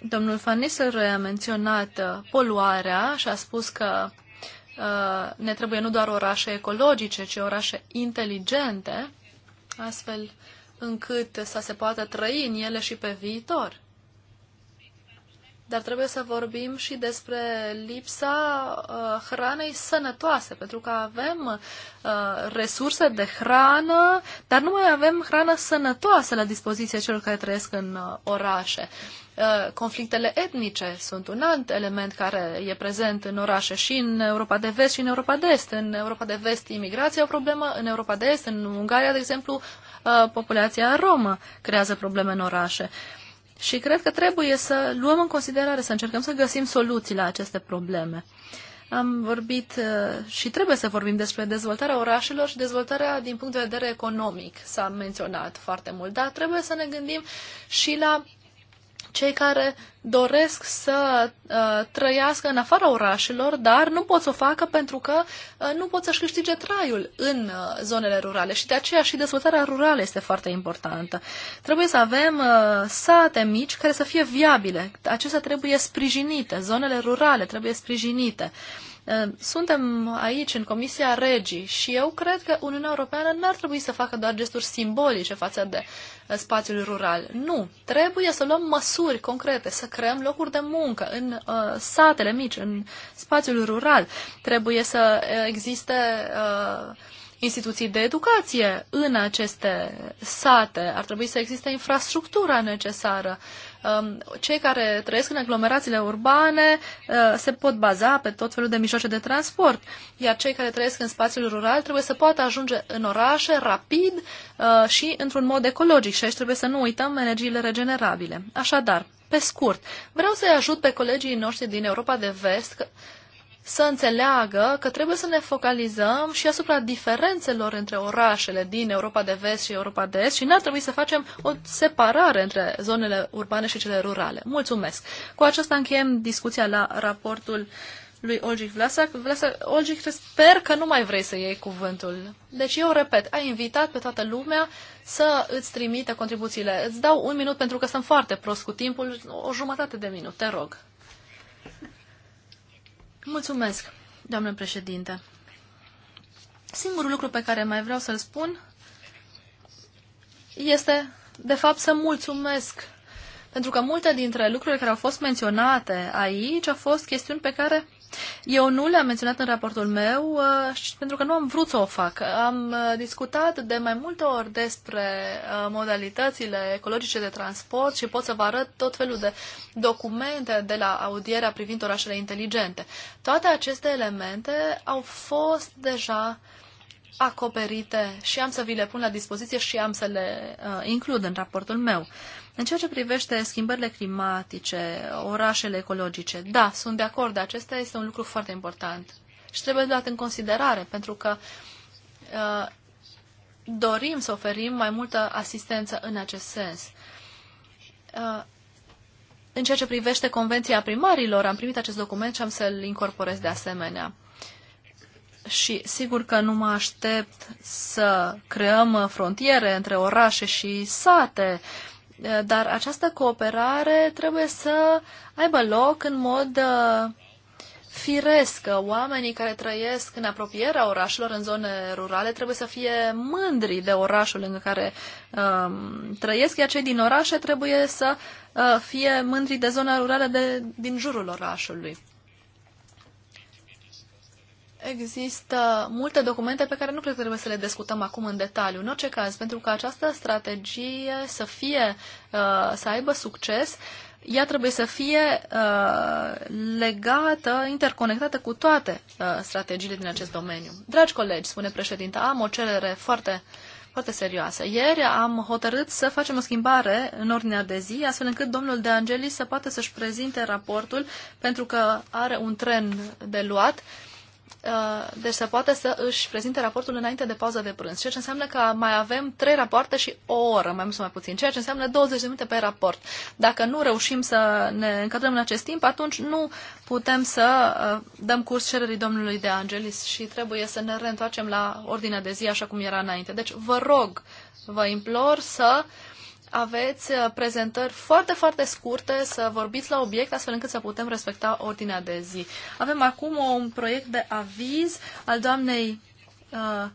Domnul Van Nistelrooy a menționat uh, poluarea și a spus că uh, ne trebuie nu doar orașe ecologice, ci orașe inteligente, astfel încât să se poată trăi în ele și pe viitor. Dar trebuie să vorbim și despre lipsa uh, hranei sănătoase, pentru că avem uh, resurse de hrană, dar nu mai avem hrană sănătoasă la dispoziție celor care trăiesc în uh, orașe. Uh, conflictele etnice sunt un alt element care e prezent în orașe și în Europa de Vest și în Europa de Est. În Europa de Vest imigrația e o problemă, în Europa de Est, în Ungaria, de exemplu, uh, populația romă creează probleme în orașe. Uh, și cred că trebuie să luăm în considerare, să încercăm să găsim soluții la aceste probleme. Am vorbit uh, și trebuie să vorbim despre dezvoltarea orașelor și dezvoltarea din punct de vedere economic. S-a menționat foarte mult, dar trebuie să ne gândim și la cei care doresc să uh, trăiască în afara orașelor, dar nu pot să o facă pentru că uh, nu pot să-și câștige traiul în uh, zonele rurale și de aceea și dezvoltarea rurală este foarte importantă. Trebuie să avem uh, sate mici care să fie viabile. Acestea trebuie sprijinite, zonele rurale trebuie sprijinite. Uh, suntem aici în Comisia Regii și eu cred că Uniunea Europeană n-ar trebui să facă doar gesturi simbolice față de uh, spațiul rural. Nu, trebuie să luăm măsuri concrete, să creăm locuri de muncă în uh, satele mici, în spațiul rural. Trebuie să uh, existe uh, instituții de educație în aceste sate. Ar trebui să existe infrastructura necesară. Uh, Um, cei care trăiesc în aglomerațiile urbane uh, se pot baza pe tot felul de mijloace de transport, iar cei care trăiesc în spațiul rural trebuie să poată ajunge în orașe rapid uh, și într-un mod ecologic și aici trebuie să nu uităm energiile regenerabile. Așadar, pe scurt, vreau să-i ajut pe colegii noștri din Europa de Vest să înțeleagă că trebuie să ne focalizăm și asupra diferențelor între orașele din Europa de Vest și Europa de Est și n-ar trebui să facem o separare între zonele urbane și cele rurale. Mulțumesc! Cu aceasta încheiem discuția la raportul lui Olgic Vlasac. Vlasac, Olgic, sper că nu mai vrei să iei cuvântul. Deci eu repet, ai invitat pe toată lumea să îți trimite contribuțiile. Îți dau un minut pentru că sunt foarte prost cu timpul, o jumătate de minut, te rog. Mulțumesc, doamnă președinte. Singurul lucru pe care mai vreau să-l spun este, de fapt, să mulțumesc. Pentru că multe dintre lucrurile care au fost menționate aici au fost chestiuni pe care eu nu le-am menționat în raportul meu uh, pentru că nu am vrut să o fac. Am uh, discutat de mai multe ori despre uh, modalitățile ecologice de transport și pot să vă arăt tot felul de documente de la audierea privind orașele inteligente. Toate aceste elemente au fost deja acoperite și am să vi le pun la dispoziție și am să le uh, includ în raportul meu. Uh, în ceea ce privește schimbările climatice, orașele ecologice, da, sunt de acord, acesta este un lucru foarte important și trebuie luat în considerare, pentru că uh, dorim să oferim mai multă asistență în acest sens. Uh, în ceea ce privește Convenția Primarilor, am primit acest document și am să-l incorporez de asemenea. Și sigur că nu mă aștept să creăm frontiere între orașe și sate, dar această cooperare trebuie să aibă loc în mod uh, firesc. Oamenii care trăiesc în apropierea orașelor, în zone rurale, trebuie să fie mândri de orașul în care um, trăiesc, iar cei din orașe trebuie să uh, fie mândri de zona rurală de, din jurul orașului. Există multe documente pe care nu cred că trebuie să le discutăm acum în detaliu. În orice caz, pentru că această strategie să fie, uh, să aibă succes, ea trebuie să fie uh, legată, interconectată cu toate uh, strategiile din acest domeniu. Dragi colegi, spune președinta, am o cerere foarte, foarte serioasă. Ieri am hotărât să facem o schimbare în ordinea de zi, astfel încât domnul De Angelis să poată să-și prezinte raportul, pentru că are un tren de luat. Uh, deci să poată să își prezinte raportul înainte de pauza de prânz, ceea ce înseamnă că mai avem trei rapoarte și o oră, mai mult sau mai puțin, ceea ce înseamnă 20 de minute pe raport. Dacă nu reușim să ne încadrăm în acest timp, atunci nu putem să uh, dăm curs cererii domnului de Angelis și trebuie să ne reîntoarcem la ordinea de zi așa cum era înainte. Deci vă rog, vă implor să uh, aveți uh, prezentări foarte, foarte scurte, să vorbiți la obiect, astfel încât să putem respecta ordinea de zi. Avem acum un proiect de aviz al doamnei uh,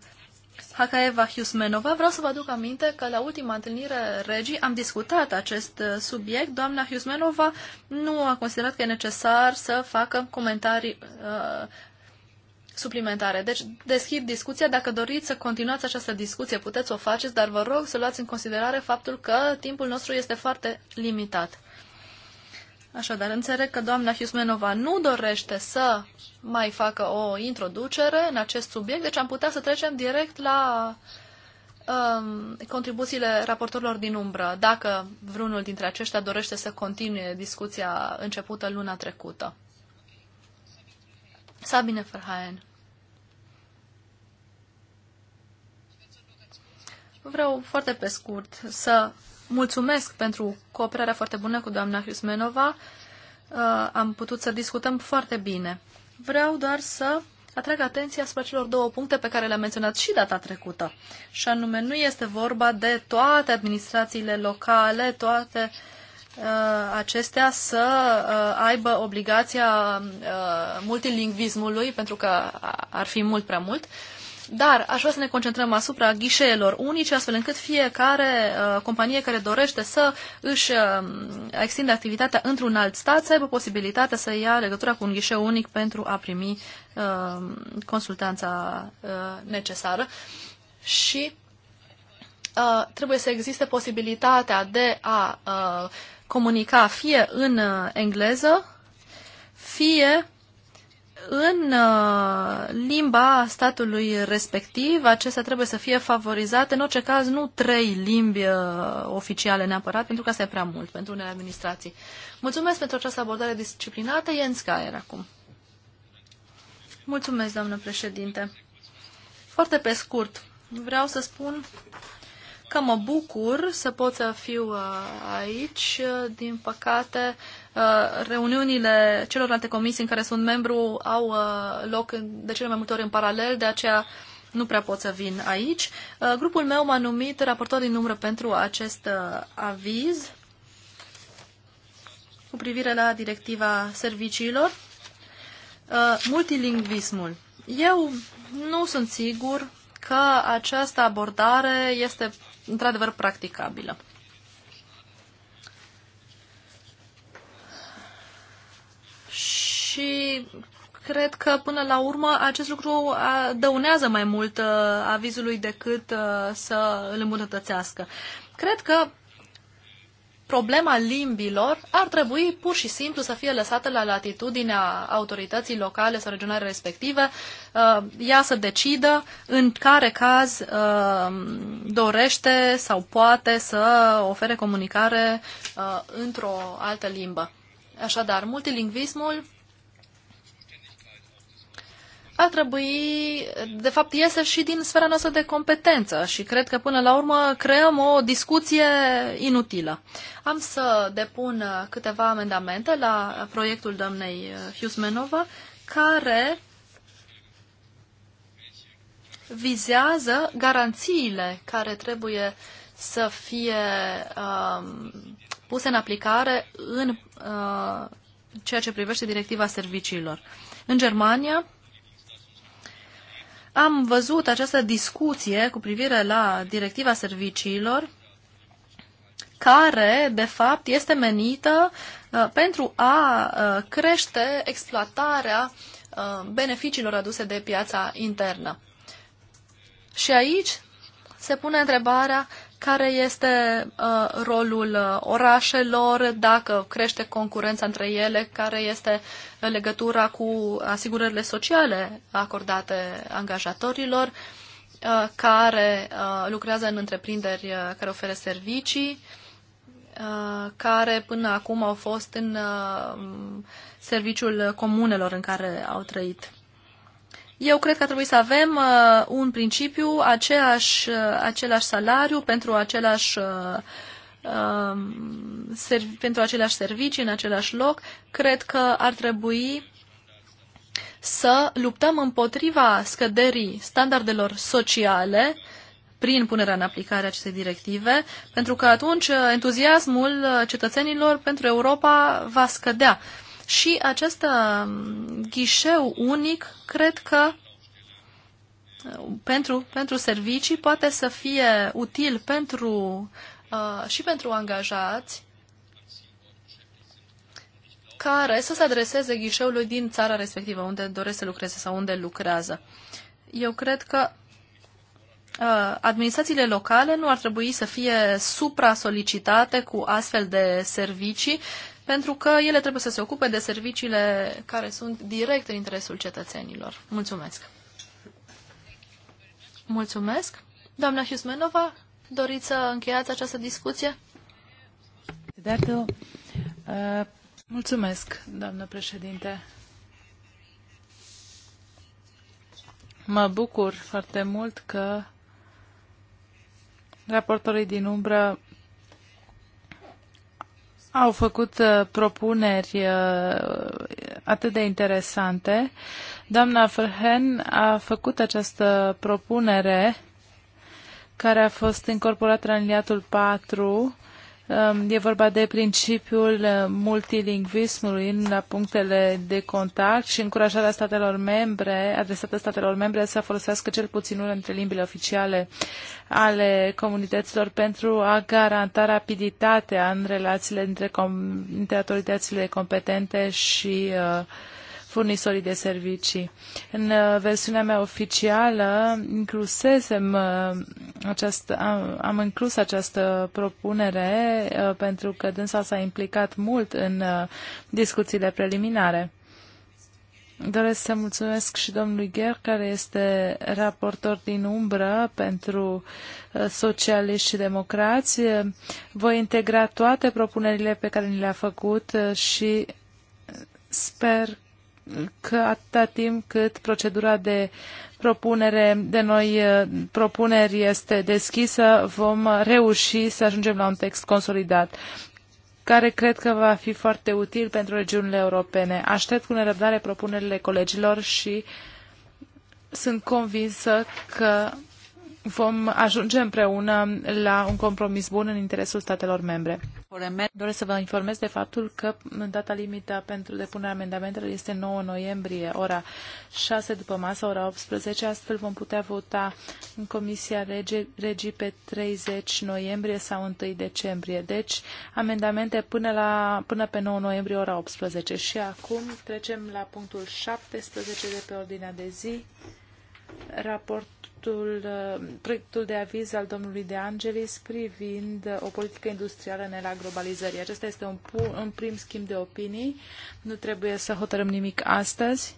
Hakaeva Husmenova. Vreau să vă aduc aminte că la ultima întâlnire regii am discutat acest uh, subiect. Doamna Husmenova nu a considerat că e necesar să facă comentarii uh, suplimentare. Deci deschid discuția. Dacă doriți să continuați această discuție, puteți o faceți, dar vă rog să luați în considerare faptul că timpul nostru este foarte limitat. Așadar, înțeleg că doamna Hiusmenova nu dorește să mai facă o introducere în acest subiect, deci am putea să trecem direct la um, contribuțiile raportorilor din umbră, dacă vreunul dintre aceștia dorește să continue discuția începută luna trecută. Sabine Verheyen. Vreau foarte pe scurt să mulțumesc pentru cooperarea foarte bună cu doamna Hrismenova. Uh, am putut să discutăm foarte bine. Vreau doar să atrag atenția asupra celor două puncte pe care le-am menționat și data trecută. Și anume, nu este vorba de toate administrațiile locale, toate uh, acestea să uh, aibă obligația uh, multilingvismului, pentru că ar fi mult prea mult. Uh, dar aș vrea să ne concentrăm asupra ghișeelor unice, astfel încât fiecare uh, companie care dorește să își uh, extinde activitatea într-un alt stat să aibă posibilitatea să ia legătura cu un ghișeu unic pentru a primi uh, consultanța uh, necesară. Și uh, trebuie să existe posibilitatea de a uh, comunica fie în uh, engleză, fie în uh, limba statului respectiv. Acesta trebuie să fie favorizat, în orice caz, nu trei limbi uh, oficiale neapărat, pentru că asta e prea mult pentru unele administrații. Mulțumesc pentru această abordare disciplinată. Jens Gaier acum. Mulțumesc, doamnă președinte. Foarte pe scurt, vreau să spun că mă bucur să pot să fiu uh, aici. Din păcate, Uh, reuniunile celorlalte comisii în care sunt membru au uh, loc de cele mai multe ori în paralel, de aceea nu prea pot să vin aici. Uh, grupul meu m-a numit raportor din umbră pentru acest aviz cu privire la directiva serviciilor. Multilingvismul. Eu nu sunt sigur că această abordare este într-adevăr practicabilă. și cred că până la urmă acest lucru dăunează mai mult uh, avizului decât uh, să îl îmbunătățească. Cred că problema limbilor ar trebui pur și simplu să fie lăsată la latitudinea autorității locale sau regionale respective, uh, ea să decidă în care caz dorește sau poate să ofere comunicare într-o altă limbă. Așadar, multilingvismul ar trebui, de fapt, iese și din sfera noastră de competență și cred că până la urmă creăm o discuție inutilă. Am să depun câteva amendamente la proiectul doamnei Fiusmenova care vizează garanțiile care trebuie să fie um, puse în aplicare în uh, ceea ce privește directiva serviciilor. În Germania, am văzut această discuție cu privire la directiva serviciilor, care, de fapt, este menită uh, pentru a uh, crește exploatarea uh, beneficiilor aduse de piața internă. Și aici se pune întrebarea care este uh, rolul uh, orașelor, dacă crește concurența între ele, care este uh, legătura cu asigurările sociale acordate angajatorilor uh, care uh, lucrează în întreprinderi uh, care oferă servicii, uh, care până acum au fost în uh, serviciul comunelor în care au trăit. Eu cred că trebuie să avem uh, un principiu, aceeași, uh, același salariu pentru același uh, um, pentru același servicii, în același loc, cred că ar trebui să luptăm împotriva scăderii standardelor sociale prin punerea în aplicare a acestei directive, pentru că atunci uh, entuziasmul uh, cetățenilor pentru Europa va scădea. Uh, și acest um, ghișeu unic, cred că uh, pentru, pentru servicii poate să fie util pentru, uh, și pentru angajați care să se adreseze ghișeului din țara respectivă, unde doresc să lucreze sau unde lucrează. Eu cred că uh, administrațiile locale nu ar trebui să fie supra-solicitate cu astfel de servicii pentru că ele trebuie să se ocupe de serviciile care sunt direct în interesul cetățenilor. Mulțumesc! Mulțumesc! Doamna Hiusmenova. doriți să încheiați această discuție? Dato, uh, mulțumesc, doamnă președinte. Mă bucur foarte mult că raportorii din umbră au făcut uh, propuneri uh, atât de interesante. Doamna Verhen a făcut această propunere care a fost incorporată în liatul 4 Um, e vorba de principiul uh, multilingvismului la punctele de contact și încurajarea statelor membre, adresată statelor membre să folosească cel puțin unul dintre limbile oficiale ale comunităților pentru a garanta rapiditatea în relațiile dintre, com- dintre autoritățile competente și uh, furnizorii de servicii. În uh, versiunea mea oficială inclusesem uh, această, am, am inclus această propunere uh, pentru că dânsa s-a implicat mult în discuțiile preliminare. Doresc să mulțumesc și domnului Gher, care este raportor din umbră pentru socialiști și democrați. Voi integra toate propunerile pe care ni le-a făcut și sper că atâta timp cât procedura de propunere de noi uh, propuneri este deschisă, vom reuși să ajungem la un text consolidat care cred că va fi foarte util pentru regiunile europene. Aștept cu nerăbdare propunerile colegilor și sunt convinsă că vom ajunge împreună la un compromis bun în interesul statelor membre. Doresc să vă informez de faptul că data limită pentru depunerea amendamentelor este 9 noiembrie, ora 6 după masă, ora 18, astfel vom putea vota în Comisia Regii pe 30 noiembrie sau 1 decembrie. Deci, amendamente până, la, până pe 9 noiembrie, ora 18. Și acum trecem la punctul 17 de pe ordinea de zi raport proiectul, uh, proiectul de aviz al domnului De Angelis privind uh, o politică industrială în era globalizării. Acesta este un, un prim schimb de opinii. Nu trebuie să hotărâm nimic astăzi.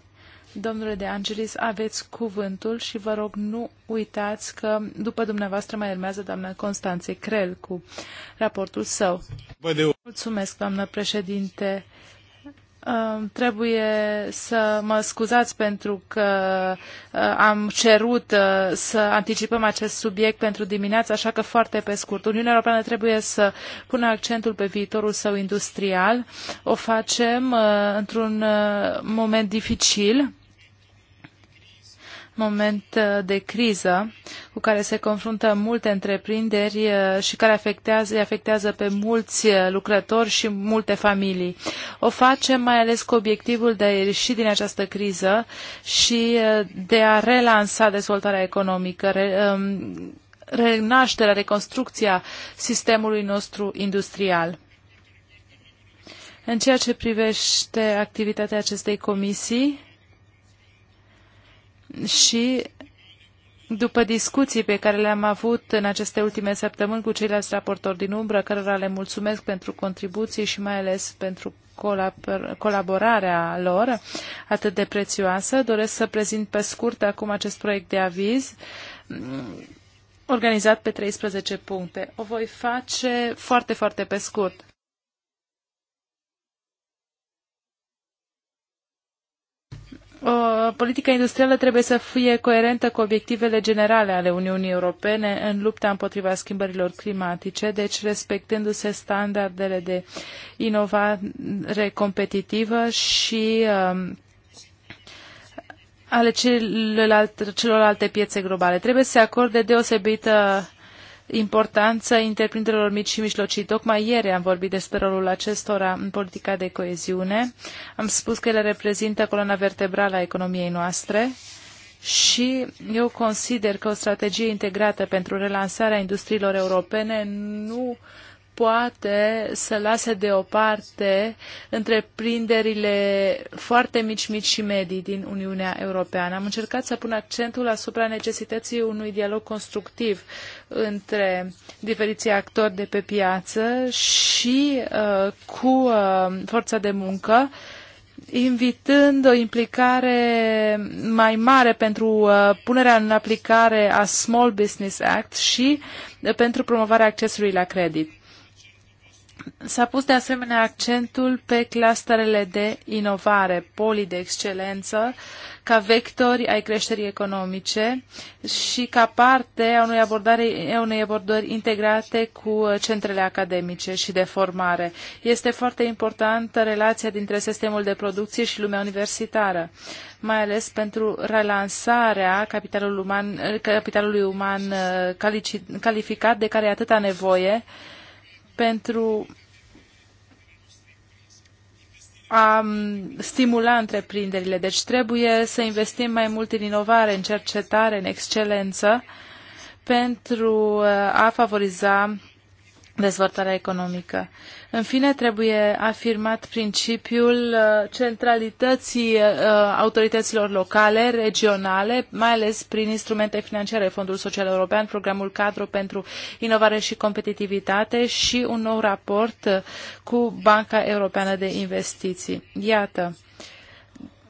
Domnule De Angelis, aveți cuvântul și vă rog nu uitați că după dumneavoastră mai urmează doamna Constanțe Crel cu raportul său. Mulțumesc, doamnă președinte. Um, trebuie să mă scuzați pentru că uh, am cerut uh, să anticipăm acest subiect pentru dimineață, așa că foarte pe scurt. Uniunea Europeană trebuie să pună accentul pe viitorul său industrial. O facem uh, într-un moment dificil moment uh, de criză cu care se confruntă multe întreprinderi uh, și care afectează, îi afectează pe mulți uh, lucrători și multe familii. O facem mai ales cu obiectivul de a ieși din această criză și de a relansa dezvoltarea economică, um, renașterea, reconstrucția sistemului nostru industrial. În ceea ce privește activitatea acestei comisii, și după discuții pe care le-am avut în aceste ultime săptămâni cu ceilalți raportori din umbră, cărora le mulțumesc pentru contribuții și mai ales pentru colaborarea lor atât de prețioasă, doresc să prezint pe scurt acum acest proiect de aviz mm, organizat pe 13 puncte. O voi face foarte, foarte pe scurt. Uh, politica industrială trebuie să fie coerentă cu obiectivele generale ale Uniunii Europene în lupta împotriva schimbărilor climatice, deci respectându-se standardele de inovare competitivă și um, ale celorlalte, piețe globale. Trebuie să se acorde deosebită importanță întreprinderilor mici și mijlocii. Tocmai ieri am vorbit despre rolul acestora în politica de coeziune. Am spus că ele reprezintă coloana vertebrală a economiei noastre și eu consider că o strategie integrată pentru relansarea industriilor europene nu uh, poate să lase deoparte întreprinderile foarte mici, mici și medii din Uniunea Europeană. Am încercat să pun accentul asupra necesității unui dialog constructiv între diferiții actori de pe piață și uh, cu uh, forța de muncă invitând o implicare mai mare pentru uh, punerea în aplicare a Small Business Act și uh, pentru promovarea accesului la credit. S-a pus de asemenea accentul pe clusterele de inovare, poli de excelență, ca vectori ai creșterii economice și ca parte a unei abordări, a unei abordări integrate cu centrele academice și de formare. Este foarte importantă relația dintre sistemul de producție și lumea universitară, mai ales pentru relansarea capitalului uman, capitalului uman eh, calificat de care e atâta nevoie, pentru a stimula întreprinderile. Deci trebuie să investim mai mult în inovare, în cercetare, în excelență, pentru uh, a favoriza dezvoltarea economică. În fine, trebuie afirmat principiul uh, centralității uh, autorităților locale, regionale, mai ales prin instrumente financiare, Fondul Social European, Programul Cadru pentru Inovare și Competitivitate și un nou raport uh, cu Banca Europeană de Investiții. Iată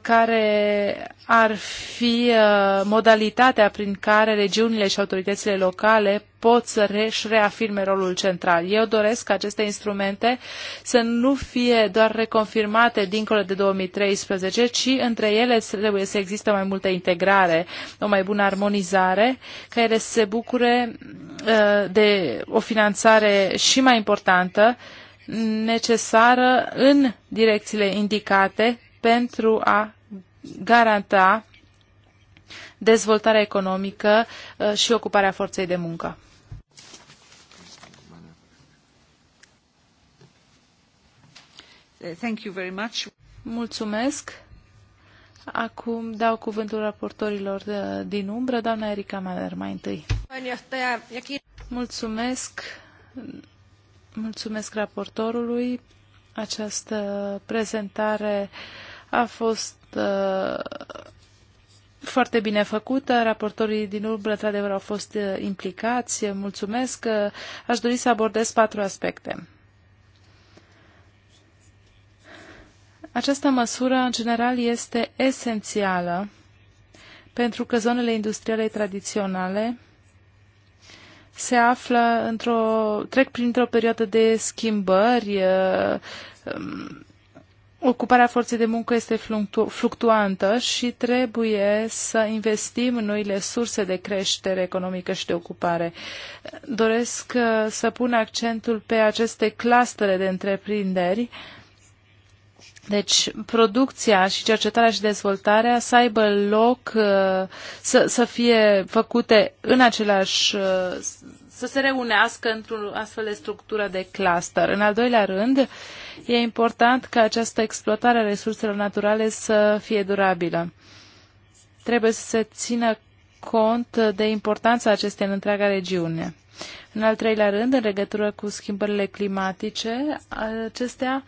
care ar fi uh, modalitatea prin care regiunile și autoritățile locale pot să își reafirme rolul central. Eu doresc ca aceste instrumente să nu fie doar reconfirmate dincolo de 2013, ci între ele trebuie să existe mai multă integrare, o mai bună armonizare, ca ele să se bucure uh, de o finanțare și mai importantă necesară în direcțiile indicate pentru a garanta dezvoltarea economică uh, și ocuparea forței de muncă. Thank you very much. Mulțumesc. Acum dau cuvântul raportorilor uh, din umbră, doamna Erika Maler, mai întâi. Mulțumesc. Mulțumesc raportorului. Această prezentare uh, a fost uh, foarte bine făcută. Raportorii din urmă, într-adevăr, au fost uh, implicați. Mulțumesc. Uh, aș dori să abordez patru aspecte. Această măsură, în general, este esențială pentru că zonele industriale tradiționale se află într-o, trec printr-o perioadă de schimbări um, ocuparea forței de muncă este fluctuantă și trebuie să investim în noile surse de creștere economică și de ocupare. Doresc uh, să pun accentul pe aceste clustere de întreprinderi deci, producția și cercetarea și dezvoltarea să aibă loc, uh, să, să fie făcute în același uh, să se reunească într-o astfel de structură de cluster. În al doilea rând, e important ca această exploatare a resurselor naturale să fie durabilă. Trebuie să se țină cont de importanța acestei în întreaga regiune. În al treilea rând, în legătură cu schimbările climatice, acestea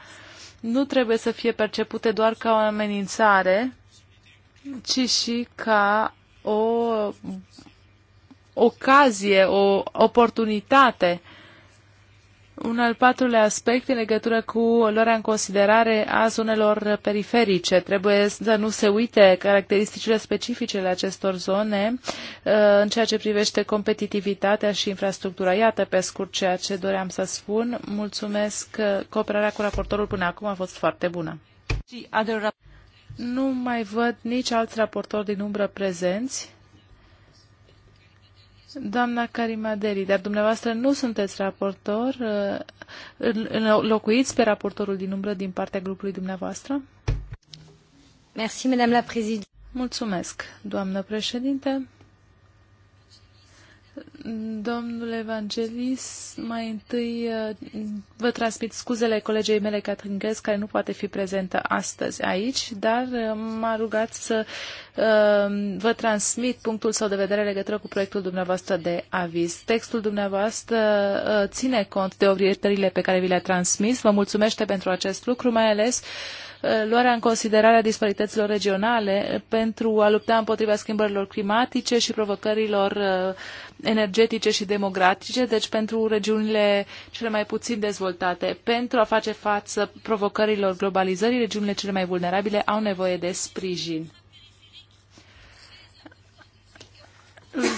nu trebuie să fie percepute doar ca o amenințare, ci și ca o ocazie, o oportunitate. Un al patrulea aspect în legătură cu luarea în considerare a zonelor periferice. Trebuie să nu se uite caracteristicile specifice ale acestor zone uh, în ceea ce privește competitivitatea și infrastructura. Iată pe scurt ceea ce doream să spun. Mulțumesc. Cooperarea cu raportorul până acum a fost foarte bună. Nu mai văd nici alți raportori din umbră prezenți. Doamna Karimadeli, dar dumneavoastră nu sunteți raportor, uh, locuiți pe raportorul din umbră din partea grupului dumneavoastră? Merci, Madame la Mulțumesc, doamnă președinte. Domnul Evangelis, mai întâi uh, vă transmit scuzele colegei mele, Catherine Ghez, care nu poate fi prezentă astăzi aici, dar uh, m-a rugat să uh, vă transmit punctul său de vedere legătură cu proiectul dumneavoastră de aviz. Textul dumneavoastră ține cont de orientările pe care vi le-a transmis. Vă mulțumește pentru acest lucru, mai ales Uh, luarea în considerare a disparităților regionale uh, pentru a lupta împotriva schimbărilor climatice și provocărilor uh, energetice și demografice, deci pentru regiunile cele mai puțin dezvoltate. Pentru a face față provocărilor globalizării, regiunile cele mai vulnerabile au nevoie de sprijin.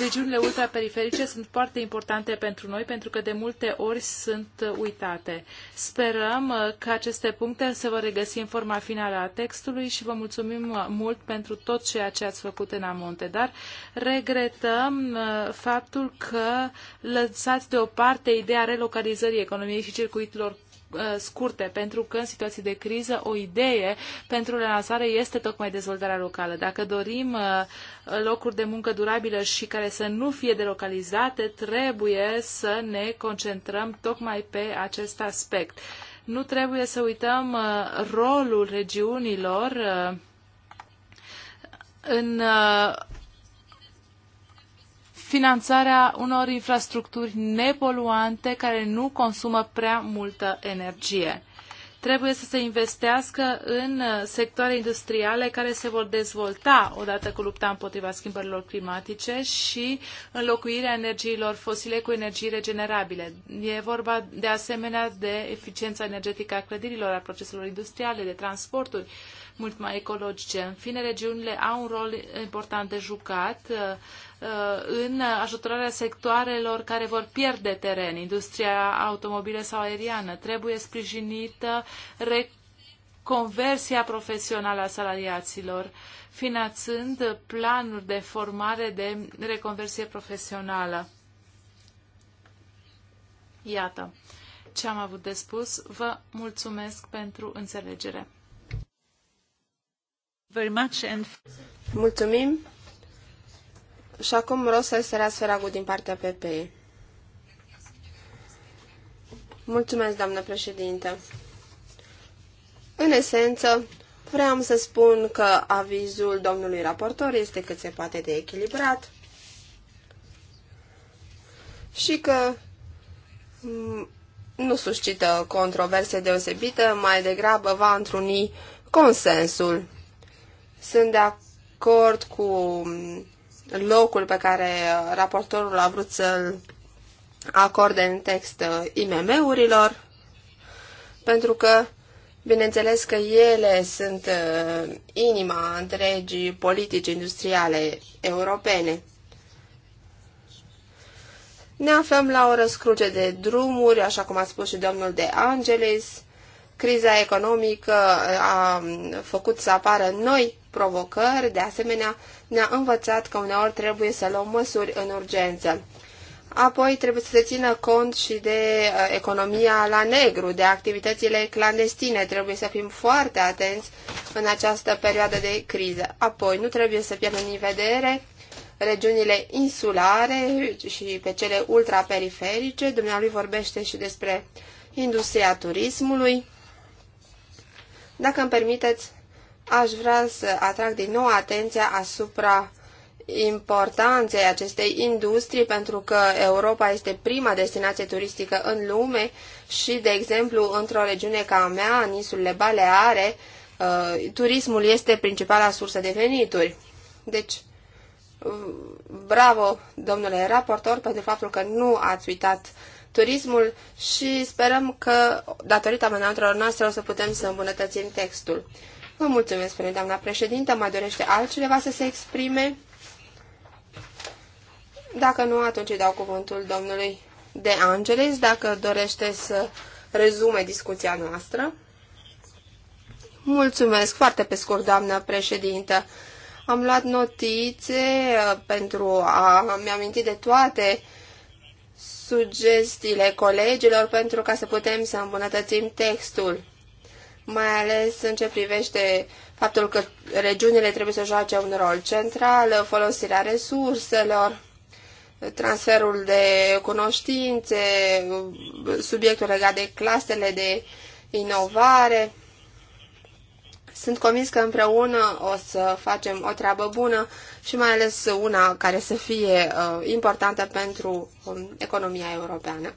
regiunile ultraperiferice sunt foarte importante pentru noi, pentru că de multe ori sunt uitate. Sperăm uh, că aceste puncte se vor regăsi în forma finală a textului și vă mulțumim uh, mult pentru tot ceea ce ați făcut în amonte, dar regretăm uh, faptul că lăsați deoparte ideea relocalizării economiei și circuitelor Uh, scurte, pentru că în situații de criză o idee pentru relansare este tocmai dezvoltarea locală. Dacă dorim uh, locuri de muncă durabile și care să nu fie delocalizate, trebuie să ne concentrăm tocmai pe acest aspect. Nu trebuie să uităm uh, rolul regiunilor în finanțarea unor infrastructuri nepoluante care nu consumă prea multă energie. Trebuie să se investească în sectoare industriale care se vor dezvolta odată cu lupta împotriva schimbărilor climatice și înlocuirea energiilor fosile cu energii regenerabile. E vorba de asemenea de eficiența energetică a clădirilor, a proceselor industriale, de transporturi mult mai ecologice. În fine, regiunile au un rol important de jucat Uh, în ajutorarea sectoarelor care vor pierde teren, industria automobilă sau aeriană. Trebuie sprijinită reconversia profesională a salariaților, finanțând planuri de formare de reconversie profesională. Iată ce am avut de spus. Vă mulțumesc pentru înțelegere. Very much and... Mulțumim și acum Rosa Seras Feragu din partea PPE. Mulțumesc, doamnă președinte. În esență, vreau să spun că avizul domnului raportor este cât se poate de echilibrat și că mm, nu suscită controverse deosebită, mai degrabă va întruni consensul. Sunt de acord cu mm, locul pe care uh, raportorul a vrut să-l acorde în text uh, IMM-urilor, pentru că, bineînțeles că ele sunt uh, inima întregii politici industriale europene. Ne aflăm la o răscruce de drumuri, așa cum a spus și domnul de Angelis. Criza economică a făcut să apară noi provocări, de asemenea ne-a învățat că uneori trebuie să luăm măsuri în urgență. Apoi trebuie să se țină cont și de uh, economia la negru, de activitățile clandestine. Trebuie să fim foarte atenți în această perioadă de criză. Apoi nu trebuie să pierdem în vedere regiunile insulare și pe cele ultraperiferice. Dumnealui vorbește și despre industria turismului. Dacă îmi permiteți, aș vrea să atrag din nou atenția asupra importanței acestei industrii pentru că Europa este prima destinație turistică în lume și, de exemplu, într-o regiune ca a mea, în insulele Baleare, uh, turismul este principala sursă de venituri. Deci, bravo, domnule raportor, pentru faptul că nu ați uitat turismul și sperăm că, datorită amendamentelor noastre, o să putem să îmbunătățim textul. Vă mulțumesc, spune doamna președintă. Mai dorește altcineva să se exprime? Dacă nu, atunci îi dau cuvântul domnului De Angelis, dacă dorește să rezume discuția noastră. Mulțumesc foarte pe scurt, doamnă președintă. Am luat notițe uh, pentru a mi-aminti de toate sugestiile colegilor pentru ca să putem să îmbunătățim textul mai ales în ce privește faptul că regiunile trebuie să joace un rol central, folosirea resurselor, transferul de cunoștințe, subiectul legat de clasele de inovare. Sunt convins că împreună o să facem o treabă bună și mai ales una care să fie uh, importantă pentru um, economia europeană.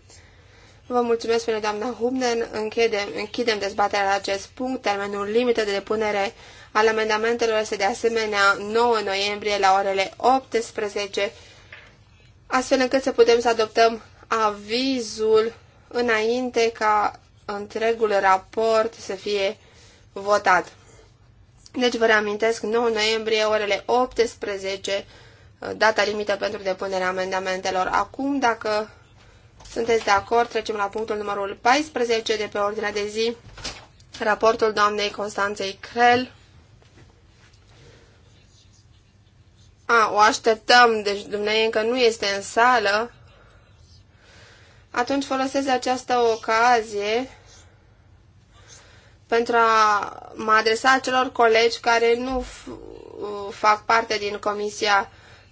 Vă mulțumesc, spune doamna Hubner. Închidem, închidem dezbaterea la acest punct. Termenul limită de depunere al amendamentelor este de asemenea 9 noiembrie la orele 18, astfel încât să putem să adoptăm avizul înainte ca întregul raport să fie votat. Deci vă reamintesc 9 noiembrie, orele 18, data limită pentru depunerea amendamentelor. Acum, dacă sunteți de acord? Trecem la punctul numărul 14 de pe ordinea de zi. Raportul doamnei Constanței Crel. A, o așteptăm, deci dumneavoastră încă nu este în sală. Atunci folosesc această ocazie pentru a mă adresa celor colegi care nu fac parte din Comisia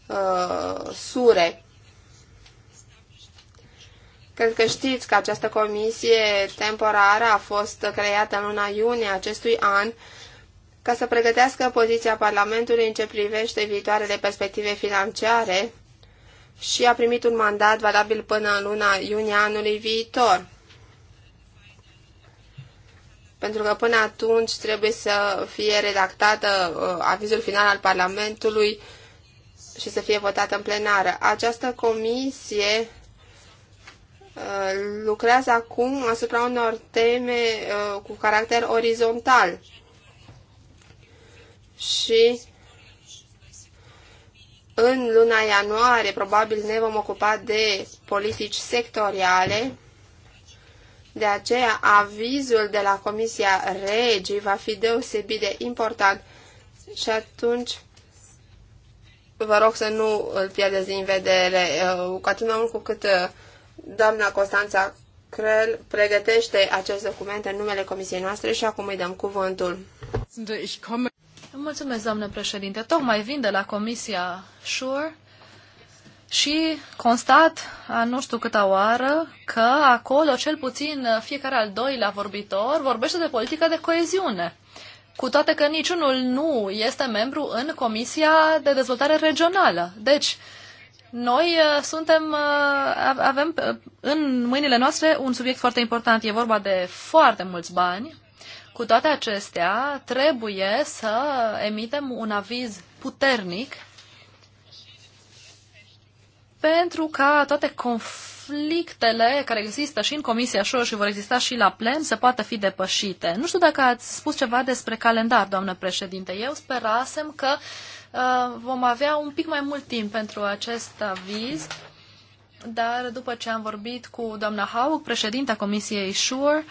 uh, SURE. Cred că știți că această comisie temporară a fost creată în luna iunie acestui an ca să pregătească poziția Parlamentului în ce privește viitoarele perspective financiare și a primit un mandat valabil până în luna iunie anului viitor. Pentru că până atunci trebuie să fie redactată uh, avizul final al Parlamentului și să fie votată în plenară. Această comisie Uh, lucrează acum asupra unor teme uh, cu caracter orizontal. Și în luna ianuarie probabil ne vom ocupa de politici sectoriale. De aceea avizul de la Comisia Regii va fi deosebit de important și atunci vă rog să nu îl pierdeți din vedere, uh, cu atât mai mult cu cât Doamna Constanța Crăl pregătește acest document în numele comisiei noastre și acum îi dăm cuvântul. Mulțumesc, doamnă președinte. Tocmai vin de la comisia SURE și constat, a nu știu câta oară, că acolo cel puțin fiecare al doilea vorbitor vorbește de politică de coeziune. Cu toate că niciunul nu este membru în Comisia de Dezvoltare Regională. Deci, uh, noi uh, suntem, uh, avem uh, în mâinile noastre un subiect foarte important. E vorba de foarte mulți bani. Cu toate acestea, trebuie să emitem un aviz puternic pentru ca toate conflictele care există și în Comisia Șor și vor exista și la plen să poată fi depășite. Nu știu dacă ați spus ceva despre calendar, doamnă președinte. Eu sperasem că uh, Uh, vom avea un pic mai mult timp pentru acest aviz, dar după ce am vorbit cu doamna Haug, președinta Comisiei SURE,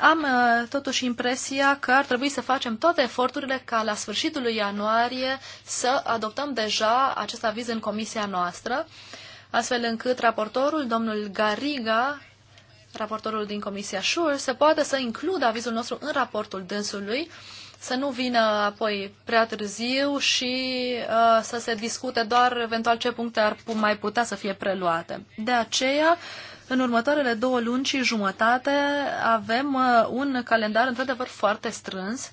am uh, totuși impresia că ar trebui să facem toate eforturile ca la sfârșitul lui ianuarie să adoptăm deja acest aviz în comisia noastră, astfel încât raportorul, domnul Gariga, raportorul din Comisia SURE, se poate să includă avizul nostru în raportul dânsului să nu vină apoi prea târziu și uh, să se discute doar eventual ce puncte ar mai putea să fie preluate. De aceea, în următoarele două luni și jumătate avem uh, un calendar într-adevăr foarte strâns,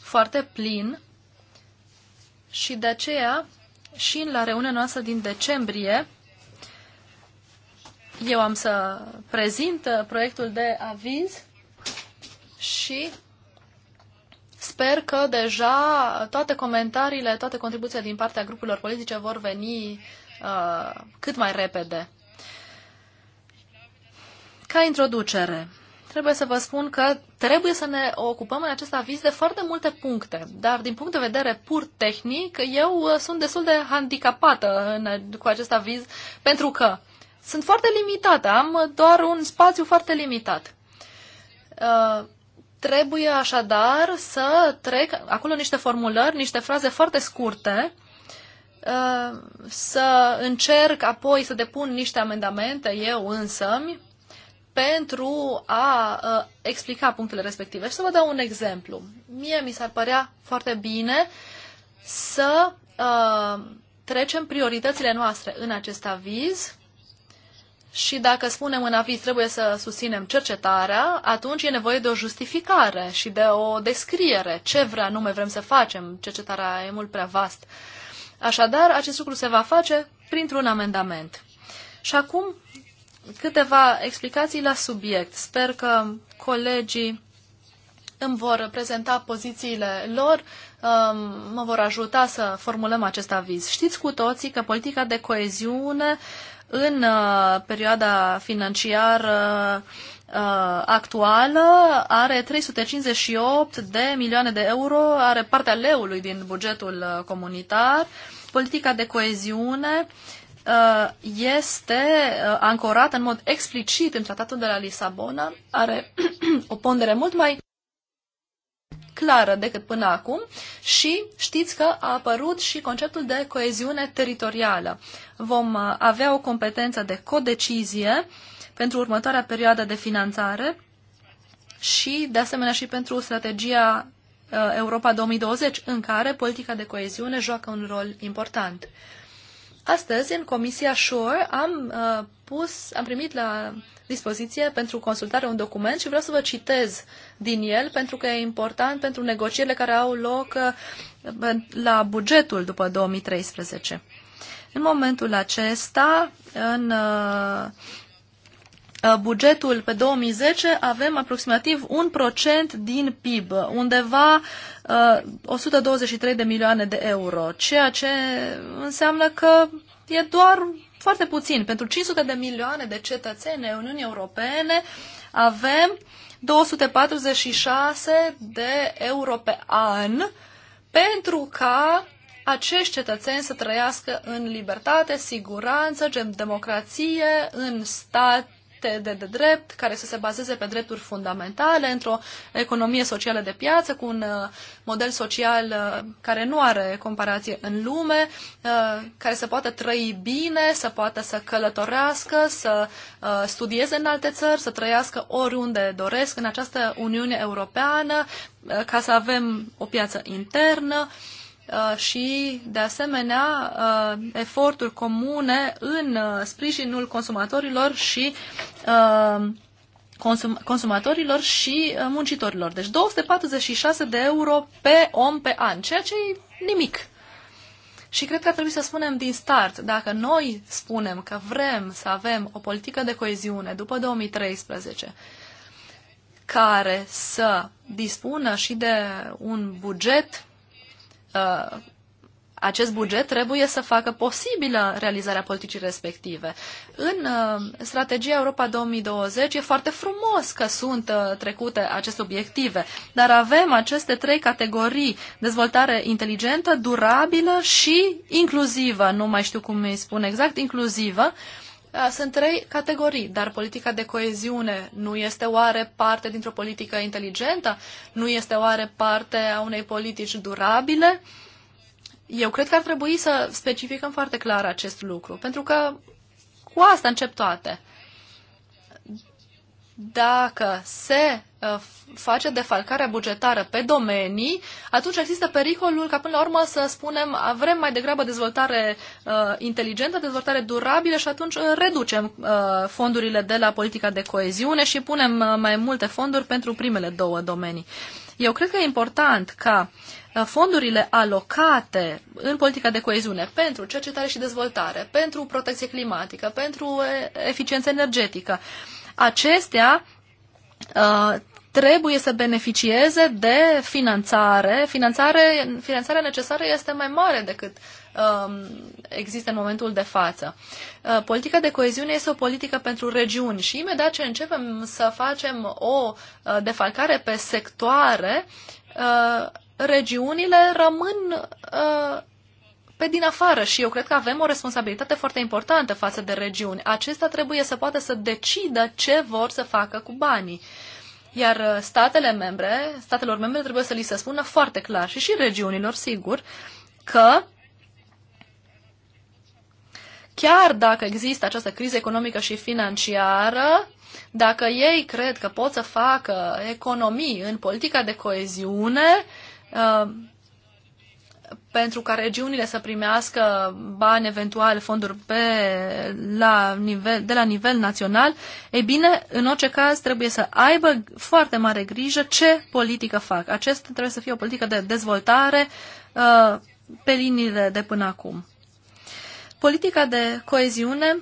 foarte plin și de aceea și în la reuniunea noastră din decembrie eu am să prezint uh, proiectul de aviz și Sper că deja toate comentariile, toate contribuțiile din partea grupurilor politice vor veni uh, cât mai repede. Ca introducere, trebuie să vă spun că trebuie să ne ocupăm în acest aviz de foarte multe puncte, dar din punct de vedere pur tehnic, eu uh, sunt destul de handicapată în, cu acest aviz, pentru că sunt foarte limitată, am doar un spațiu foarte limitat. Uh, Trebuie așadar să trec acolo niște formulări, niște fraze foarte scurte, uh, să încerc apoi să depun niște amendamente eu însămi pentru a uh, explica punctele respective. Și să vă dau un exemplu. Mie mi s-ar părea foarte bine să uh, trecem prioritățile noastre în acest aviz și dacă spunem în aviz trebuie să susținem cercetarea, atunci e nevoie de o justificare și de o descriere. Ce vrea nume vrem să facem? Cercetarea e mult prea vast. Așadar, acest lucru se va face printr-un amendament. Și acum câteva explicații la subiect. Sper că colegii îmi vor prezenta pozițiile lor, um, mă vor ajuta să formulăm acest aviz. Știți cu toții că politica de coeziune uh, în uh, perioada financiară uh, actuală are 358 de milioane de euro, are partea leului din bugetul uh, comunitar. Politica de coeziune este ancorată în mod explicit în tratatul de la Lisabona, are o pondere mult mai clară decât până acum și știți că a apărut și conceptul de coeziune teritorială. Vom uh, avea o competență de codecizie pentru următoarea perioadă de finanțare și, de asemenea, și pentru strategia uh, Europa 2020, în care politica de coeziune joacă un rol important. Astăzi, în Comisia Shore, am uh, pus, am primit la dispoziție pentru consultare un document și vreau să vă citez din el pentru că e important pentru negocierile care au loc uh, la bugetul după 2013. În momentul acesta, în uh, uh, bugetul pe 2010 avem aproximativ 1% din PIB, undeva 123 de milioane de euro, ceea ce înseamnă că e doar foarte puțin. Pentru 500 de milioane de cetățeni ai Uniunii Europene avem 246 de euro pe an pentru ca acești cetățeni să trăiască în libertate, siguranță, democrație, în stat de, de drept, care să se bazeze pe drepturi fundamentale, într-o economie socială de piață, cu un uh, model social uh, care nu are comparație în lume, uh, care să poată trăi bine, să poată să călătorească, să studieze în alte țări, să trăiască oriunde doresc în această Uniune Europeană, ca să avem o piață internă. Uh, Uh, și, de asemenea, uh, eforturi comune în uh, sprijinul consumatorilor și consumatorilor și muncitorilor. Deci 246 de euro pe om pe an, ceea ce e nimic. Și cred că ar trebui să spunem din start, dacă noi spunem că vrem să avem o politică de coeziune după 2013, care să dispună și de un buget Uh, acest buget trebuie să facă posibilă realizarea politicii respective. În uh, strategia Europa 2020 e foarte frumos că sunt uh, trecute aceste obiective, dar avem aceste trei categorii, dezvoltare inteligentă, durabilă și inclusivă, nu mai știu cum îi spun exact, inclusivă, uh, sunt trei categorii, dar politica de coeziune nu este oare parte dintr-o politică inteligentă? Nu este oare parte a unei politici durabile? Eu cred că ar trebui să specificăm foarte clar acest lucru, pentru că cu asta încep toate dacă se uh, face defalcarea bugetară pe domenii, atunci există pericolul ca până la urmă să spunem vrem mai degrabă dezvoltare uh, inteligentă, dezvoltare durabilă și atunci uh, reducem uh, fondurile de la politica de coeziune și punem uh, mai multe fonduri pentru primele două domenii. Eu cred că e important ca uh, fondurile alocate în politica de coeziune pentru cercetare și dezvoltare, pentru protecție climatică, pentru eficiență energetică, uh, acestea uh, trebuie să beneficieze de finanțare. finanțare finanțarea necesară este mai mare decât um, există în momentul de față. Uh, politica de coeziune este o politică pentru regiuni și imediat ce începem să facem o uh, defalcare pe sectoare, uh, regiunile rămân uh, pe din afară și eu cred că avem o responsabilitate foarte importantă față de regiuni. Acesta trebuie să poată să decidă ce vor să facă cu banii. Iar uh, statele membre, statelor membre trebuie să li se spună foarte clar și și regiunilor, sigur, că chiar dacă există această criză economică și financiară, dacă ei cred că pot să facă economii în politica de coeziune, uh, pentru ca regiunile să primească bani, eventual fonduri pe, la nivel, de la nivel național, e bine, în orice caz trebuie să aibă foarte mare grijă ce politică fac. Acesta trebuie să fie o politică de dezvoltare uh, pe liniile de până acum. Politica de coeziune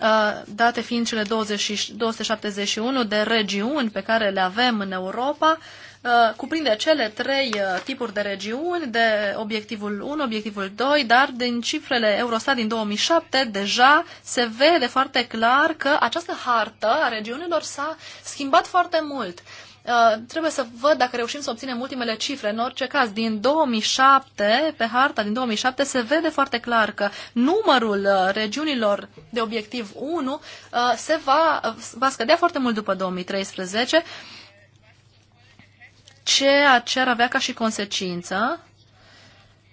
uh, date fiind cele 20, 271 de regiuni pe care le avem în Europa, Uh, cuprinde cele trei uh, tipuri de regiuni, de obiectivul 1, obiectivul 2, dar din cifrele Eurostat din 2007 deja se vede foarte clar că această hartă a regiunilor s-a schimbat foarte mult. Uh, trebuie să văd dacă reușim să obținem ultimele cifre. În orice caz, din 2007, pe harta din 2007, se vede foarte clar că numărul uh, regiunilor de obiectiv 1 uh, se va, va scădea foarte mult după 2013 ce ar avea ca și consecință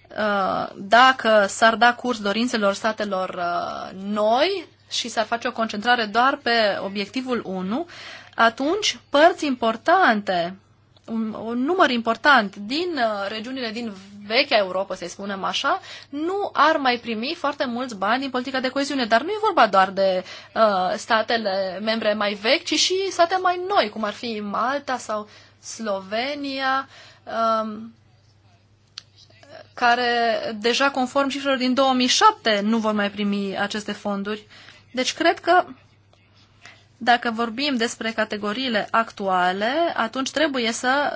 uh, dacă s-ar da curs dorințelor statelor uh, noi și s-ar face o concentrare doar pe obiectivul 1, atunci părți importante, un, un număr important din uh, regiunile din vechea Europa, să-i spunem așa, nu ar mai primi foarte mulți bani din politica de coeziune. Dar nu e vorba doar de uh, statele membre mai vechi, ci și state mai noi, cum ar fi Malta sau Slovenia, um, care deja conform cifrelor din 2007 nu vor mai primi aceste fonduri. Deci cred că dacă vorbim despre categoriile actuale, atunci trebuie să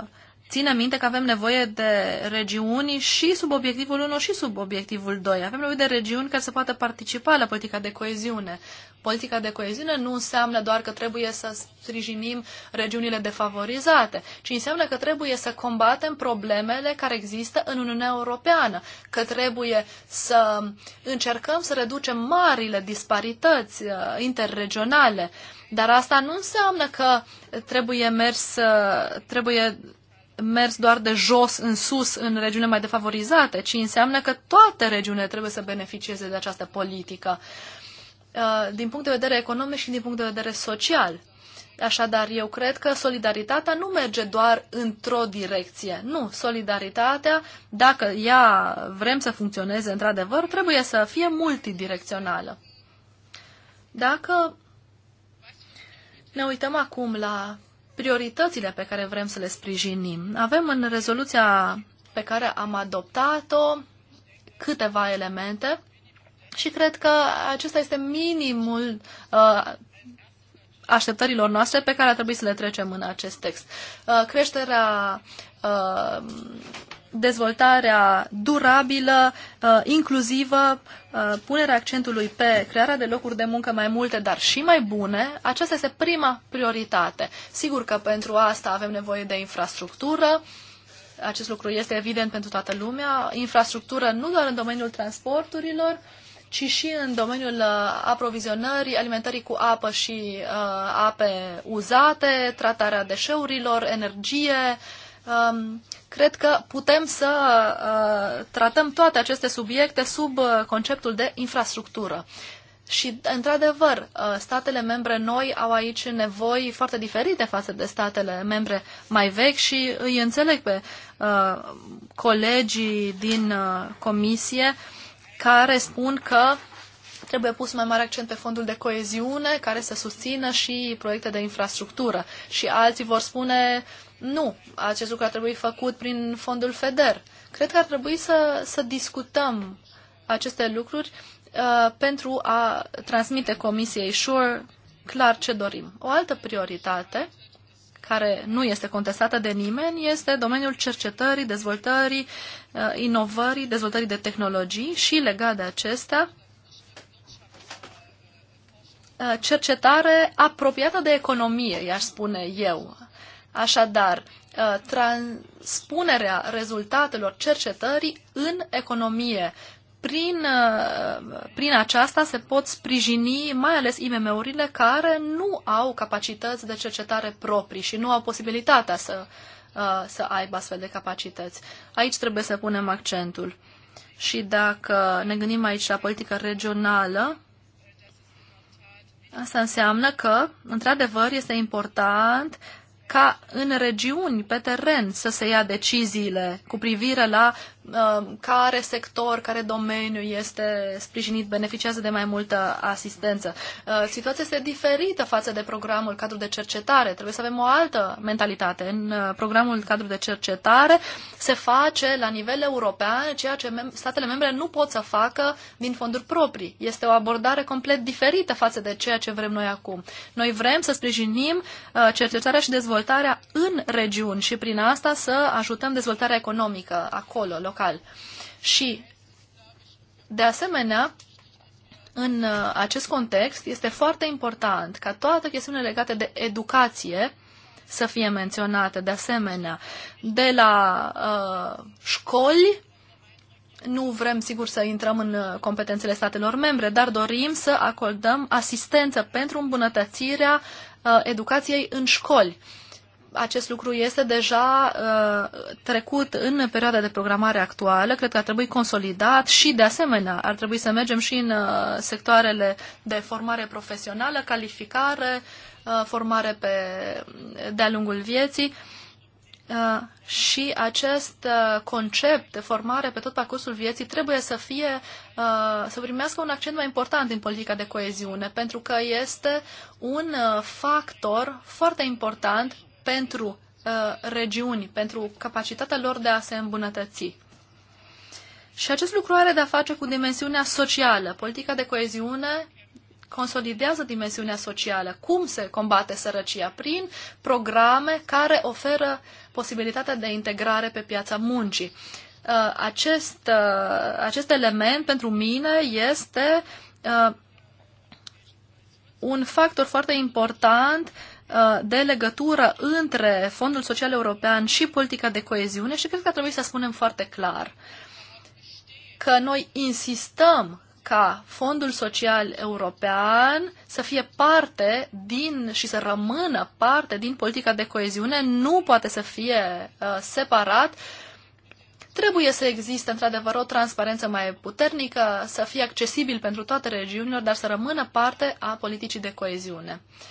uh, ținem minte că avem nevoie de regiuni și sub obiectivul 1 și sub obiectivul 2. Avem nevoie de regiuni care să poată participa la politica de coeziune politica de coeziune nu înseamnă doar că trebuie să sprijinim regiunile defavorizate, ci înseamnă că trebuie să combatem problemele care există în Uniunea Europeană, că trebuie să încercăm să reducem marile disparități uh, interregionale. Dar asta nu înseamnă că trebuie mers, uh, trebuie mers doar de jos în sus în regiunile mai defavorizate, ci înseamnă că toate regiunile trebuie să beneficieze de această politică. Uh, din punct de vedere economic și din punct de vedere social. Așadar, eu cred că solidaritatea nu merge doar într-o direcție. Nu, solidaritatea, dacă ea vrem să funcționeze într-adevăr, trebuie să fie multidirecțională. Dacă ne uităm acum la prioritățile pe care vrem să le sprijinim, avem în rezoluția pe care am adoptat-o câteva elemente și cred că acesta este minimul uh, așteptărilor noastre pe care ar trebui să le trecem în acest text. Uh, creșterea, uh, dezvoltarea durabilă, uh, inclusivă, uh, punerea accentului pe crearea de locuri de muncă mai multe, dar și mai bune, aceasta este prima prioritate. Sigur că pentru asta avem nevoie de infrastructură, acest lucru este evident pentru toată lumea, infrastructură nu doar în domeniul transporturilor, uh, ci și în domeniul uh, aprovizionării, alimentării cu apă și uh, ape uzate, tratarea deșeurilor, energie. Um, cred că putem să uh, tratăm toate aceste subiecte sub uh, conceptul de infrastructură. Și, într-adevăr, uh, statele membre noi au aici nevoi foarte diferite față de statele membre mai vechi și îi înțeleg pe uh, colegii din uh, comisie care spun că trebuie pus mai mare accent pe fondul de coeziune care să susțină și proiecte de infrastructură. Și alții vor spune, nu, acest lucru ar trebui făcut prin fondul FEDER. Cred că ar trebui să, să discutăm aceste lucruri uh, pentru a transmite Comisiei Sure clar ce dorim. O altă prioritate care nu este contestată de nimeni este domeniul cercetării, dezvoltării, Uh, inovării, dezvoltării de tehnologii și legat de acestea, uh, cercetare apropiată de economie, i-aș spune eu. Așadar, uh, transpunerea rezultatelor cercetării în economie. Prin, prin aceasta se pot sprijini mai ales IMM-urile care nu au capacități de cercetare proprii și nu au posibilitatea să uh, Uh, să aibă astfel de capacități. Aici trebuie să punem accentul. Și dacă ne gândim aici la politica regională, asta înseamnă că, într-adevăr, este important ca în regiuni, pe teren, să se ia deciziile cu privire la Uh, care sector, care domeniu este sprijinit, beneficiază de mai multă asistență. Uh, situația este diferită față de programul cadru de cercetare. Trebuie să avem o altă mentalitate. În uh, programul cadru de cercetare se face la nivel european ceea ce statele membre nu pot să facă din fonduri proprii. Este o abordare complet diferită față de ceea ce vrem noi acum. Noi vrem să sprijinim cercetarea și dezvoltarea în regiuni și prin asta să ajutăm dezvoltarea economică acolo, local. Și, de asemenea, în uh, acest context este foarte important ca toate chestiunile legate de educație să fie menționate de asemenea. De la uh, școli, nu vrem sigur să intrăm în uh, competențele statelor membre, dar dorim să acordăm asistență pentru îmbunătățirea uh, educației în școli. Uh, acest lucru este deja uh, trecut în perioada de programare actuală, cred că ar trebui consolidat și, de asemenea, ar trebui să mergem și în uh, sectoarele de formare profesională, calificare, uh, formare pe, de-a lungul vieții uh, și acest uh, concept de formare pe tot parcursul vieții trebuie să fie, uh, să primească un accent mai important în politica de coeziune, pentru că este un factor foarte important pentru uh, regiuni, pentru capacitatea lor de a se îmbunătăți. Și acest lucru are de-a face cu dimensiunea socială. Politica de coeziune consolidează dimensiunea socială. Cum se combate sărăcia? Prin programe care oferă posibilitatea de integrare pe piața muncii. Uh, acest, uh, acest element pentru mine este un factor foarte important Uh, de legătură între Fondul Social European și politica de coeziune și cred că trebuie să spunem foarte clar că noi insistăm ca Fondul Social European să fie parte din și să rămână parte din politica de coeziune, nu poate să fie uh, separat. Trebuie să existe într-adevăr o transparență mai puternică, să fie accesibil pentru toate regiunile, dar să rămână parte a politicii de coeziune. Uh,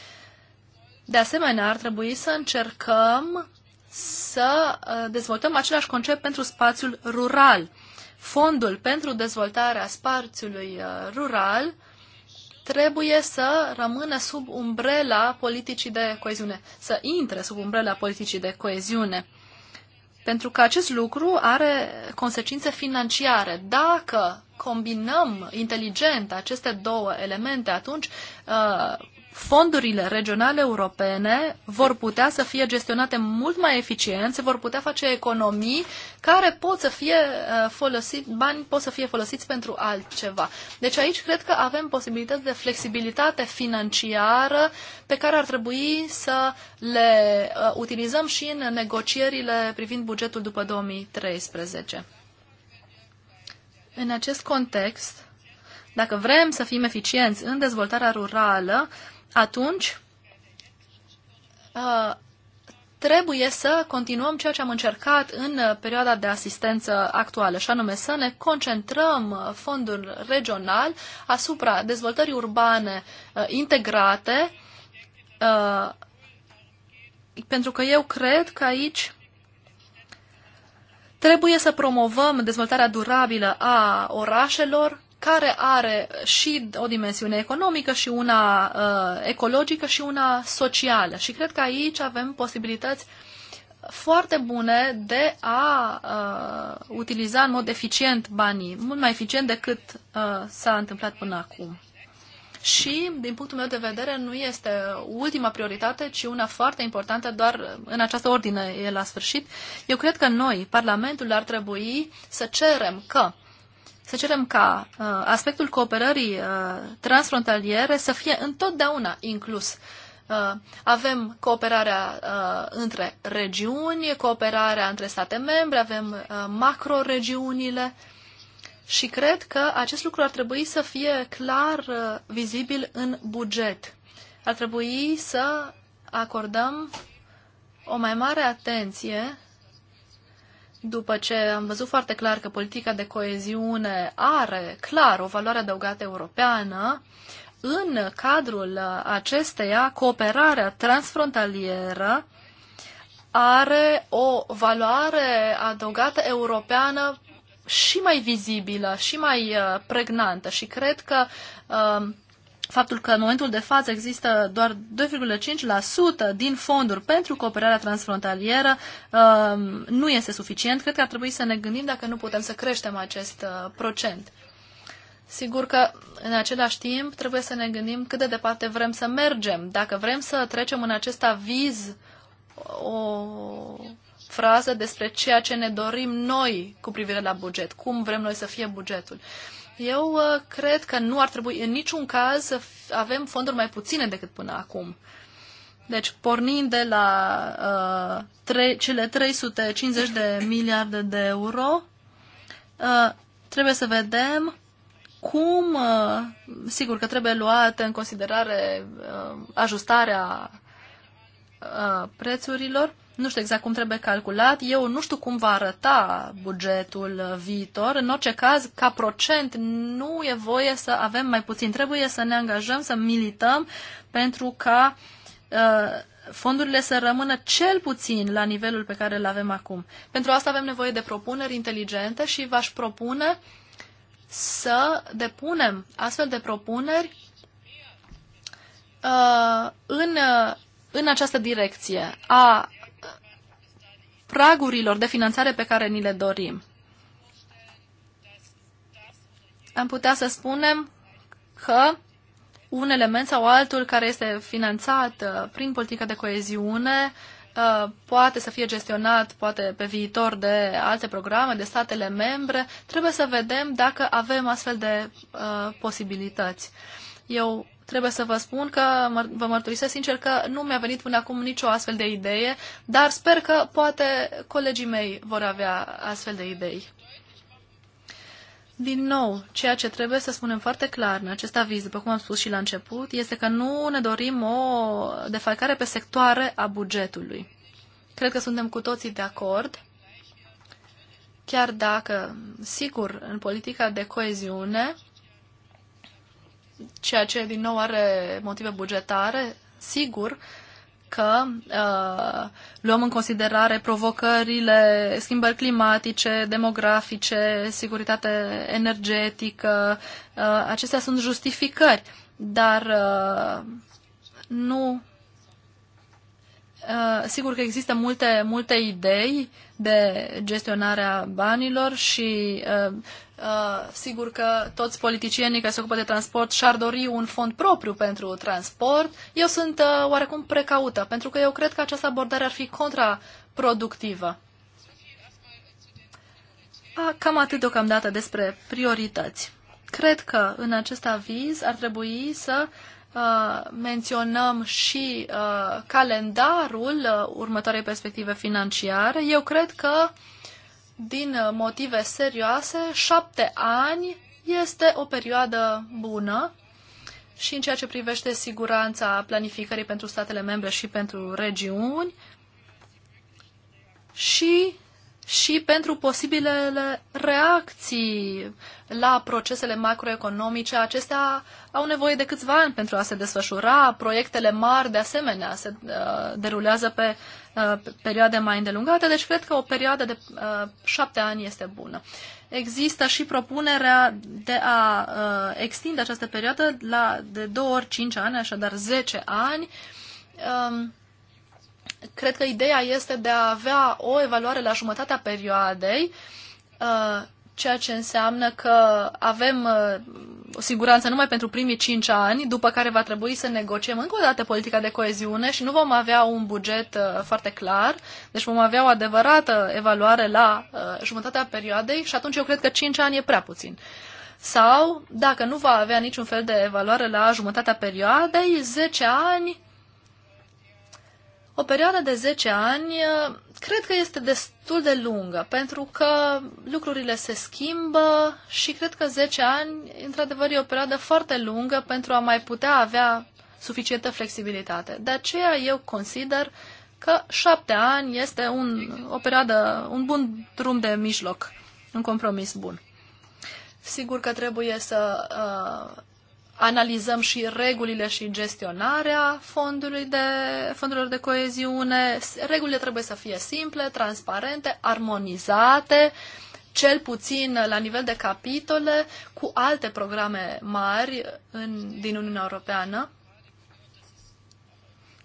de asemenea, ar trebui să încercăm să uh, dezvoltăm același concept pentru spațiul rural. Fondul pentru dezvoltarea spațiului uh, rural trebuie să rămână sub umbrela politicii de coeziune, să intre sub umbrela politicii de coeziune. Pentru că acest lucru are consecințe financiare. Dacă combinăm inteligent aceste două elemente, atunci uh, fondurile regionale europene vor putea să fie gestionate mult mai eficient, se vor putea face economii care pot să fie uh, folosit, bani pot să fie folosiți pentru altceva. Deci aici cred că avem posibilități de flexibilitate financiară pe care ar trebui să le uh, utilizăm și în negocierile privind bugetul după 2013. În acest context, dacă vrem să fim eficienți în dezvoltarea rurală, atunci uh, trebuie să continuăm ceea ce am încercat în uh, perioada de asistență actuală, și anume să ne concentrăm uh, fondul regional asupra dezvoltării urbane integrate, pentru că eu cred că aici trebuie să promovăm dezvoltarea durabilă a orașelor, care are și o dimensiune economică și una uh, ecologică și una socială. Și cred că aici avem posibilități foarte bune de a uh, utiliza în mod eficient banii, mult mai eficient decât uh, s-a întâmplat până acum. Și, din punctul meu de vedere, nu este ultima prioritate, ci una foarte importantă, doar în această ordine e la sfârșit. Eu cred că noi, Parlamentul, ar trebui să cerem că să cerem ca uh, aspectul cooperării uh, transfrontaliere să fie întotdeauna inclus. Uh, avem cooperarea uh, între regiuni, cooperarea între state membre, avem uh, macroregiunile și cred că acest lucru ar trebui să fie clar uh, vizibil în buget. Ar trebui să acordăm o mai mare atenție după ce am văzut foarte clar că politica de coeziune are clar o valoare adăugată europeană, în cadrul acesteia, cooperarea transfrontalieră are o valoare adăugată europeană și mai vizibilă, și mai uh, pregnantă și cred că uh, faptul că în momentul de față există doar 2,5% din fonduri pentru cooperarea transfrontalieră um, nu este suficient. Cred că ar trebui să ne gândim dacă nu putem să creștem acest uh, procent. Sigur că, în același timp, trebuie să ne gândim cât de departe vrem să mergem. Dacă vrem să trecem în acest aviz o frază despre ceea ce ne dorim noi cu privire la buget, cum vrem noi să fie bugetul. Uh, eu uh, cred că nu ar trebui în niciun caz să avem fonduri mai puține decât până acum. Deci, pornind de la uh, tre- cele 350 de miliarde de euro, uh, trebuie să vedem cum, uh, sigur că trebuie luată în considerare uh, ajustarea uh, prețurilor, nu știu exact cum trebuie calculat. Eu nu știu cum va arăta bugetul viitor. În orice caz, ca procent, nu e voie să avem mai puțin. Trebuie să ne angajăm, să milităm pentru ca uh, fondurile să rămână cel puțin la nivelul pe care îl avem acum. Pentru asta avem nevoie de propuneri inteligente și v-aș propune să depunem astfel de propuneri uh, în, uh, în această direcție a pragurilor de finanțare pe care ni le dorim. Am putea să spunem că un element sau altul care este finanțat uh, prin politica de coeziune uh, poate să fie gestionat, poate pe viitor, de alte programe, de statele membre. Trebuie să vedem dacă avem astfel de uh, posibilități. Eu trebuie să vă spun că vă mărturisesc sincer că nu mi-a venit până acum nicio astfel de idee, dar sper că poate colegii mei vor avea astfel de idei. Din nou, ceea ce trebuie să spunem foarte clar în acest aviz, după cum am spus și la început, este că nu ne dorim o defalcare pe sectoare a bugetului. Cred că suntem cu toții de acord, chiar dacă, sigur, în politica de coeziune, ceea ce din nou are motive bugetare, sigur că uh, luăm în considerare provocările, schimbări climatice, demografice, securitate energetică. Uh, acestea sunt justificări, dar uh, nu. Uh, sigur că există multe, multe idei de gestionarea banilor și uh, uh, sigur că toți politicienii care se ocupă de transport și-ar dori un fond propriu pentru transport. Eu sunt uh, oarecum precaută, pentru că eu cred că această abordare ar fi contraproductivă. A, cam atât deocamdată despre priorități. Cred că în acest aviz ar trebui să uh, Uh, menționăm și uh, calendarul uh, următoarei perspective financiare, eu cred că din motive serioase, șapte ani este o perioadă bună și în ceea ce privește siguranța planificării pentru statele membre și pentru regiuni și și pentru posibilele reacții la procesele macroeconomice. Acestea au nevoie de câțiva ani pentru a se desfășura. Proiectele mari, de asemenea, se uh, derulează uh, pe perioade mai îndelungate, deci cred că o perioadă de uh, șapte ani este bună. Există și propunerea de a extinde această perioadă la de două ori cinci ani, așadar zece ani. Um, cred că ideea este de a avea o evaluare la jumătatea perioadei, uh, ceea ce înseamnă că avem uh, o siguranță numai pentru primii cinci ani, după care va trebui să negociem încă o dată politica de coeziune și nu vom avea un buget uh, foarte clar, deci vom avea o adevărată evaluare la jumătatea perioadei și atunci eu cred că cinci ani e prea puțin sau, dacă nu va avea niciun fel de evaluare la jumătatea perioadei, 10 ani o perioadă de 10 ani uh, cred că este destul de lungă, pentru că lucrurile se schimbă și cred că 10 ani, într-adevăr, e o perioadă foarte lungă pentru a mai putea avea suficientă flexibilitate. De aceea eu consider că 7 ani este un, o perioadă, un bun drum de mijloc, un compromis bun. Sigur că trebuie să uh, analizăm și regulile și gestionarea fondului de, fondurilor de coeziune. Regulile trebuie să fie simple, transparente, armonizate, cel puțin la nivel de capitole, cu alte programe mari în, din Uniunea Europeană.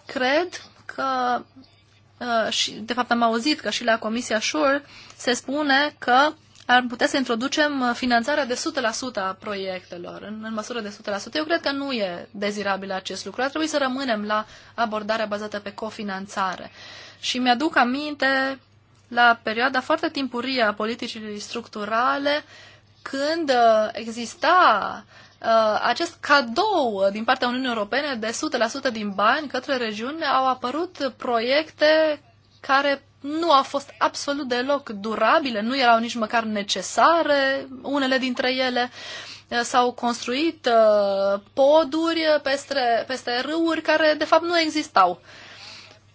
Cred că, uh, și de fapt am auzit că și la Comisia SURE se spune că ar putea să introducem uh, finanțarea de 100% a proiectelor, în, în măsură de 100%. Eu cred că nu e dezirabil acest lucru. Ar trebui să rămânem la abordarea bazată pe cofinanțare. Și mi-aduc aminte la perioada foarte timpurie a politicii structurale, când uh, exista uh, acest cadou din partea Uniunii Europene de 100% din bani către regiuni, au apărut proiecte care nu a fost absolut deloc durabile, nu erau nici măcar necesare unele dintre ele. Eh, s-au construit eh, poduri peste, peste râuri care de fapt nu existau.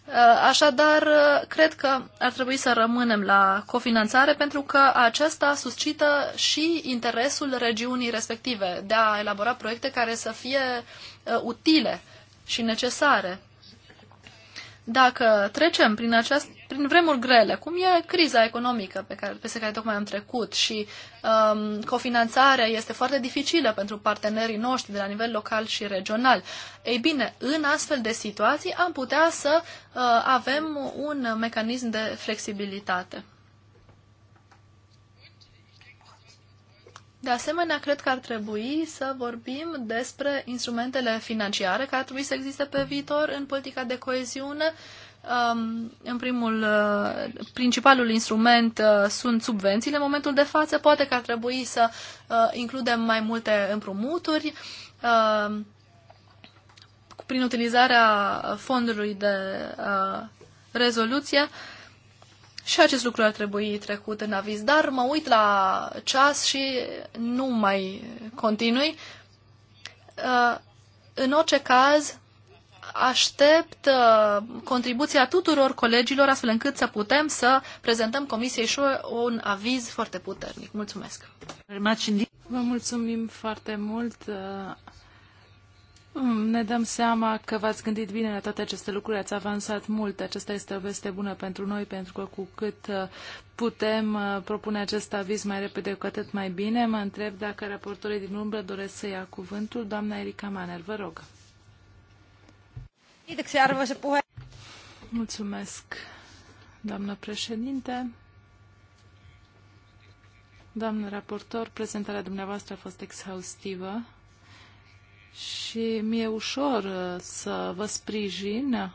Eh, așadar, cred că ar trebui să rămânem la cofinanțare pentru că aceasta suscită și interesul regiunii respective de a elabora proiecte care să fie utile și necesare dacă trecem prin, aceast, prin vremuri grele, cum e criza economică pe care, peste care tocmai am trecut și um, cofinanțarea este foarte dificilă pentru partenerii noștri de la nivel local și regional, ei bine, în astfel de situații am putea să uh, avem un mecanism de flexibilitate. De asemenea, cred că ar trebui să vorbim despre instrumentele financiare care ar trebui să existe pe viitor în politica de coeziune. Um, în primul, uh, principalul instrument uh, sunt subvențiile în momentul de față. Poate că ar trebui să uh, includem mai multe împrumuturi prin utilizarea fondului de rezoluție și acest lucru ar trebui trecut în aviz, dar mă uit la ceas și nu mai continui. Uh, în orice caz, aștept uh, contribuția tuturor colegilor astfel încât să putem să prezentăm Comisiei și un aviz foarte puternic. Mulțumesc! Vă mulțumim foarte mult! Uh, Mm, ne dăm seama că v-ați gândit bine la toate aceste lucruri, ați avansat mult. Aceasta este o veste bună pentru noi, pentru că cu cât uh, putem uh, propune acest aviz mai repede, cu atât mai bine. Mă întreb dacă raportorii din umbră doresc să ia cuvântul. Doamna Erika Maner, vă rog. Mulțumesc, doamnă președinte. Doamnă raportor, prezentarea dumneavoastră a fost exhaustivă și mi-e ușor uh, să vă sprijin.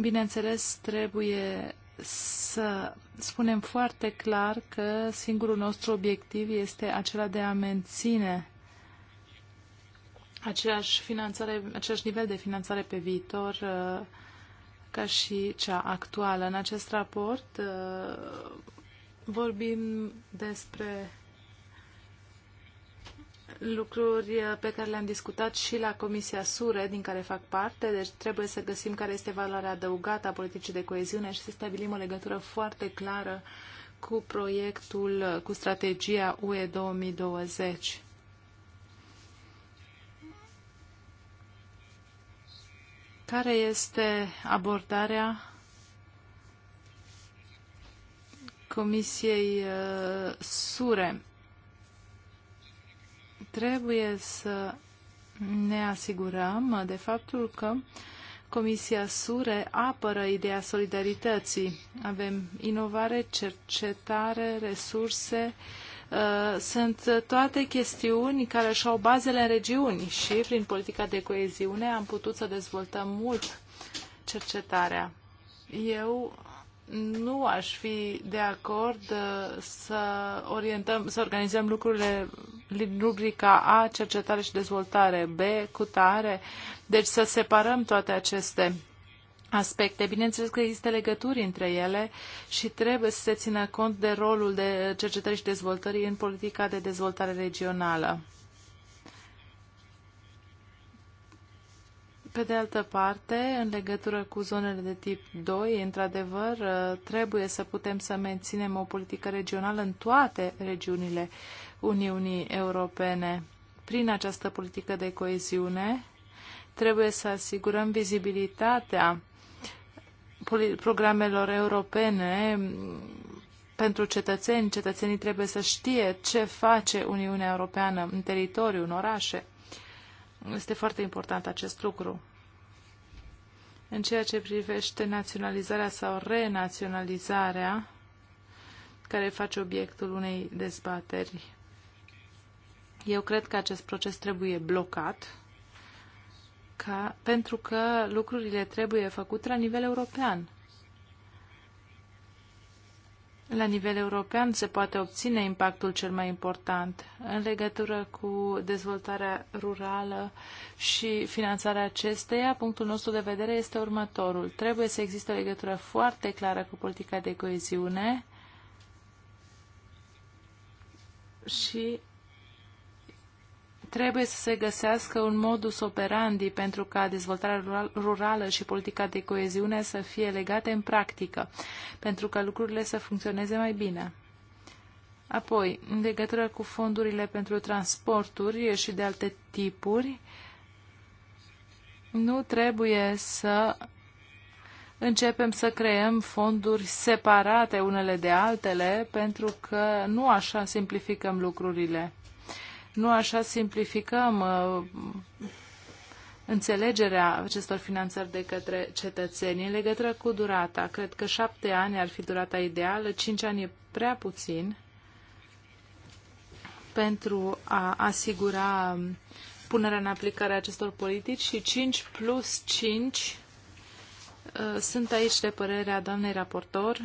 Bineînțeles, trebuie să spunem foarte clar că singurul nostru obiectiv este acela de a menține aceeași, finanțare, același nivel de finanțare pe viitor uh, ca și cea actuală. În acest raport uh, vorbim despre lucruri pe care le-am discutat și la Comisia SURE, din care fac parte, deci trebuie să găsim care este valoarea adăugată a politicii de coeziune și să stabilim o legătură foarte clară cu proiectul, cu strategia UE 2020. Care este abordarea Comisiei uh, SURE? Trebuie să ne asigurăm de faptul că Comisia SURE apără ideea solidarității. Avem inovare, cercetare, resurse, uh, sunt toate chestiuni care și-au bazele în regiuni și prin politica de coeziune am putut să dezvoltăm mult cercetarea. Eu nu aș fi de acord uh, să orientăm, să organizăm lucrurile din rubrica A, cercetare și dezvoltare, B, cutare, deci să separăm toate aceste aspecte. Bineînțeles că există legături între ele și trebuie să se țină cont de rolul de cercetări și dezvoltării în politica de dezvoltare regională. Pe de altă parte, în legătură cu zonele de tip 2, într-adevăr, uh, trebuie să putem să menținem o politică regională în toate regiunile Uniunii Europene. Prin această politică de coeziune, trebuie să asigurăm vizibilitatea programelor europene mm, pentru cetățeni. Cetățenii trebuie să știe ce face Uniunea Europeană în teritoriu, în orașe. Este foarte important acest lucru. În ceea ce privește naționalizarea sau renaționalizarea, care face obiectul unei dezbateri, eu cred că acest proces trebuie blocat, ca, pentru că lucrurile trebuie făcute la nivel european la nivel european se poate obține impactul cel mai important în legătură cu dezvoltarea rurală și finanțarea acesteia. Punctul nostru de vedere este următorul. Trebuie să existe o legătură foarte clară cu politica de coeziune și trebuie să se găsească un modus operandi pentru ca dezvoltarea rurală și politica de coeziune să fie legate în practică, pentru ca lucrurile să funcționeze mai bine. Apoi, în legătură cu fondurile pentru transporturi și de alte tipuri, nu trebuie să începem să creăm fonduri separate unele de altele, pentru că nu așa simplificăm lucrurile. Nu așa simplificăm uh, înțelegerea acestor finanțări de către cetățenii în legătură cu durata. Cred că șapte ani ar fi durata ideală, cinci ani e prea puțin pentru a asigura punerea în aplicare a acestor politici și 5 plus 5 uh, sunt aici de părerea doamnei raportor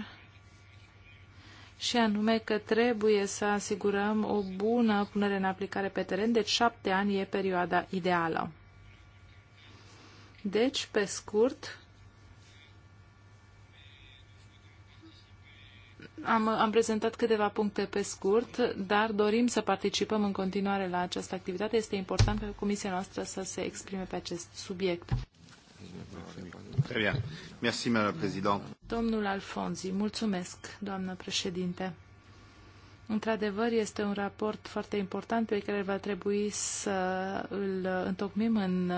și anume că trebuie să asigurăm o bună punere în aplicare pe teren, deci șapte ani e perioada ideală. Deci, pe scurt, Am, am prezentat câteva puncte pe scurt, dar dorim să participăm în continuare la această activitate. Este important pentru comisia noastră să se exprime pe acest subiect. Merci, Domnul Alfonzi, mulțumesc, doamnă președinte. Într-adevăr, este un raport foarte important pe care va trebui să îl întocmim în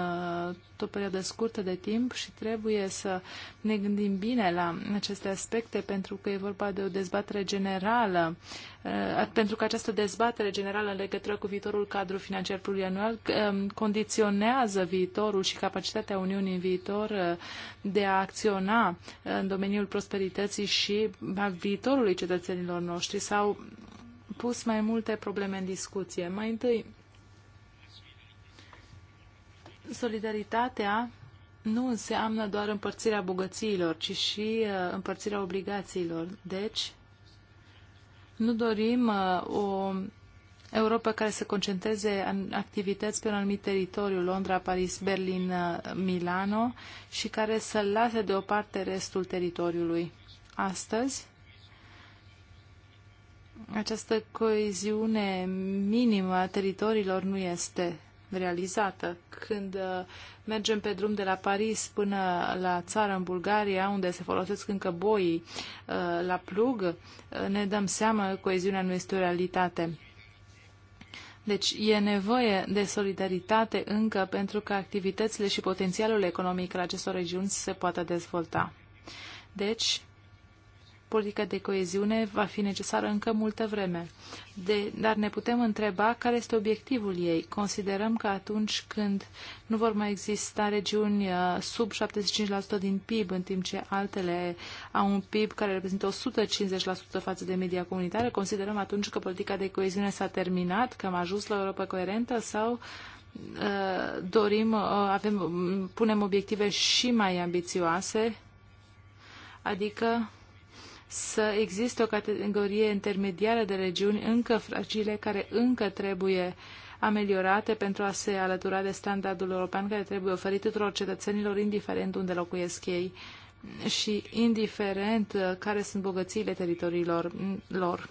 uh, o perioadă scurtă de timp și trebuie să ne gândim bine la aceste aspecte pentru că e vorba de o dezbatere generală, uh, pentru că această dezbatere generală în legătură cu viitorul cadru financiar plurianual uh, condiționează viitorul și capacitatea Uniunii în viitor de a acționa în domeniul prosperității și a viitorului cetățenilor noștri sau pus mai multe probleme în discuție. Mai întâi, solidaritatea nu înseamnă doar împărțirea bogățiilor, ci și uh, împărțirea obligațiilor. Deci, nu dorim uh, o Europa care se concentreze în activități pe un anumit teritoriu, Londra, Paris, Berlin, uh, Milano, și care să lase deoparte restul teritoriului. Astăzi, această coeziune minimă a teritoriilor nu este realizată. Când uh, mergem pe drum de la Paris până la țară în Bulgaria, unde se folosesc încă boii uh, la plug, uh, ne dăm seama că coeziunea nu este o realitate. Deci e nevoie de solidaritate încă pentru că activitățile și potențialul economic al acestor regiuni se poată dezvolta. Deci, politică de coeziune va fi necesară încă multă vreme. De, dar ne putem întreba care este obiectivul ei. Considerăm că atunci când nu vor mai exista regiuni uh, sub 75% din PIB, în timp ce altele au un PIB care reprezintă 150% față de media comunitară, considerăm atunci că politica de coeziune s-a terminat, că am ajuns la Europa coerentă sau uh, dorim, uh, avem, punem obiective și mai ambițioase, adică să existe o categorie intermediară de regiuni încă fragile, care încă trebuie ameliorate pentru a se alătura de standardul european care trebuie oferit tuturor cetățenilor, indiferent unde locuiesc ei și indiferent uh, care sunt bogățiile teritoriilor mm, lor.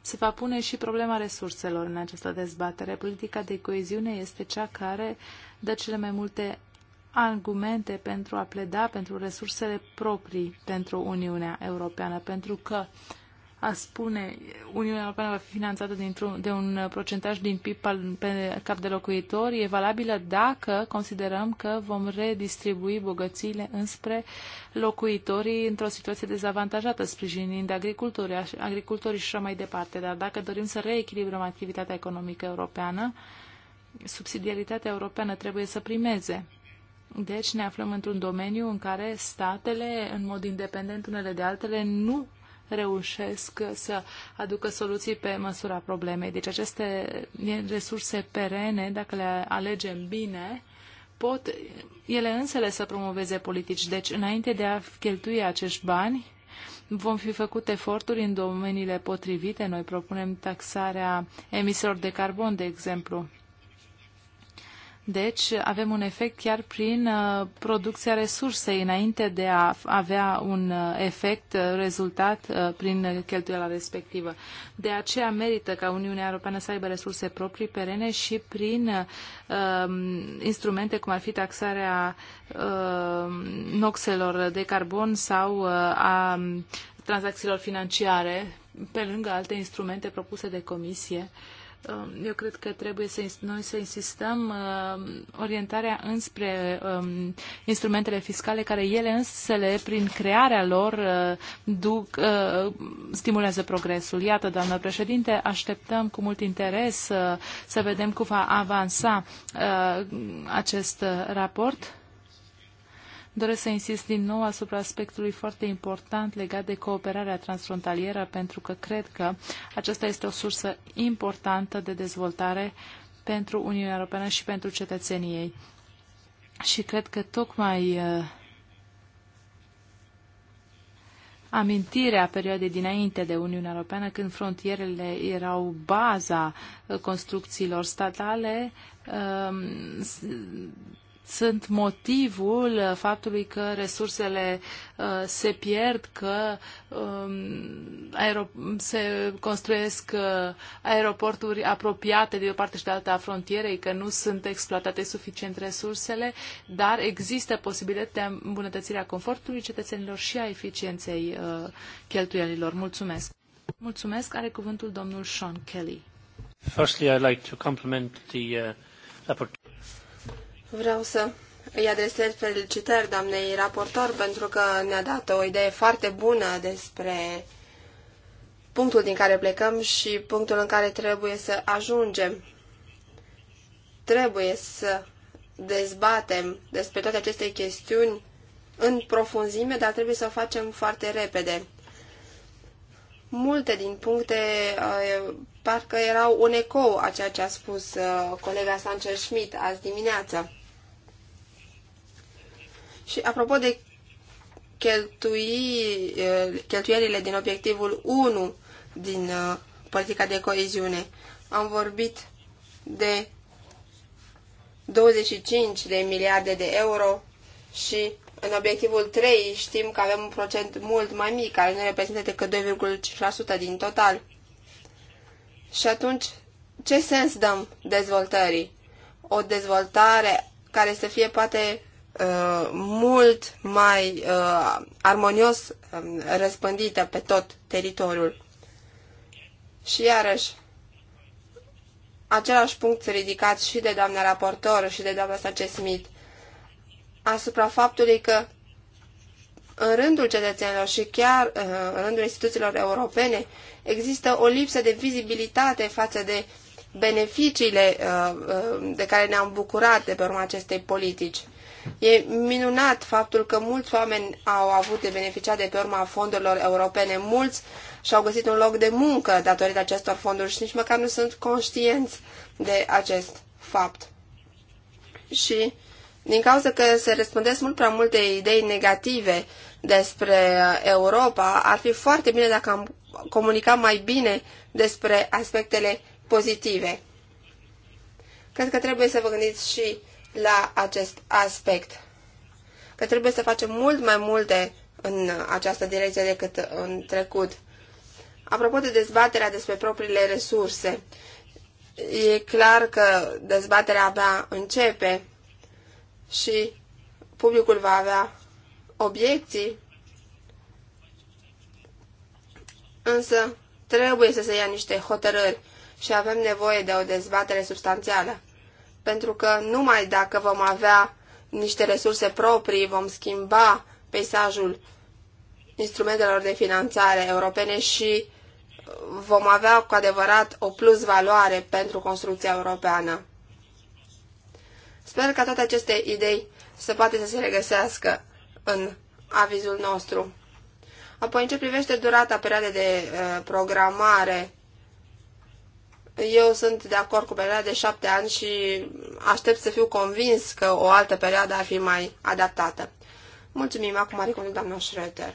Se va pune și problema resurselor în această dezbatere. Politica de coeziune este cea care dă cele mai multe argumente pentru a pleda pentru resursele proprii pentru Uniunea Europeană, pentru că a spune Uniunea Europeană va fi finanțată de un procentaj din PIB pe cap de locuitor e valabilă dacă considerăm că vom redistribui bogățiile înspre locuitorii într-o situație dezavantajată, sprijinind agricultorii, agricultorii și așa mai departe. Dar dacă dorim să reechilibrăm activitatea economică europeană, subsidiaritatea europeană trebuie să primeze. Deci ne aflăm într-un domeniu în care statele, în mod independent unele de altele, nu reușesc să aducă soluții pe măsura problemei. Deci aceste resurse perene, dacă le alegem bine, pot ele însele să promoveze politici. Deci înainte de a cheltui acești bani, vom fi făcut eforturi în domeniile potrivite. Noi propunem taxarea emisorilor de carbon, de exemplu. Deci avem un efect chiar prin uh, producția resursei înainte de a avea un uh, efect uh, rezultat prin cheltuiala respectivă. De aceea merită ca Uniunea Europeană să aibă resurse proprii perene și prin um, instrumente cum ar fi taxarea um, noxelor de carbon sau uh, a tranzacțiilor financiare, pe lângă alte instrumente propuse de comisie uh, Um, eu cred că trebuie să, noi să insistăm um, orientarea înspre um, instrumentele fiscale care ele însele, prin crearea lor, uh, duc, uh, stimulează progresul. Iată, doamnă președinte, așteptăm cu mult interes uh, să vedem cum va avansa acest raport Doresc să insist din nou asupra aspectului foarte important legat de cooperarea transfrontalieră, pentru că cred că aceasta este o sursă importantă de dezvoltare pentru Uniunea Europeană și pentru cetățenii ei. Și cred că tocmai uh, amintirea perioadei dinainte de Uniunea Europeană, când frontierele erau baza uh, construcțiilor statale, um, sunt motivul faptului că resursele uh, se pierd, că um, se construiesc uh, aeroporturi apropiate de o parte și de alta a frontierei, că nu sunt exploatate suficient resursele, dar există posibilitatea a îmbunătățirea confortului cetățenilor și a eficienței uh, cheltuielilor. Mulțumesc! Mulțumesc! Are cuvântul domnul Sean Kelly. Firstly, I'd like to compliment the uh, Vreau să îi adresez felicitări doamnei raportor pentru că ne-a dat o idee foarte bună despre punctul din care plecăm și punctul în care trebuie să ajungem. Trebuie să dezbatem despre toate aceste chestiuni în profunzime, dar trebuie să o facem foarte repede. Multe din puncte uh, parcă erau un ecou a ceea ce a spus uh, colega Sanchez Schmidt azi dimineață. Și apropo de cheltui, cheltuielile din obiectivul 1 din politica de coeziune, am vorbit de 25 de miliarde de euro și în obiectivul 3 știm că avem un procent mult mai mic, care nu reprezintă decât 2,5% din total. Și atunci, ce sens dăm dezvoltării? O dezvoltare care să fie poate Uh, mult mai uh, armonios uh, răspândită pe tot teritoriul. Și iarăși, același punct ridicat și de doamna raportor și de doamna Sace Smith asupra faptului că în rândul cetățenilor și chiar uh, în rândul instituțiilor europene există o lipsă de vizibilitate față de beneficiile uh, de care ne-am bucurat de pe urma acestei politici. E minunat faptul că mulți oameni au avut de beneficiat de pe urma fondurilor europene. Mulți și-au găsit un loc de muncă datorită acestor fonduri și nici măcar nu sunt conștienți de acest fapt. Și din cauza că se răspândesc mult prea multe idei negative despre Europa, ar fi foarte bine dacă am comunica mai bine despre aspectele pozitive. Cred că trebuie să vă gândiți și la acest aspect, că trebuie să facem mult mai multe în această direcție decât în trecut. Apropo de dezbaterea despre propriile resurse, e clar că dezbaterea abia începe și publicul va avea obiecții, însă trebuie să se ia niște hotărâri și avem nevoie de o dezbatere substanțială pentru că numai dacă vom avea niște resurse proprii, vom schimba peisajul instrumentelor de finanțare europene și vom avea cu adevărat o plus valoare pentru construcția europeană. Sper că toate aceste idei să poate să se regăsească în avizul nostru. Apoi, în ce privește durata perioadei de uh, programare eu sunt de acord cu perioada de șapte ani și aștept să fiu convins că o altă perioadă ar fi mai adaptată. Mulțumim, acum are cuvântul doamna Schroeter.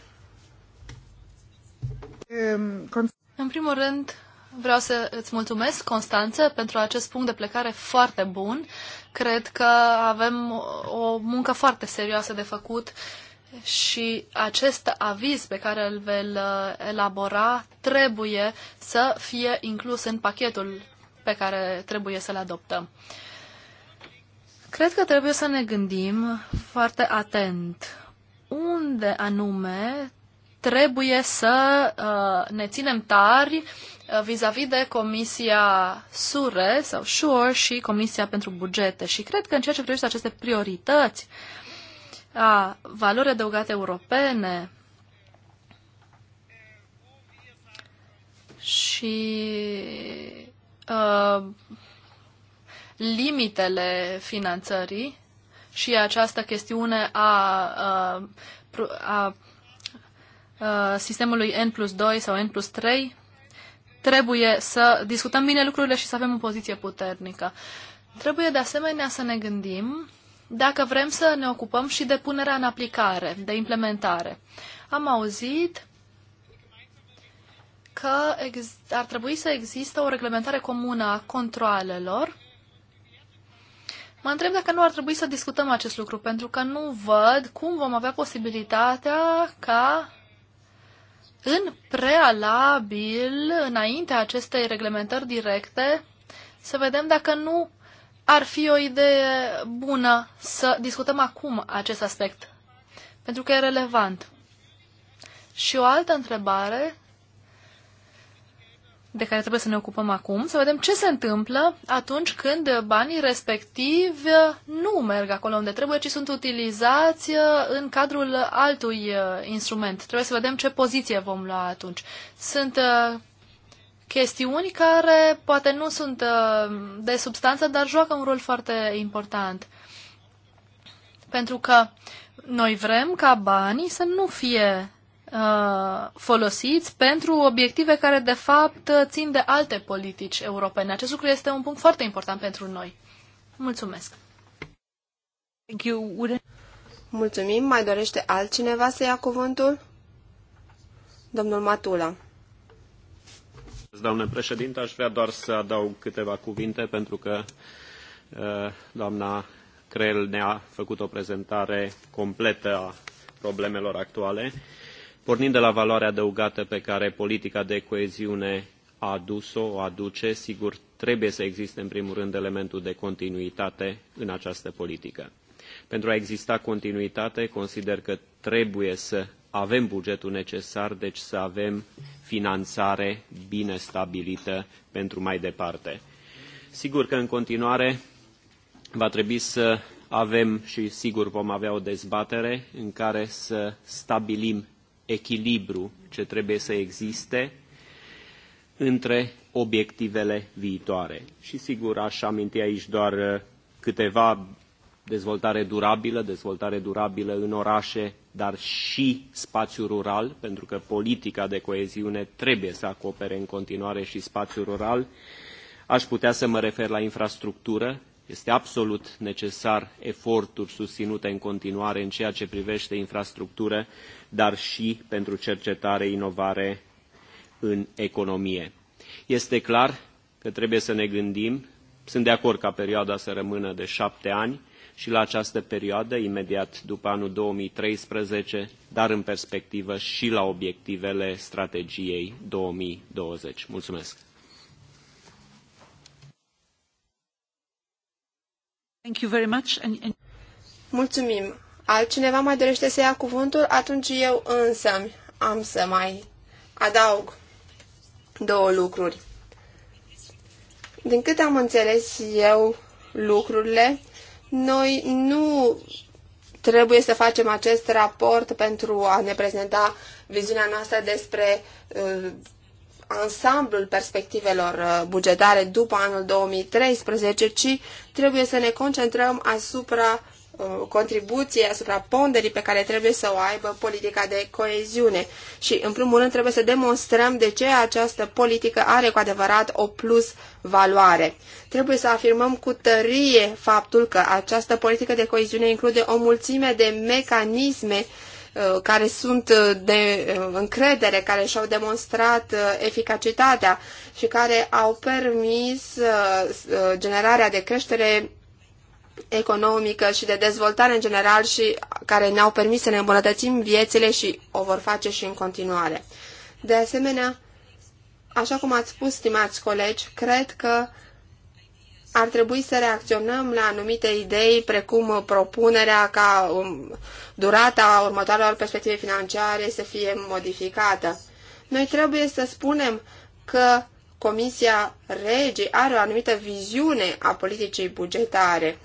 Ehm, În primul rând, vreau să îți mulțumesc, Constanță, pentru acest punct de plecare foarte bun. Cred că avem o muncă foarte serioasă de făcut uh, și acest aviz pe care îl vei uh, elabora trebuie să fie inclus în pachetul pe care trebuie să-l adoptăm. Cred că trebuie să ne gândim foarte atent unde anume trebuie să uh, ne ținem tari uh, vis-a-vis -vis de Comisia SURE sau SURE și Comisia pentru Bugete. Și cred că în ceea ce privește aceste priorități uh, a valori adăugate europene și uh, limitele finanțării și această chestiune a, ă, a, a, ă, a sistemului N plus 2 sau N plus 3, trebuie să discutăm bine lucrurile și să avem o poziție puternică. Trebuie de asemenea să ne gândim dacă vrem să ne ocupăm și de punerea în aplicare, de implementare. Am auzit că ar trebui să există o reglementare comună a controalelor. Mă întreb dacă nu ar trebui să discutăm acest lucru, pentru că nu văd cum vom avea posibilitatea ca în prealabil, înaintea acestei reglementări directe, să vedem dacă nu ar fi o idee bună să discutăm acum acest aspect, pentru că e relevant. Și o altă întrebare de care trebuie să ne ocupăm acum, să vedem ce se întâmplă atunci când banii respectivi nu merg acolo unde trebuie, ci sunt utilizați în cadrul altui uh, instrument. Trebuie să vedem ce poziție vom lua atunci. Sunt uh, chestiuni care poate nu sunt uh, de substanță, dar joacă un rol foarte important. Pentru că noi vrem ca banii să nu fie uh, folosiți pentru obiective care, de fapt, țin de alte politici europene. Acest lucru este un punct foarte important pentru noi. Mulțumesc! Thank you. Mulțumim. Mai dorește altcineva să ia cuvântul? Domnul Matula. Doamnă președinte, aș vrea doar să adaug câteva cuvinte pentru că uh, doamna Crel ne-a făcut o prezentare completă a problemelor actuale, pornind de la valoarea adăugată pe care politica de coeziune a adus-o, o aduce, sigur, trebuie să existe în primul rând elementul de continuitate în această politică. Pentru a exista continuitate, consider că trebuie să avem bugetul necesar, deci să avem finanțare bine stabilită pentru mai departe. Sigur că în continuare va trebui să avem și sigur vom avea o dezbatere în care să stabilim echilibru ce trebuie să existe între obiectivele viitoare. Și sigur aș aminti aici doar uh, câteva dezvoltare durabilă, dezvoltare durabilă în orașe, dar și spațiu rural, pentru că politica de coeziune trebuie să acopere în continuare și spațiul rural. Aș putea să mă refer la infrastructură. Este absolut necesar eforturi susținute în continuare în ceea ce privește infrastructură, dar și pentru cercetare, inovare în economie. Este clar că trebuie să ne gândim, sunt de acord ca perioada să rămână de șapte ani, și la această perioadă, imediat după anul 2013, dar în perspectivă și la obiectivele strategiei 2020. Mulțumesc! Thank you very much. And, and... Mulțumim! Altcineva mai dorește să ia cuvântul? Atunci eu însă am să mai adaug două lucruri. Din câte am înțeles eu lucrurile, noi nu trebuie să facem acest raport pentru a ne prezenta viziunea noastră despre uh, ansamblul perspectivelor uh, bugetare după anul 2013, ci trebuie să ne concentrăm asupra Uh, contribuție asupra ponderii pe care trebuie să o aibă politica de coeziune. Și, în primul rând, trebuie să demonstrăm de ce această politică are cu adevărat o plus valoare. Trebuie să afirmăm cu tărie faptul că această politică de coeziune include o mulțime de mecanisme uh, care sunt uh, de încredere, care și-au demonstrat eficacitatea și care au permis generarea de creștere economică și de dezvoltare în general și care ne-au permis să ne îmbunătățim viețile și o vor face și în continuare. De asemenea, așa cum ați spus, stimați colegi, cred că ar trebui să reacționăm la anumite idei, precum propunerea ca um, durata următoarelor perspective financiare să fie modificată. Noi trebuie să spunem că Comisia Regii are o anumită viziune a politicii bugetare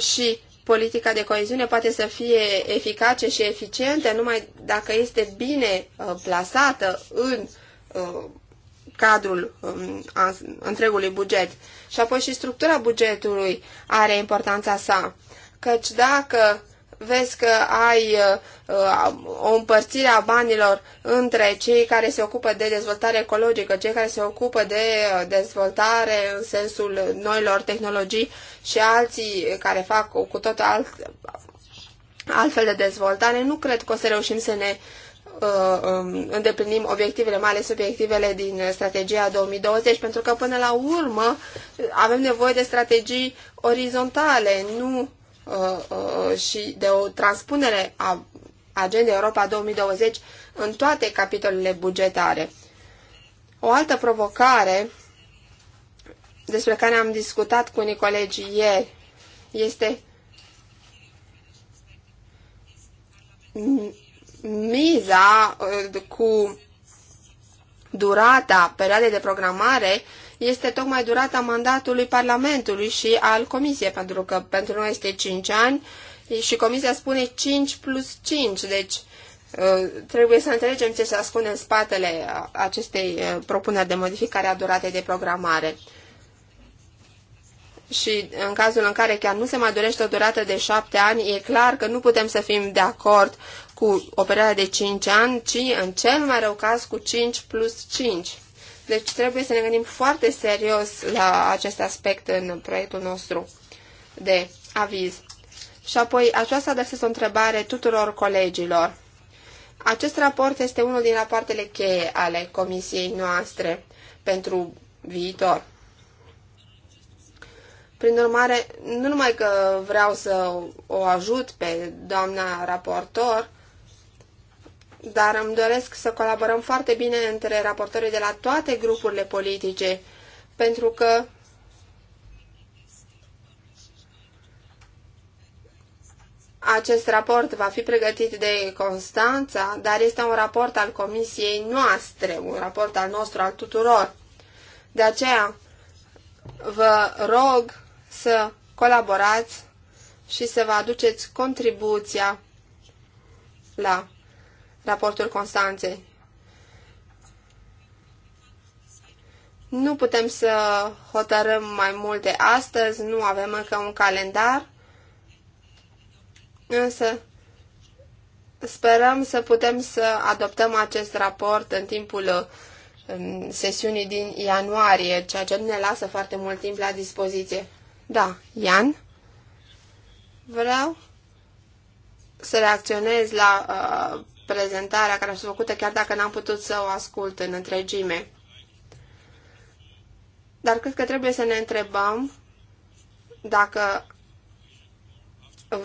și politica de coeziune poate să fie eficace și eficientă numai dacă este bine uh, plasată în uh, cadrul um, întregului buget. Și apoi și structura bugetului are importanța sa, căci dacă vezi că ai uh, o împărțire a banilor între cei care se ocupă de dezvoltare ecologică, cei care se ocupă de uh, dezvoltare în sensul noilor tehnologii și alții care fac cu tot alt, altfel de dezvoltare, nu cred că o să reușim să ne uh, um, îndeplinim obiectivele, mai ales obiectivele din strategia 2020, pentru că până la urmă avem nevoie de strategii orizontale, nu Uh, uh, și de o transpunere a Agenda Europa 2020 în toate capitolele bugetare. O altă provocare despre care am discutat cu unii colegi ieri este miza uh, cu durata perioadei de programare este tocmai durata mandatului Parlamentului și al Comisiei, pentru că pentru noi este 5 ani și Comisia spune 5 plus 5, deci uh, trebuie să înțelegem ce se ascunde în spatele acestei uh, propuneri de modificare a duratei de programare. Și în cazul în care chiar nu se mai dorește o durată de șapte ani, e clar că nu putem să fim de acord cu o perioadă de cinci ani, ci în cel mai rău caz cu cinci plus cinci. Deci trebuie să ne gândim foarte serios la acest aspect în proiectul nostru de aviz. Și apoi aș vrea să adresez o întrebare tuturor colegilor. Acest raport este unul din rapoartele cheie ale comisiei noastre pentru viitor. Prin urmare, nu numai că vreau să o ajut pe doamna raportor, dar îmi doresc să colaborăm foarte bine între raportorii de la toate grupurile politice, pentru că acest raport va fi pregătit de Constanța, dar este un raport al comisiei noastre, un raport al nostru, al tuturor. De aceea vă rog să colaborați și să vă aduceți contribuția la raportul Constanței. Nu putem să hotărâm mai multe astăzi, nu avem încă un calendar, însă sperăm să putem să adoptăm acest raport în timpul sesiunii din ianuarie, ceea ce nu ne lasă foarte mult timp la dispoziție. Da, Ian, vreau să reacționez la uh, prezentarea care a fost făcută, chiar dacă n-am putut să o ascult în întregime. Dar cred că trebuie să ne întrebăm dacă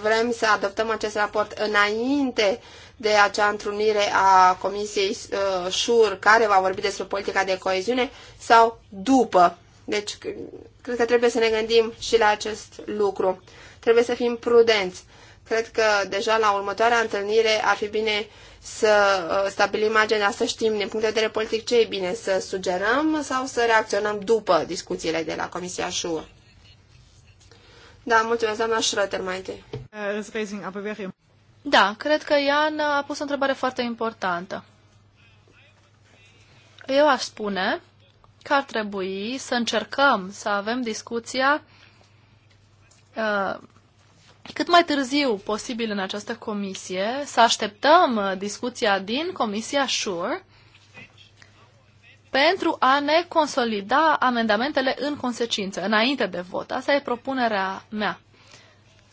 vrem să adoptăm acest raport înainte de acea întrunire a Comisiei uh, Șur, care va vorbi despre politica de coeziune, sau după. Deci, cred că trebuie să ne gândim și la acest lucru. Trebuie să fim prudenți. Cred că deja la următoarea întâlnire ar fi bine să uh, stabilim agenda, să știm din punct de vedere politic ce e bine, să sugerăm sau să reacționăm după discuțiile de la Comisia Șur. Da, mulțumesc, doamna Schröter, mai întâi. Uh, da, cred că Ian a pus o întrebare foarte importantă. Eu aș spune că ar trebui să încercăm să avem discuția uh, cât mai târziu posibil în această comisie, să așteptăm uh, discuția din Comisia SURE pentru a ne consolida amendamentele în consecință, înainte de vot. Asta e propunerea mea.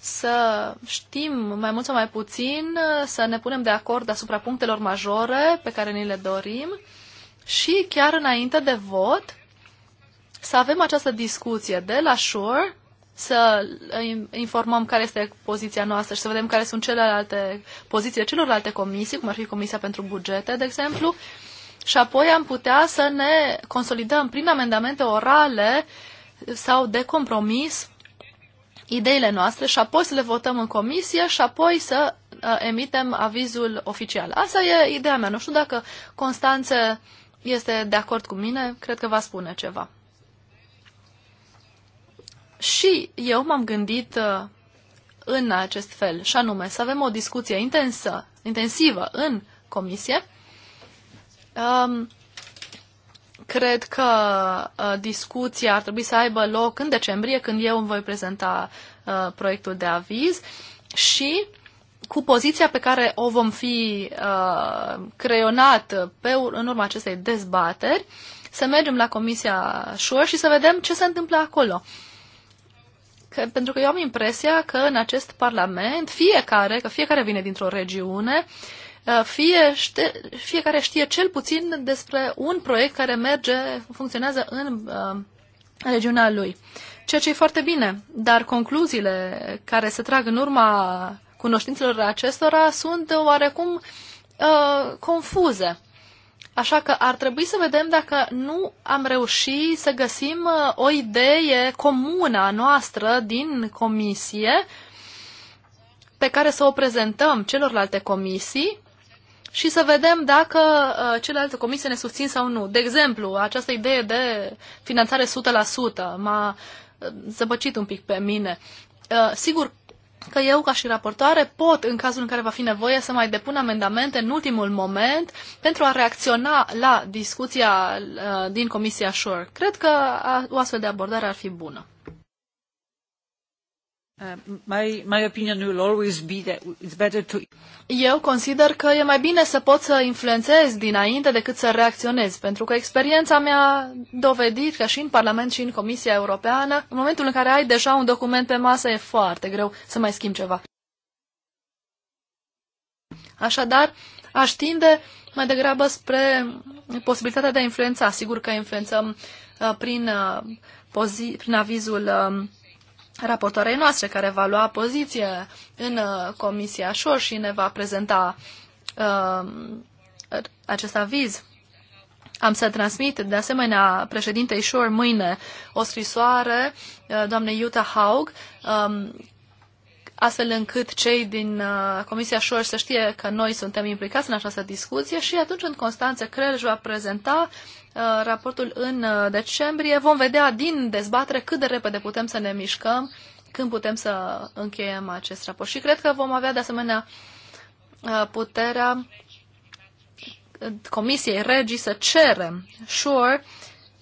Să știm mai mult sau mai puțin, uh, să ne punem de acord asupra punctelor majore pe care ni le dorim și chiar înainte de vot să avem această discuție de la SURE să informăm care este poziția noastră și să vedem care sunt celelalte poziții celorlalte comisii, cum ar fi Comisia pentru Bugete, de exemplu, și apoi am putea să ne consolidăm prin amendamente orale sau de compromis ideile noastre și apoi să le votăm în comisie și apoi să uh, emitem avizul oficial. Asta e ideea mea. Nu știu dacă Constanțe este de acord cu mine, cred că va spune ceva. Și eu m-am gândit uh, în acest fel, și anume să avem o discuție intensă, intensivă în comisie. Um, cred că uh, discuția ar trebui să aibă loc în decembrie, când eu îmi voi prezenta uh, proiectul de aviz și cu poziția pe care o vom fi uh, creionat pe, în urma acestei dezbateri, să mergem la Comisia Șur și să vedem ce se întâmplă acolo. Uh, că, pentru că eu am impresia că în acest Parlament fiecare, că fiecare vine dintr-o regiune, uh, fie ște, fiecare știe cel puțin despre un proiect care merge, funcționează în uh, regiunea lui. Ceea ce e foarte bine, dar concluziile care se trag în urma cunoștințelor acestora sunt oarecum uh, confuze. Așa că ar trebui să vedem dacă nu am reușit să găsim uh, o idee comună a noastră din comisie pe care să o prezentăm celorlalte comisii și să vedem dacă uh, celelalte comisii ne susțin sau nu. De exemplu, această idee de finanțare 100% m-a uh, zăbăcit un pic pe mine. sigur, că eu, ca și raportoare, pot, în cazul în care va fi nevoie, să mai depun amendamente în ultimul moment pentru a reacționa la discuția uh, din Comisia Shore. Cred că a, o astfel de abordare ar fi bună. Eu consider că e mai bine să pot să influențez dinainte decât să reacționez, pentru că experiența mea a dovedit că și în Parlament și în Comisia Europeană, în momentul în care ai deja un document pe masă, e foarte greu să mai schimbi ceva. Așadar, aș tinde mai degrabă spre posibilitatea de a influența. Sigur că influențăm uh, prin, uh, prin avizul uh, raportoarei noastre, care va lua poziție în uh, Comisia Șor și ne va prezenta uh, acest aviz. Am să transmit, de asemenea, președintei Șor mâine o scrisoare uh, doamnei Jutta Haug, um, astfel încât cei din uh, Comisia Shore să știe că noi suntem implicați în această discuție și atunci în Constanță Crel își va prezenta uh, raportul în uh, decembrie. Vom vedea din dezbatere cât de repede putem să ne mișcăm, când putem să încheiem acest raport. Și cred că vom avea de asemenea puterea Comisiei Regii să cerem Shore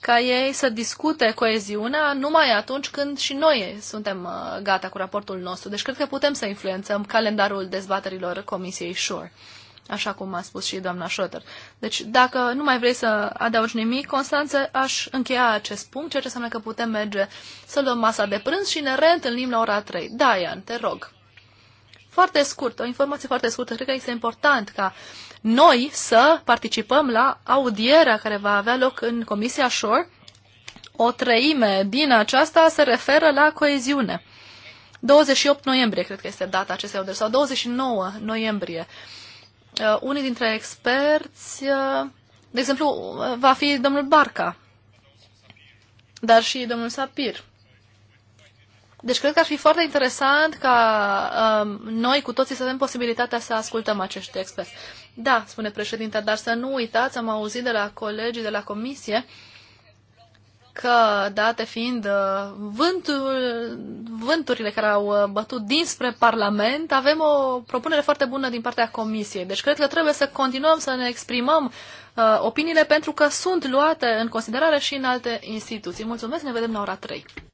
ca ei să discute coeziunea numai atunci când și noi suntem uh, gata cu raportul nostru. Deci cred că putem să influențăm calendarul dezbaterilor Comisiei Shore, așa cum a spus și doamna Schroeder. Deci dacă nu mai vrei să adaugi nimic, Constanță, aș încheia acest punct, ceea ce înseamnă că putem merge să luăm masa de prânz și ne reîntâlnim la ora 3. Diane, te rog. Foarte scurt, o informație foarte scurtă. Cred că este important ca noi să participăm la audierea care va avea loc în Comisia Shore. O treime din aceasta se referă la coeziune. 28 noiembrie, cred că este data acestei audieri, sau 29 noiembrie. Uh, unii dintre experți, uh, de exemplu, uh, va fi domnul Barca, dar și domnul Sapir. Deci cred că ar fi foarte interesant ca um, noi cu toții să avem posibilitatea să ascultăm acești experți. Da, spune președinta, dar să nu uitați, am auzit de la colegii de la comisie că, date fiind uh, vântul, vânturile care au uh, bătut dinspre Parlament, avem o propunere foarte bună din partea Comisiei. Deci cred că trebuie să continuăm să ne exprimăm uh, opiniile pentru că sunt luate în considerare și în alte instituții. Mulțumesc, ne vedem la ora 3.